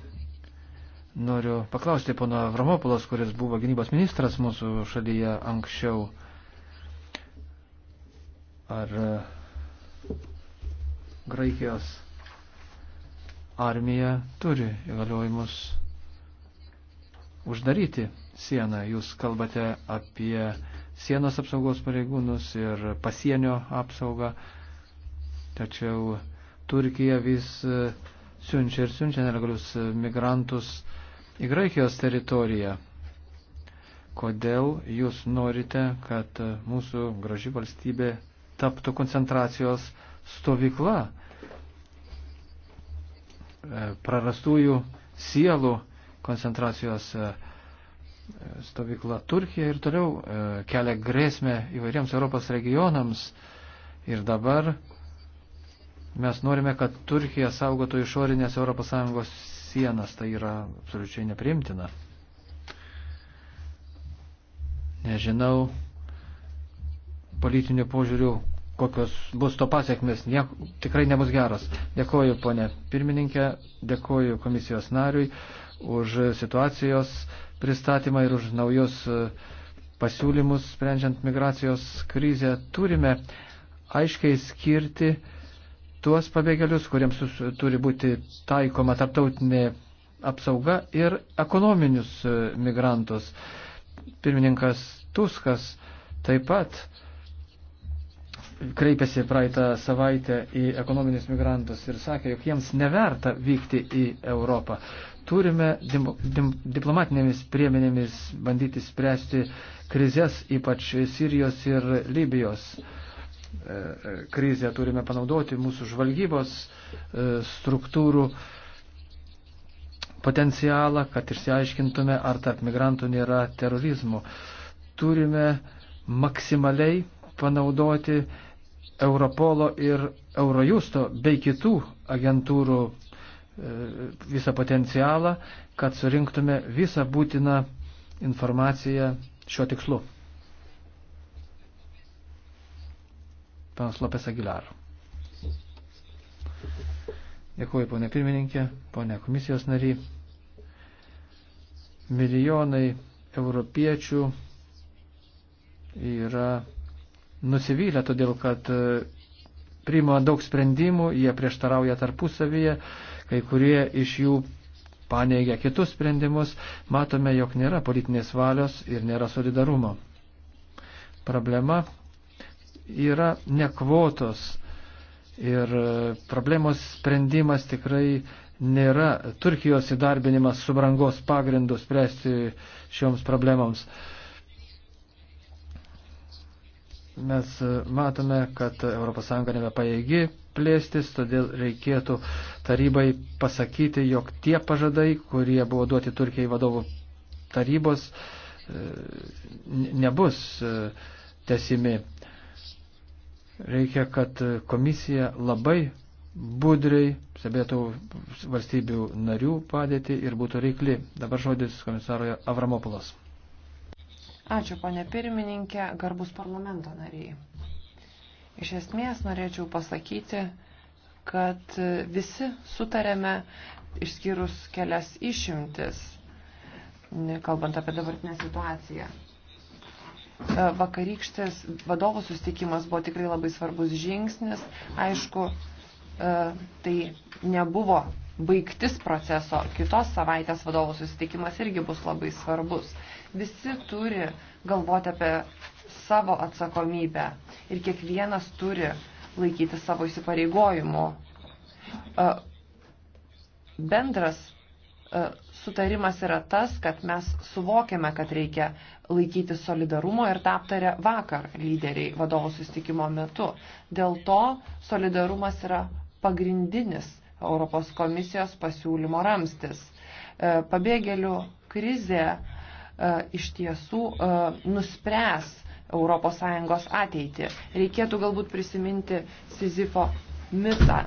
Noriu paklausti pono Avramopulos, kuris buvo gynybos ministras mūsų šalyje anksčiau. Ar e, Graikijos armija turi įgaliojimus uždaryti sieną. Jūs kalbate apie sienos apsaugos pareigūnus ir pasienio apsaugą, tačiau Turkija vis e, siunčia ir siunčia nelegalius e, migrantus į Graikijos teritoriją. Kodėl jūs norite, kad e, mūsų graži valstybė taptų koncentracijos stovykla prarastųjų sielų koncentracijos stovykla? stovykla Turkija ir toliau e, kelia grėsmę įvairiems Europos regionams. Ir dabar mes norime, kad Turkija saugotų išorinės ES sienas. Tai yra absoliučiai neprimtina. Nežinau politinių požiūrių, kokios bus to pasiekmes, niek, tikrai nebus geros. Dėkoju, ponė pirmininkė, dėkoju komisijos nariui už situacijos pristatymą ir už naujus e, pasiūlymus sprendžiant migracijos krizę. Turime aiškiai skirti tuos pabėgėlius, kuriems turi būti taikoma tarptautinė apsauga ir ekonominius e, migrantus. Pirmininkas Tuskas taip pat kreipėsi praeitą savaitę į ekonominius migrantus ir sakė, jog jiems neverta vykti į Europą turime diplomatinėmis priemenėmis bandyti spręsti krizės, ypač Sirijos ir Libijos e, e, krizę. Turime panaudoti mūsų žvalgybos e, struktūrų potencialą, kad išsiaiškintume, ar tarp migrantų nėra terorizmo. Turime maksimaliai panaudoti Europolo ir Eurojusto bei kitų agentūrų visą potencialą, kad surinktume visą būtiną informaciją šiuo tikslu. Panas Lopes Aguilar. Dėkuoju, ponė pirmininkė, ponė komisijos nary. Milijonai europiečių yra nusivylę, todėl kad priima daug sprendimų, jie prieštarauja tarpusavyje, kai kurie iš jų paneigia kitus sprendimus, matome, jog nėra politinės valios ir nėra solidarumo. Problema yra ne kvotos ir e, problemos sprendimas tikrai nėra Turkijos įdarbinimas su brangos pagrindu spręsti šioms problemams. Mes e, matome, kad ES nebepajėgi plėstis, todėl reikėtų tarybai pasakyti, jog tie pažadai, kurie buvo duoti Turkijai vadovų tarybos, e, nebus e, tesimi. Reikia, kad komisija labai budriai stebėtų valstybių narių padėtį ir būtų reikli. Dabar žodis komisaroje Avramopulos. Ačiū, ponė pirmininkė, garbus parlamento nariai. Iš esmės norėčiau pasakyti, kad visi sutarėme išskyrus kelias išimtis, kalbant apie dabartinę situaciją. E, Vakarykštis vadovų sustikimas buvo tikrai labai svarbus žingsnis. Aišku, e, tai nebuvo baigtis proceso. Kitos savaitės vadovų susitikimas irgi bus labai svarbus. Visi turi galvoti apie savo atsakomybę ir kiekvienas turi laikyti savo įsipareigojimų. E, bendras e, sutarimas yra tas, kad mes suvokiame, kad reikia laikyti solidarumo ir tą aptarė vakar lyderiai vadovo sustikimo metu. Dėl to solidarumas yra pagrindinis Europos komisijos pasiūlymo ramstis. E, pabėgėlių krizė iš tiesų nuspręs ES ateitį. Reikėtų galbūt prisiminti Sizifo mitą.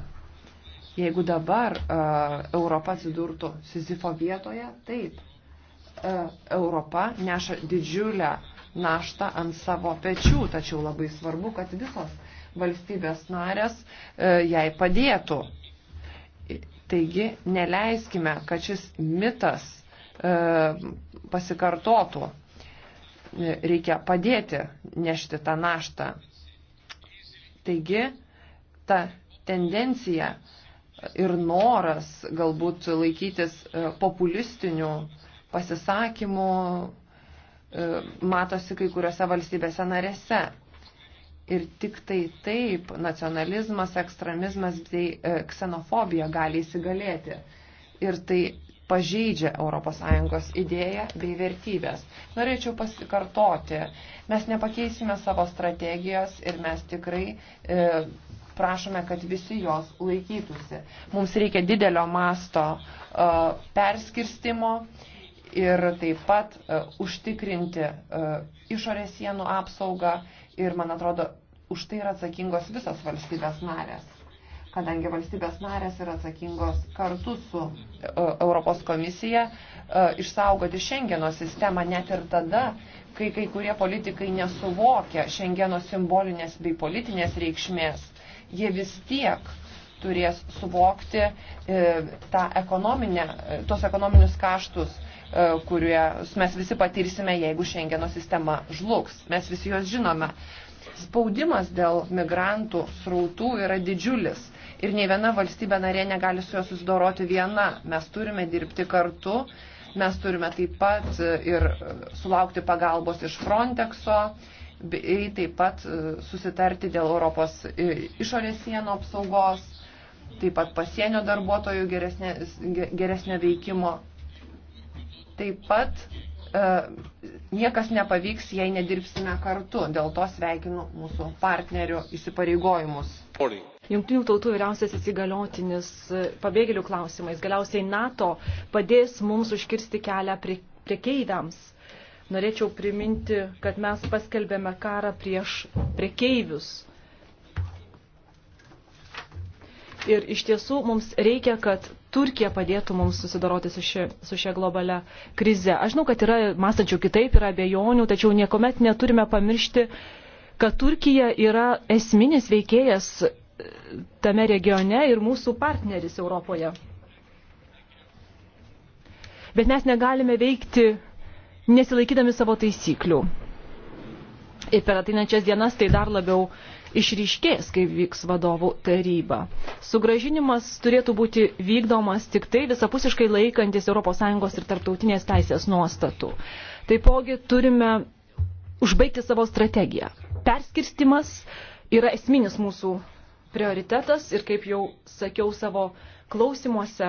Jeigu dabar uh, Europa atsidurtų Sizifo vietoje, taip. Uh, Europa neša didžiulę naštą ant savo pečių, tačiau labai svarbu, kad visos valstybės narės uh, jai padėtų. Taigi neleiskime, kad šis mitas uh, pasikartotų reikia padėti nešti tą naštą. Taigi, ta tendencija ir noras galbūt laikytis e, populistinių pasisakymų e, matosi kai kuriuose valstybėse narėse. Ir tik tai taip nacionalizmas, ekstremizmas bei e, ksenofobija gali įsigalėti. Ir tai pažeidžia ES idėją bei vertybės. Norėčiau pasikartoti, mes nepakeisime savo strategijos ir mes tikrai e, prašome, kad visi jos laikytųsi. Mums reikia didelio masto e, perskirstimo ir taip pat e, užtikrinti e, išorės sienų apsaugą ir, man atrodo, už tai yra atsakingos visos valstybės narės kadangi valstybės narės yra atsakingos kartu su e, Europos komisija e, išsaugoti Šengeno sistemą net ir tada, kai kai kurie politikai nesuvokia Šengeno simbolinės bei politinės reikšmės. Jie vis tiek turės suvokti e, tą ekonominę, tos ekonominius kaštus, kurie mes visi patirsime, jeigu Šengeno sistema žlugs. Mes visi juos žinome. Spaudimas dėl migrantų srautų yra didžiulis ir nei viena valstybė narė negali su juo susidoroti viena. Mes turime dirbti kartu, mes turime taip pat e, ir e, sulaukti pagalbos iš Frontexo, bei taip pat e, susitarti dėl Europos išorės sienų apsaugos, taip pat pasienio darbuotojų geresnė, geresnė veikimo. Taip pat niekas nepavyks, jei nedirbsime kartu. Dėl to sveikinu mūsų partnerių įsipareigojimus. Morning. Jungtinių tautų vyriausiasis įgaliotinis e, pabėgėlių klausimais, galiausiai NATO padės mums užkirsti kelią priekeiviams. Norėčiau priminti, kad mes paskelbėme karą prieš priekeivius. Ir iš tiesų mums reikia, kad Turkija padėtų mums susidoroti su šia, su šia globale krize. Aš žinau, kad yra mąstančių kitaip, yra abejonių, tačiau niekuomet neturime pamiršti, kad Turkija yra esminis veikėjas tame regione ir mūsų partneris Europoje. Bet mes negalime veikti nesilaikydami savo taisyklių. Ir per ateinančias dienas tai dar labiau išryškės, kai vyks vadovų taryba. Sugražinimas turėtų būti vykdomas tik tai visapusiškai laikantis ES ir tarptautinės teisės nuostatų. Taipogi turime užbaigti savo strategiją. Perskirstimas yra esminis mūsų prioritetas ir kaip jau sakiau savo klausimuose,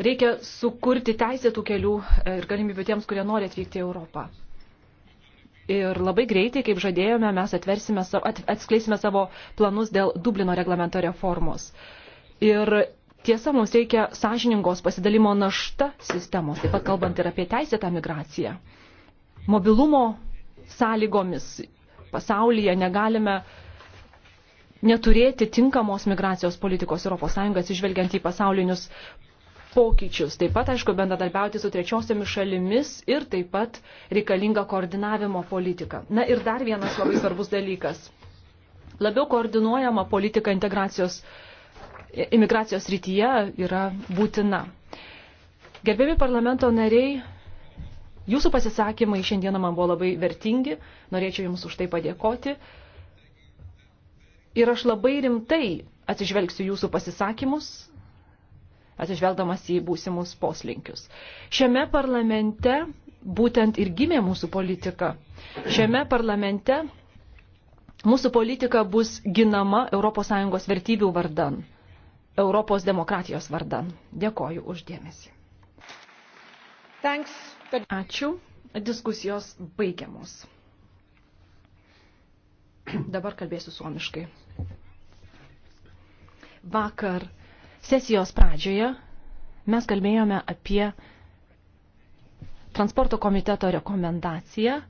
reikia sukurti teisėtų kelių e, ir galimybių tiems, kurie nori atvykti į Europą. Ir labai greitai, kaip žadėjome, mes atskleisime savo planus dėl Dublino reglamento reformos. Ir tiesa, mums reikia sąžiningos pasidalimo našta sistemos, taip pat kalbant ir apie teisėtą migraciją. Mobilumo sąlygomis pasaulyje negalime uh, neturėti tinkamos migracijos politikos ES atsižvelgiant į pasaulinius pokyčius. Taip pat, aišku, bendradarbiauti su trečiosiomis šalimis ir taip pat reikalinga koordinavimo politika. Na ir dar vienas labai svarbus dalykas. Labiau koordinuojama politika integracijos, imigracijos rytyje yra būtina. Gerbiami parlamento nariai, jūsų pasisakymai šiandieną man buvo labai vertingi, norėčiau Jums už tai padėkoti. Ir aš labai rimtai atsižvelgsiu jūsų pasisakymus, atsižvelgdamas į būsimus poslinkius. Šiame parlamente būtent ir gimė mūsų politika. Šiame parlamente mūsų politika bus ginama ES vertybių vardan, Europos demokratijos vardan. Dėkoju uždėmesi. Thanks. Ačiū. Diskusijos baigiamos. Dabar kalbėsiu suomiškai. Vakar sesijos pradžioje mes kalbėjome apie transporto komiteto rekomendaciją